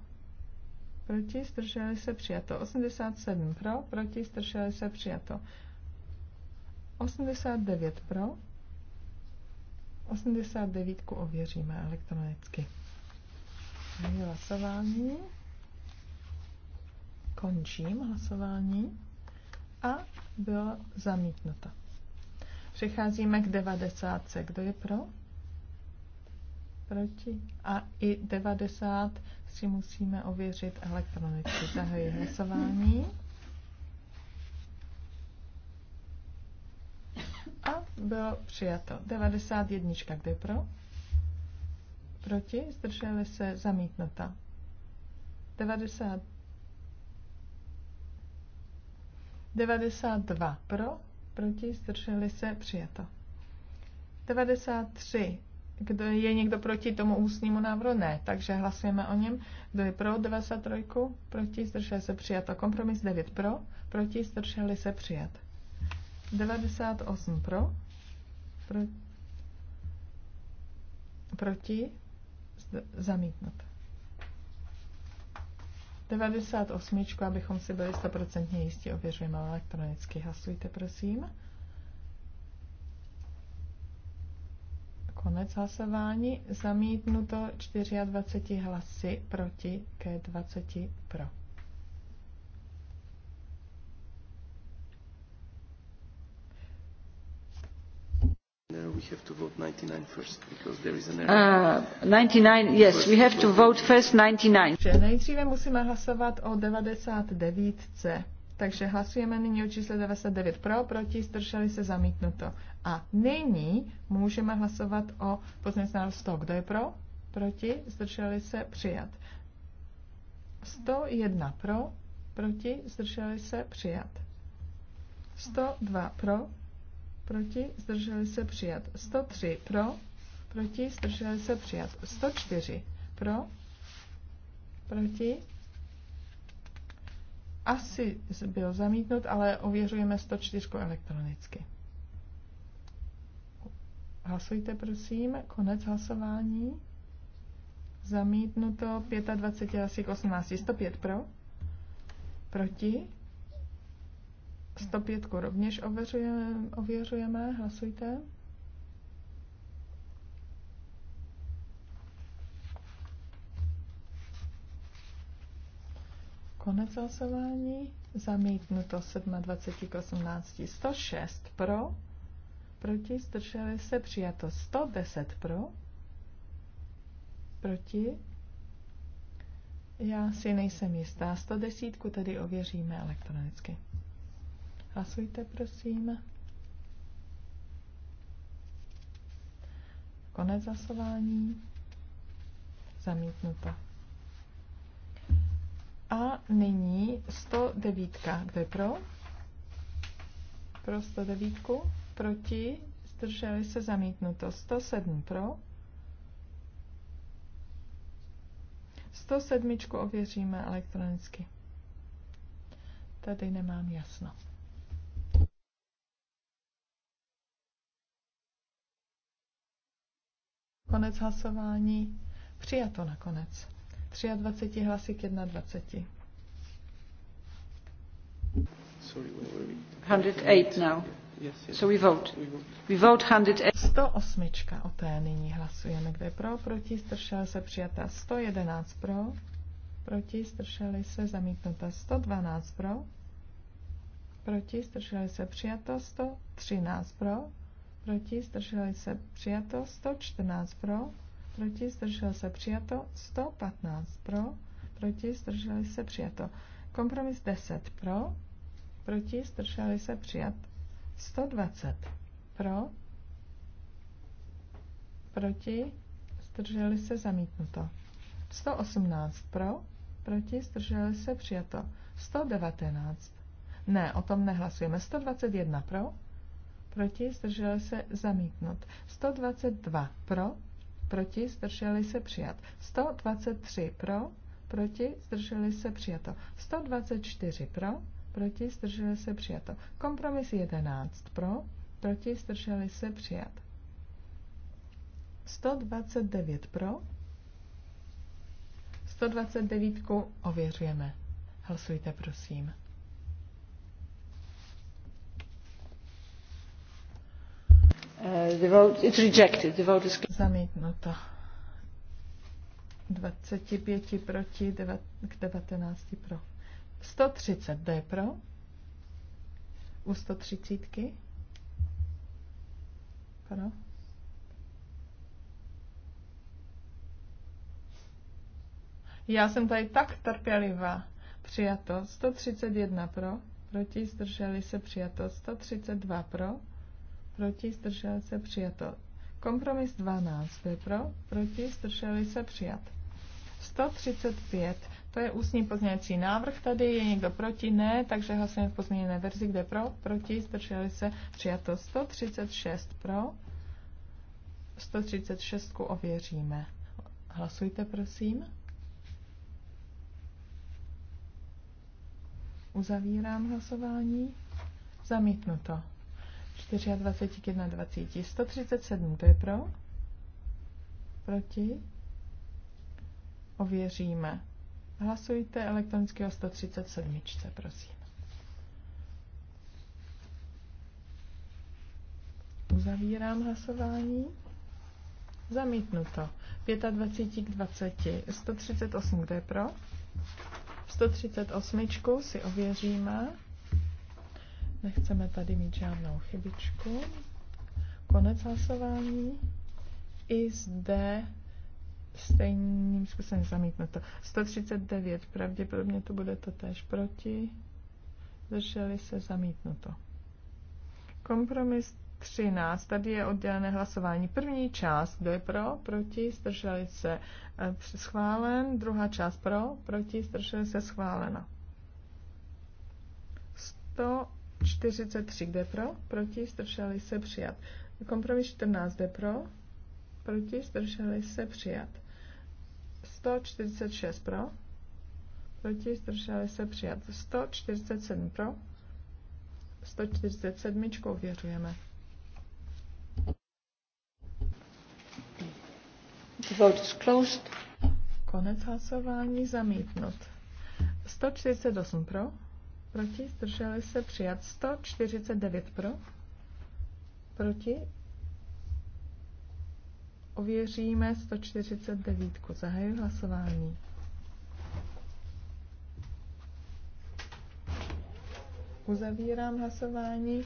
proti, zdrželi se, přijato. 87 pro, proti, zdrželi se, přijato. 89 pro, 89 ověříme elektronicky. Hlasování. Končím hlasování. A byla zamítnuta. Přecházíme k 90. Kdo je pro? Proti. A i 90 si musíme ověřit elektronicky. Zahajuji hlasování. a bylo přijato. 91. Kde pro? Proti? Zdrželi se zamítnuta. 90. 92 pro, proti, zdrželi se, přijato. 93. Kdo je někdo proti tomu ústnímu návrhu? Ne, takže hlasujeme o něm. Kdo je pro 93? Proti, zdrželi se, přijato. Kompromis 9 pro, proti, zdrželi se, přijato. 98 pro, pro proti, zamítnut. 98, abychom si byli 100% jistí, ověřujeme elektronicky. Hlasujte, prosím. Konec hlasování. Zamítnuto 24 hlasy proti ke 20 pro. Uh, we have to vote 99 first, because there is an error. Uh, 99, yes, first we have to vote first 99. Nejdříve musíme hlasovat o 99. Takže hlasujeme nyní o čísle 99 pro, proti, zdrželi se zamítnuto. A nyní můžeme hlasovat o pozměnce návrh 100. Kdo je pro? Proti, zdrželi se přijat. 101 pro, proti, zdrželi se přijat. 102 pro, proti, zdrželi se přijat. 103 pro, proti, zdrželi se přijat. 104 pro, proti. Asi byl zamítnut, ale ověřujeme 104 elektronicky. Hlasujte, prosím. Konec hlasování. Zamítnuto 25 asi k 18. 105 pro. Proti. 105 rovněž ověřujeme, ověřujeme, hlasujte. Konec hlasování. Zamítnuto 27 k 18. 106 pro. Proti zdrželi se přijato 110 pro. Proti. Já si nejsem jistá. 110 tedy ověříme elektronicky. Hlasujte, prosím. Konec hlasování. Zamítnuto. A nyní 109. Kdo je pro? Pro 109. Proti? Zdrželi se zamítnuto. 107 pro. 107 ověříme elektronicky. Tady nemám jasno. Konec hlasování. Přijato nakonec. 23 hlasy k 21. 108 now. So we vote. We vote 108. 108. O té nyní hlasujeme. Kde pro, proti, stršel se přijata 111 pro, proti, stršeli se zamítnuta 112 pro, proti, stršeli se přijato 113 pro, proti, zdrželi se přijato, 114 pro, proti, zdrželi se přijato, 115 pro, proti, zdrželi se přijato. Kompromis 10 pro, proti, zdrželi se přijat, 120 pro, proti, zdrželi se zamítnuto. 118 pro, proti, zdrželi se přijato. 119. Ne, o tom nehlasujeme. 121 pro, proti, zdrželi se zamítnout. 122 pro, proti, zdrželi se přijat. 123 pro, proti, zdrželi se přijato. 124 pro, proti, zdrželi se přijato. Kompromis 11 pro, proti, zdrželi se přijat. 129 pro, 129 ověřujeme. Hlasujte, prosím. Uh, the vote, it's rejected. The vote is... Zamítnuto. 25 proti, k 19 pro. 130 D pro. U 130. -ky. Pro. Já jsem tady tak trpělivá. Přijato 131 pro, proti zdrželi se přijato 132 pro, proti, zdržel se, přijato. Kompromis 12, kdo je pro, proti, zdrželi se, přijat. 135, to je ústní pozměňovací návrh, tady je někdo proti, ne, takže hlasujeme v pozměněné verzi, kde pro, proti, zdrželi se, přijato. 136 pro, 136 ověříme. Hlasujte, prosím. Uzavírám hlasování. Zamítnuto. 24 k 21. 137, to je pro? Proti? Ověříme. Hlasujte elektronicky o 137, prosím. Uzavírám hlasování. Zamítnuto. 25 k 20. 138, kde je pro? 138 si ověříme. Nechceme tady mít žádnou chybičku. Konec hlasování. I zde stejným způsobem to 139, pravděpodobně to bude to též proti. Zdrželi se zamítnuto. Kompromis 13. Tady je oddělené hlasování. První část, kdo je pro, proti, zdrželi se eh, schválen. Druhá část pro, proti, zdrželi se schválena. 100 43, kde pro, proti, zdrželi se přijat. Kompromis 14, kde pro, proti, zdrželi se přijat. 146 pro, proti, zdrželi se přijat. 147 pro, 147 ověřujeme. The vote is closed. Konec hlasování zamítnut. 148 pro, Proti? Zdrželi se přijat 149 pro. Proti? Ověříme 149. Zahajuji hlasování. Uzavírám hlasování.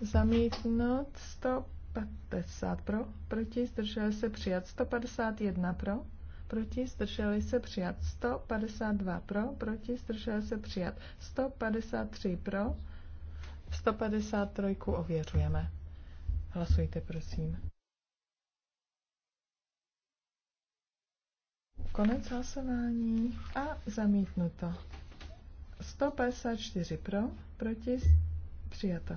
Zamítnout 150 pro. Proti? Zdrželi se přijat 151 pro proti, zdrželi se přijat. 152 pro, proti, zdrželi se přijat. 153 pro, 153 ověřujeme. Hlasujte, prosím. Konec hlasování a zamítnuto. 154 pro, proti, přijato.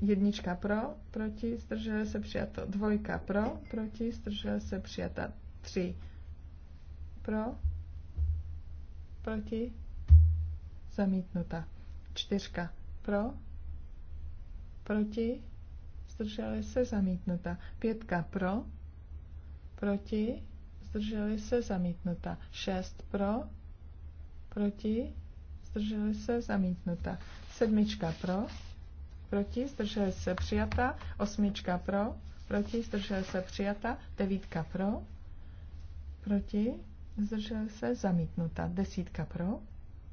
Jednička pro, proti, zdrželi se přijata Dvojka pro, proti, zdrželi se přijata. Tři pro, proti, zamítnuta. Čtyřka pro, proti, zdrželi se zamítnuta. Pětka pro, proti, zdrželi se zamítnuta. Šest pro, proti, zdrželi se zamítnuta. Sedmička pro, proti, zdrželi se přijata, osmička pro, proti, zdrželi se přijata, devítka pro, proti, zdrželi se zamítnuta, desítka pro,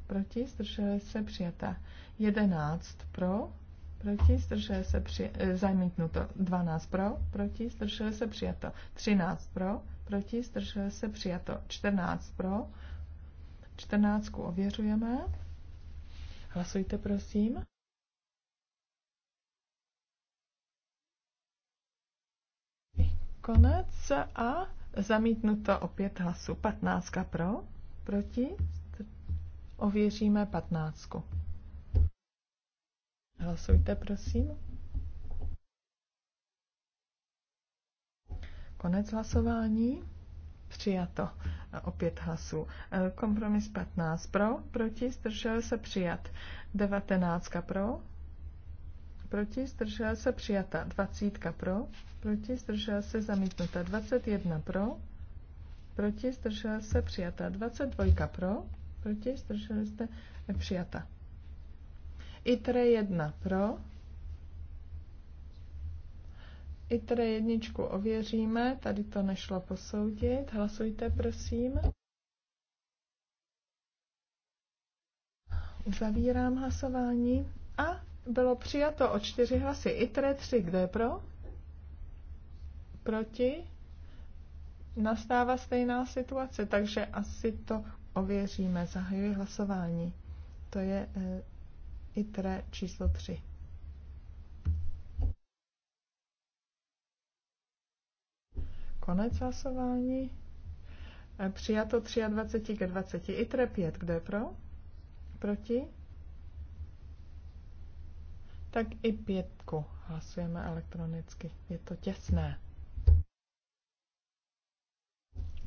proti, zdrželi se přijata, jedenáct pro, proti, zdrželi se při, e, zamítnuto, dvanáct pro, proti, zdrželi se přijato, třináct pro, proti, zdrželi se přijato, čtrnáct pro, čtrnáctku ověřujeme, hlasujte prosím. Konec a zamítnuto opět hlasu. 15 pro, proti. Ověříme 15. Hlasujte, prosím. Konec hlasování. Přijato opět hlasů. Kompromis 15 pro, proti, zdržel se přijat. 19 pro, proti, zdržel se přijata. 20 pro, proti, zdržel se zamítnuta. 21 pro, proti, zdržel se přijata. 22 pro, proti, zdržel se přijata. ITRE 1 pro, ITRE jedničku ověříme, tady to nešlo posoudit, hlasujte prosím. Uzavírám hlasování a bylo přijato o čtyři hlasy. ITRE 3, kdo je pro? Proti? Nastává stejná situace, takže asi to ověříme. Zahajuji hlasování. To je e, ITRE číslo 3. Konec hlasování. Eh, přijato 23 ke 20. ITRE 5, kdo je pro? Proti? tak i pětku hlasujeme elektronicky. Je to těsné.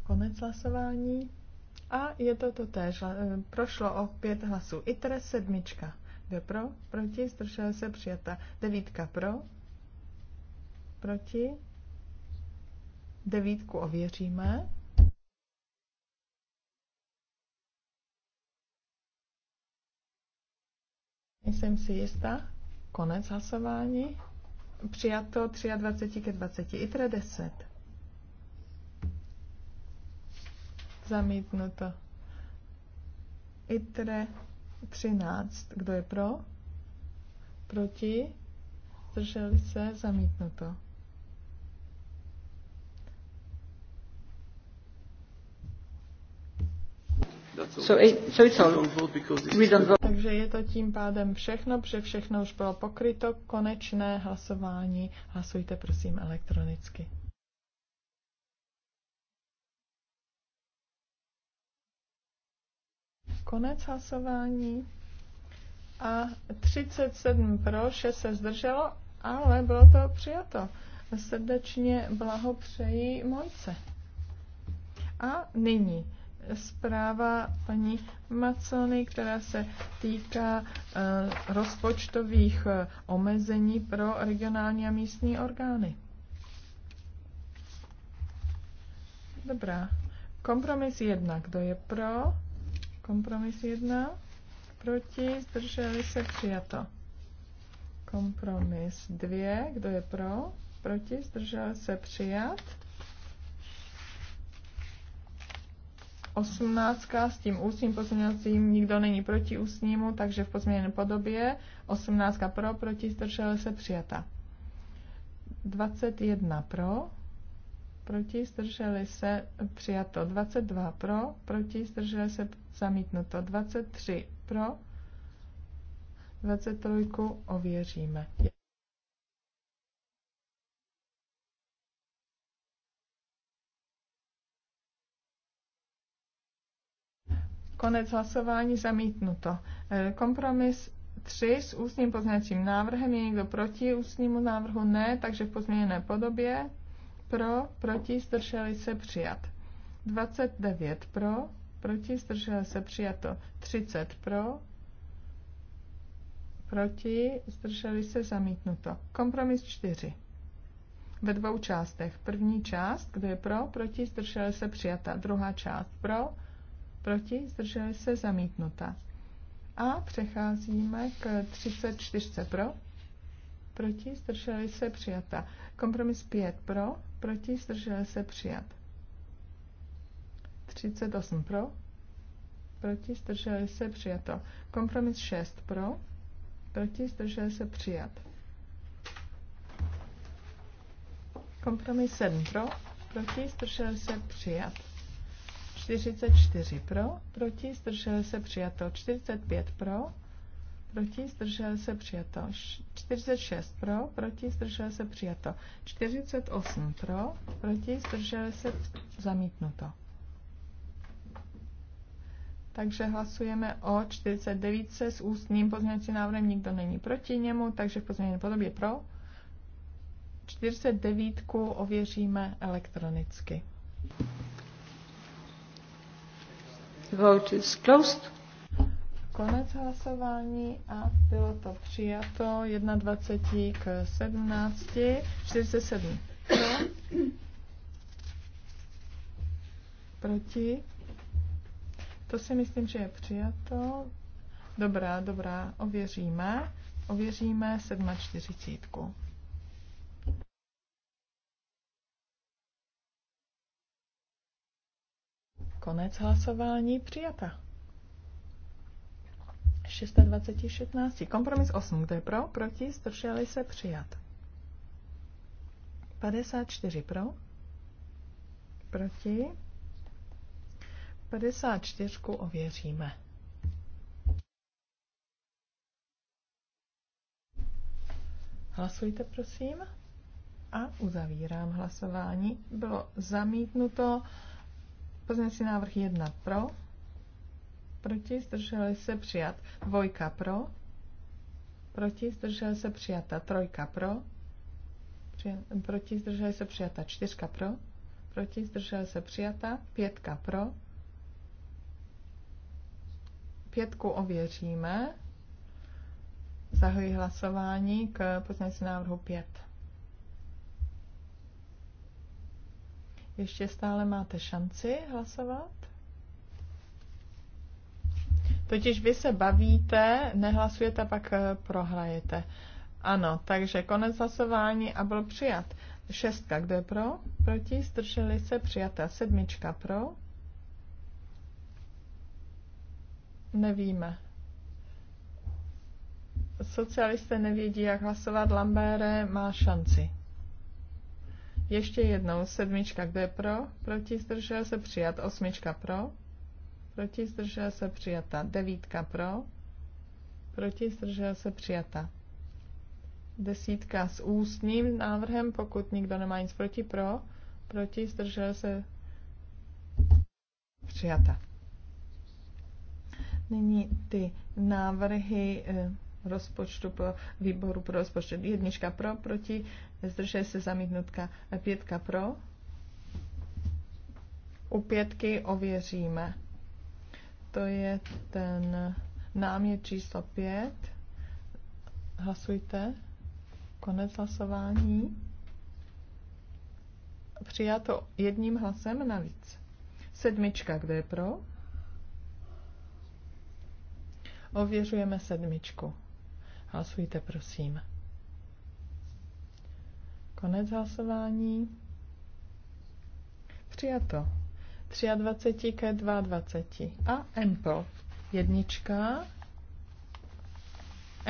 Konec hlasování. A je to to též. Eh, prošlo o pět hlasů. I teda sedmička. Jde pro, proti, zdržela se přijata. Devítka pro, proti. Devítku ověříme. Jsem si jistá. Konec hlasování. Přijato 23 ke 20. i ITRE 10. Zamítnuto. ITRE 13. Kdo je pro? Proti? Zdrželi se? Zamítnuto. So it, so it's all. We Takže je to tím pádem všechno, protože všechno už bylo pokryto. Konečné hlasování. Hlasujte prosím elektronicky. Konec hlasování. A 37 pro, 6 se zdrželo, ale bylo to přijato. Srdečně blahopřeji Mojce. A nyní zpráva paní Macony, která se týká eh, rozpočtových eh, omezení pro regionální a místní orgány. Dobrá. Kompromis jedna. Kdo je pro? Kompromis jedna. Proti? Zdrželi se? Přijato. Kompromis dvě. Kdo je pro? Proti? Zdržel se? Přijat. 18 s tím ústním pozměňovacím nikdo není proti ústnímu, takže v pozměněné podobě 18 pro, proti zdržel se přijata. 21 pro, proti zdrželi se přijato. 22 pro, proti zdrželi se zamítnuto. 23 pro, 23 ověříme. Konec hlasování zamítnuto. E, kompromis 3 s ústním pozměňovacím návrhem. Je někdo proti ústnímu návrhu? Ne, takže v pozměněné podobě. Pro, proti, zdrželi se přijat. 29 pro, proti, zdrželi se přijato. 30 pro, proti, zdrželi se zamítnuto. Kompromis 4. Ve dvou částech. První část, kde je pro, proti, zdrželi se přijata. Druhá část pro, proti, zdrželi se, zamítnuta. A přecházíme k 34 pro, proti, zdrželi se, přijata. Kompromis 5 pro, proti, zdrželi se, přijat. 38 pro, proti, zdrželi se, přijato. Kompromis 6 pro, proti, zdrželi se, přijat. Kompromis 7 pro, proti, zdrželi se, přijat. 44 pro, proti, zdržel se přijato. 45 pro, proti, zdržel se přijato. 46 pro, proti, zdržel se přijato. 48 pro, proti, zdržel se zamítnuto. Takže hlasujeme o 49 s ústním pozměňovacím návrhem, nikdo není proti němu, takže v pozměněné podobě pro. 49 ověříme elektronicky. Vote is closed. Konec hlasování a bylo to přijato 21 k 17, 47 proti. To si myslím, že je přijato. Dobrá, dobrá, ověříme. Ověříme 47. Konec hlasování přijata. 26, Kompromis 8. Kdo je pro? Proti? Zdrželi se přijat. 54 pro. Proti. 54 ověříme. Hlasujte, prosím. A uzavírám hlasování. Bylo zamítnuto Pozměňovací návrh 1 pro, proti, zdrželi se přijat. Dvojka pro, proti, zdrželi se přijata. Trojka pro, proti, zdrželi se přijata. Čtyřka pro, proti, zdrželi se přijata. Pětka pro, pětku ověříme. Zahojí hlasování k pozměňovacímu návrhu 5. Ještě stále máte šanci hlasovat. Totiž vy se bavíte, nehlasujete, pak eh, prohrajete. Ano, takže konec hlasování a byl přijat. Šestka, kdo je pro? Proti, zdrželi se, přijata. Sedmička pro? Nevíme. Socialisté nevědí, jak hlasovat. Lambere má šanci. Ještě jednou, sedmička, kde je pro, proti, zdržel se přijat, osmička pro, proti, zdržel se přijata, devítka pro, proti, zdržel se přijata. Desítka s ústním návrhem, pokud nikdo nemá nic proti, pro, proti, zdržel se přijata. Nyní ty návrhy eh, rozpočtu pro výboru pro rozpočet. Jednička pro, proti, zdržel se zamítnutka. Pětka pro. U pětky ověříme. To je ten námět číslo pět. Hlasujte. Konec hlasování. Přijato jedním hlasem navíc. Sedmička, kde je pro? Ověřujeme sedmičku. Hlasujte, prosím. Konec hlasování. Přijato. 23 ke 22. A Ample. Jednička.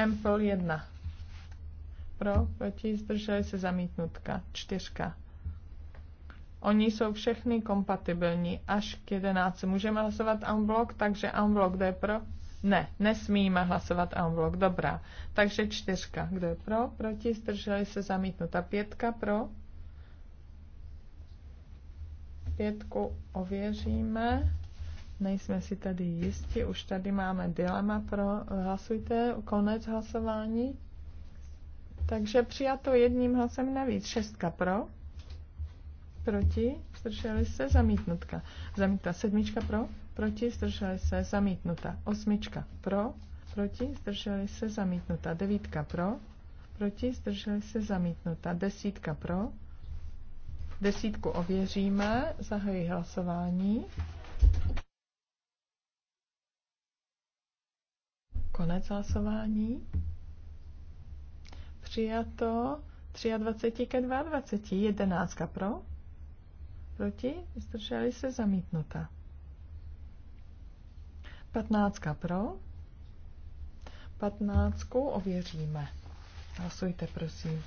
Ample 1. Pro, proti, zdrželi se zamítnutka. Čtyřka. Oni jsou všechny kompatibilní až k 11. Můžeme hlasovat unblock, takže unblock jde pro, ne, nesmíme hlasovat en blok. Dobrá. Takže čtyřka. Kdo je pro? Proti? Zdrželi se zamítnuta. Pětka pro? Pětku ověříme. Nejsme si tady jisti. Už tady máme dilema pro hlasujte. Konec hlasování. Takže přijato jedním hlasem navíc. Šestka pro? proti, zdrželi se, zamítnutka. Zamítla sedmička pro, proti, zdrželi se, zamítnuta. Osmička pro, proti, zdrželi se, zamítnuta. Devítka pro, proti, zdrželi se, zamítnuta. Desítka pro, desítku ověříme, zahají hlasování. Konec hlasování. Přijato 23 ke 22, 11 pro Proti? Zdrželi se zamítnuta. 15 pro. 15 ověříme. Hlasujte, prosím.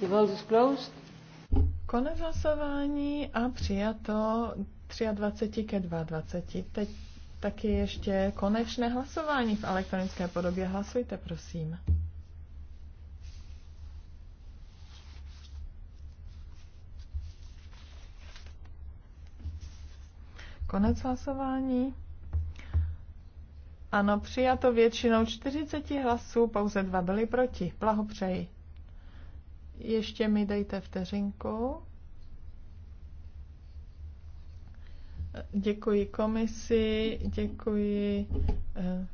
The vote is closed. Konec hlasování a přijato 23 ke 22. Teď taky ještě konečné hlasování v elektronické podobě. Hlasujte, prosím. Konec hlasování. Ano, přijato většinou 40 hlasů, pouze dva byli proti. Blahopřeji. Ještě mi dejte vteřinku. Děkuji komisi, děkuji eh,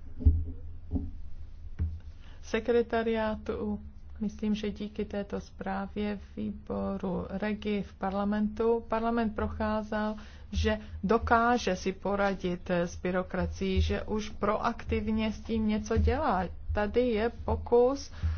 sekretariátu. Myslím, že díky této zprávě výboru Regi v parlamentu parlament procházal, že dokáže si poradit s byrokracií, že už proaktivně s tím něco dělá. Tady je pokus uh,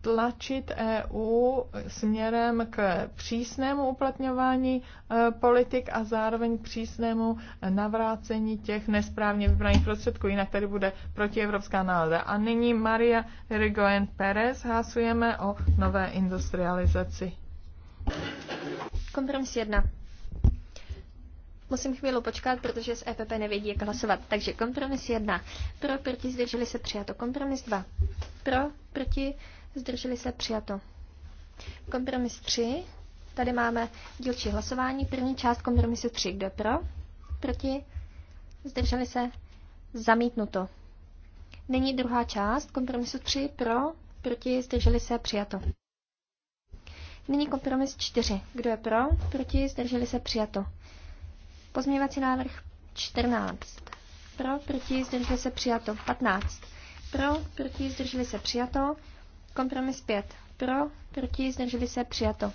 tlačit EU směrem k přísnému uplatňování e, politik a zároveň k přísnému navrácení těch nesprávně vybraných prostředků, jinak tady bude protievropská nálada. A nyní Maria Rigoen Perez, hlasujeme o nové industrializaci. Kompromis 1. Musím chvíli počkat, protože z EPP nevědí, jak hlasovat. Takže kompromis 1. Pro, proti, zdrželi se přijato. Kompromis 2. Pro, proti, zdrželi se, přijato. Kompromis 3, tady máme dílčí hlasování, první část kompromisu 3, kdo je pro, proti, zdrželi se, zamítnuto. Nyní druhá část kompromisu 3, pro, proti, zdrželi se, přijato. Nyní kompromis 4, kdo je pro, proti, zdrželi se, přijato. Pozměňovací návrh 14. Pro, proti, zdrželi se přijato. 15. Pro, proti, zdrželi se přijato. Kompromis 5. Pro, proti, zdrželi se, přijato.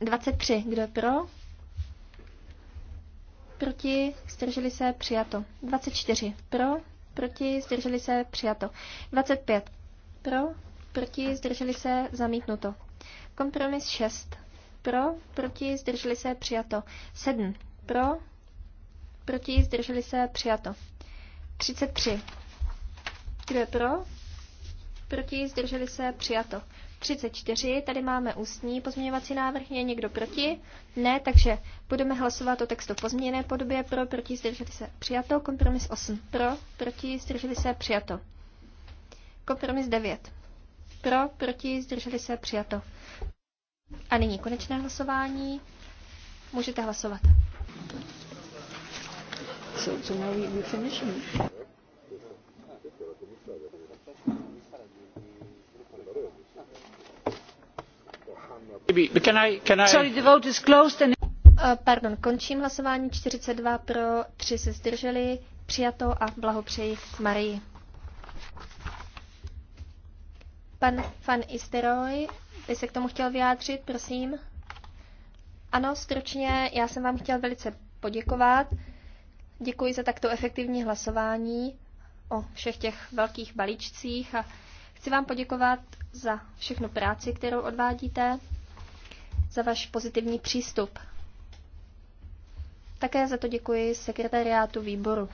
23. Kdo je pro? Proti, zdrželi se, přijato. 24. Pro, proti, zdrželi se, přijato. 25. Pro, proti, zdrželi se, zamítnuto. Kompromis 6. Pro, proti, zdrželi se, přijato. 7. Pro, proti, zdrželi se, přijato. 33. Kdo je pro? proti, zdrželi se, přijato. 34, tady máme ústní pozměňovací návrh, je někdo proti? Ne, takže budeme hlasovat o textu pozměněné podobě, pro, proti, zdrželi se, přijato, kompromis 8, pro, proti, zdrželi se, přijato. Kompromis 9, pro, proti, zdrželi se, přijato. A nyní konečné hlasování. Můžete hlasovat. So, so now we, we finish. Eh, pardon, končím hlasování 42 pro, 3 se zdrželi, přijato a blahopřeji Marii. Pan Van Isteroy by se k tomu chtěl vyjádřit, prosím. Ano, stručně, já jsem vám chtěl velice poděkovat. Děkuji za takto efektivní hlasování o všech těch velkých balíčcích a chci vám poděkovat za všechnu práci, kterou odvádíte, za váš pozitivní přístup. Také za to děkuji sekretariátu výboru.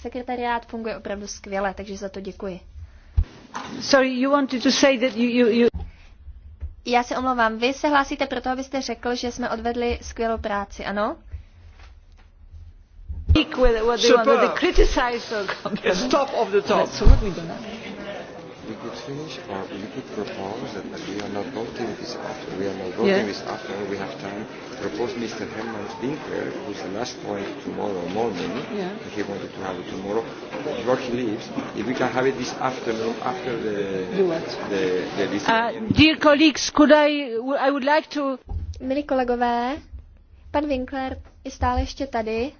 Sekretariát funguje opravdu skvěle, takže za to děkuji. Sorry, you wanted to say that you, you, you... Já se omlouvám, vy se hlásíte proto, abyste řekl, že jsme odvedli skvělou práci, ano? pick whether, whether you want to criticize or compare. Stop of the top. That's what we do now. We could finish, or you could propose that we are not voting this afternoon. We are not voting yes. this afternoon. We have time. Propose Mr. Herman Winkler, who's the last point tomorrow morning. Yeah. He wanted to have it tomorrow. Before he leaves, if we can have it this afternoon after the do what? the, the uh, Dear colleagues, could I? I would like to. Milí kolegové, pan Winkler je stále ještě tady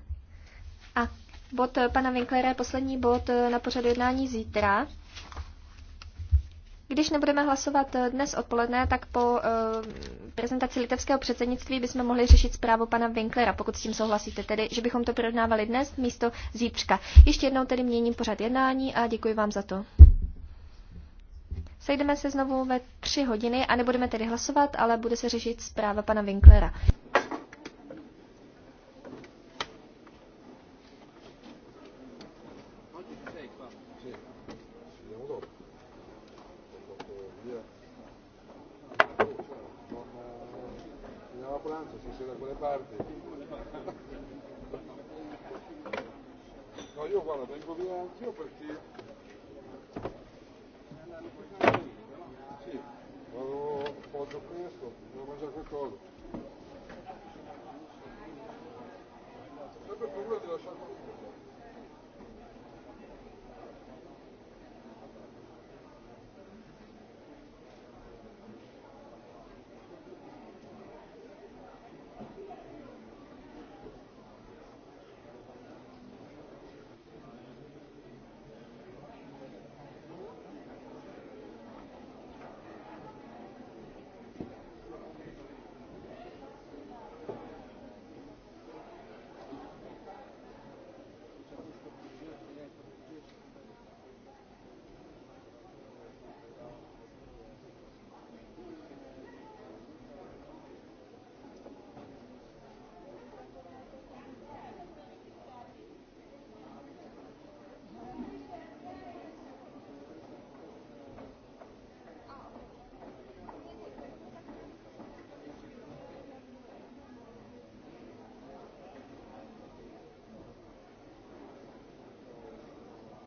bod eh, pana Winklera je poslední bod eh, na pořadu jednání zítra. Když nebudeme hlasovat eh, dnes odpoledne, tak po prezentaci litevského předsednictví bychom mohli řešit zprávu pana Winklera, pokud s tím souhlasíte, tedy, že bychom to projednávali dnes místo zítřka. Ještě jednou tedy měním pořad jednání a děkuji vám za to. Sejdeme se znovu ve tři hodiny a nebudeme tedy hlasovat, ale bude se řešit zpráva pana Winklera. tanto, se sei da quelle parti. No, io guarda, vengo via anch'io perché... Sì, vado, un po' poggio presto, devo mangiare qualcosa. Sempre il problema di lasciare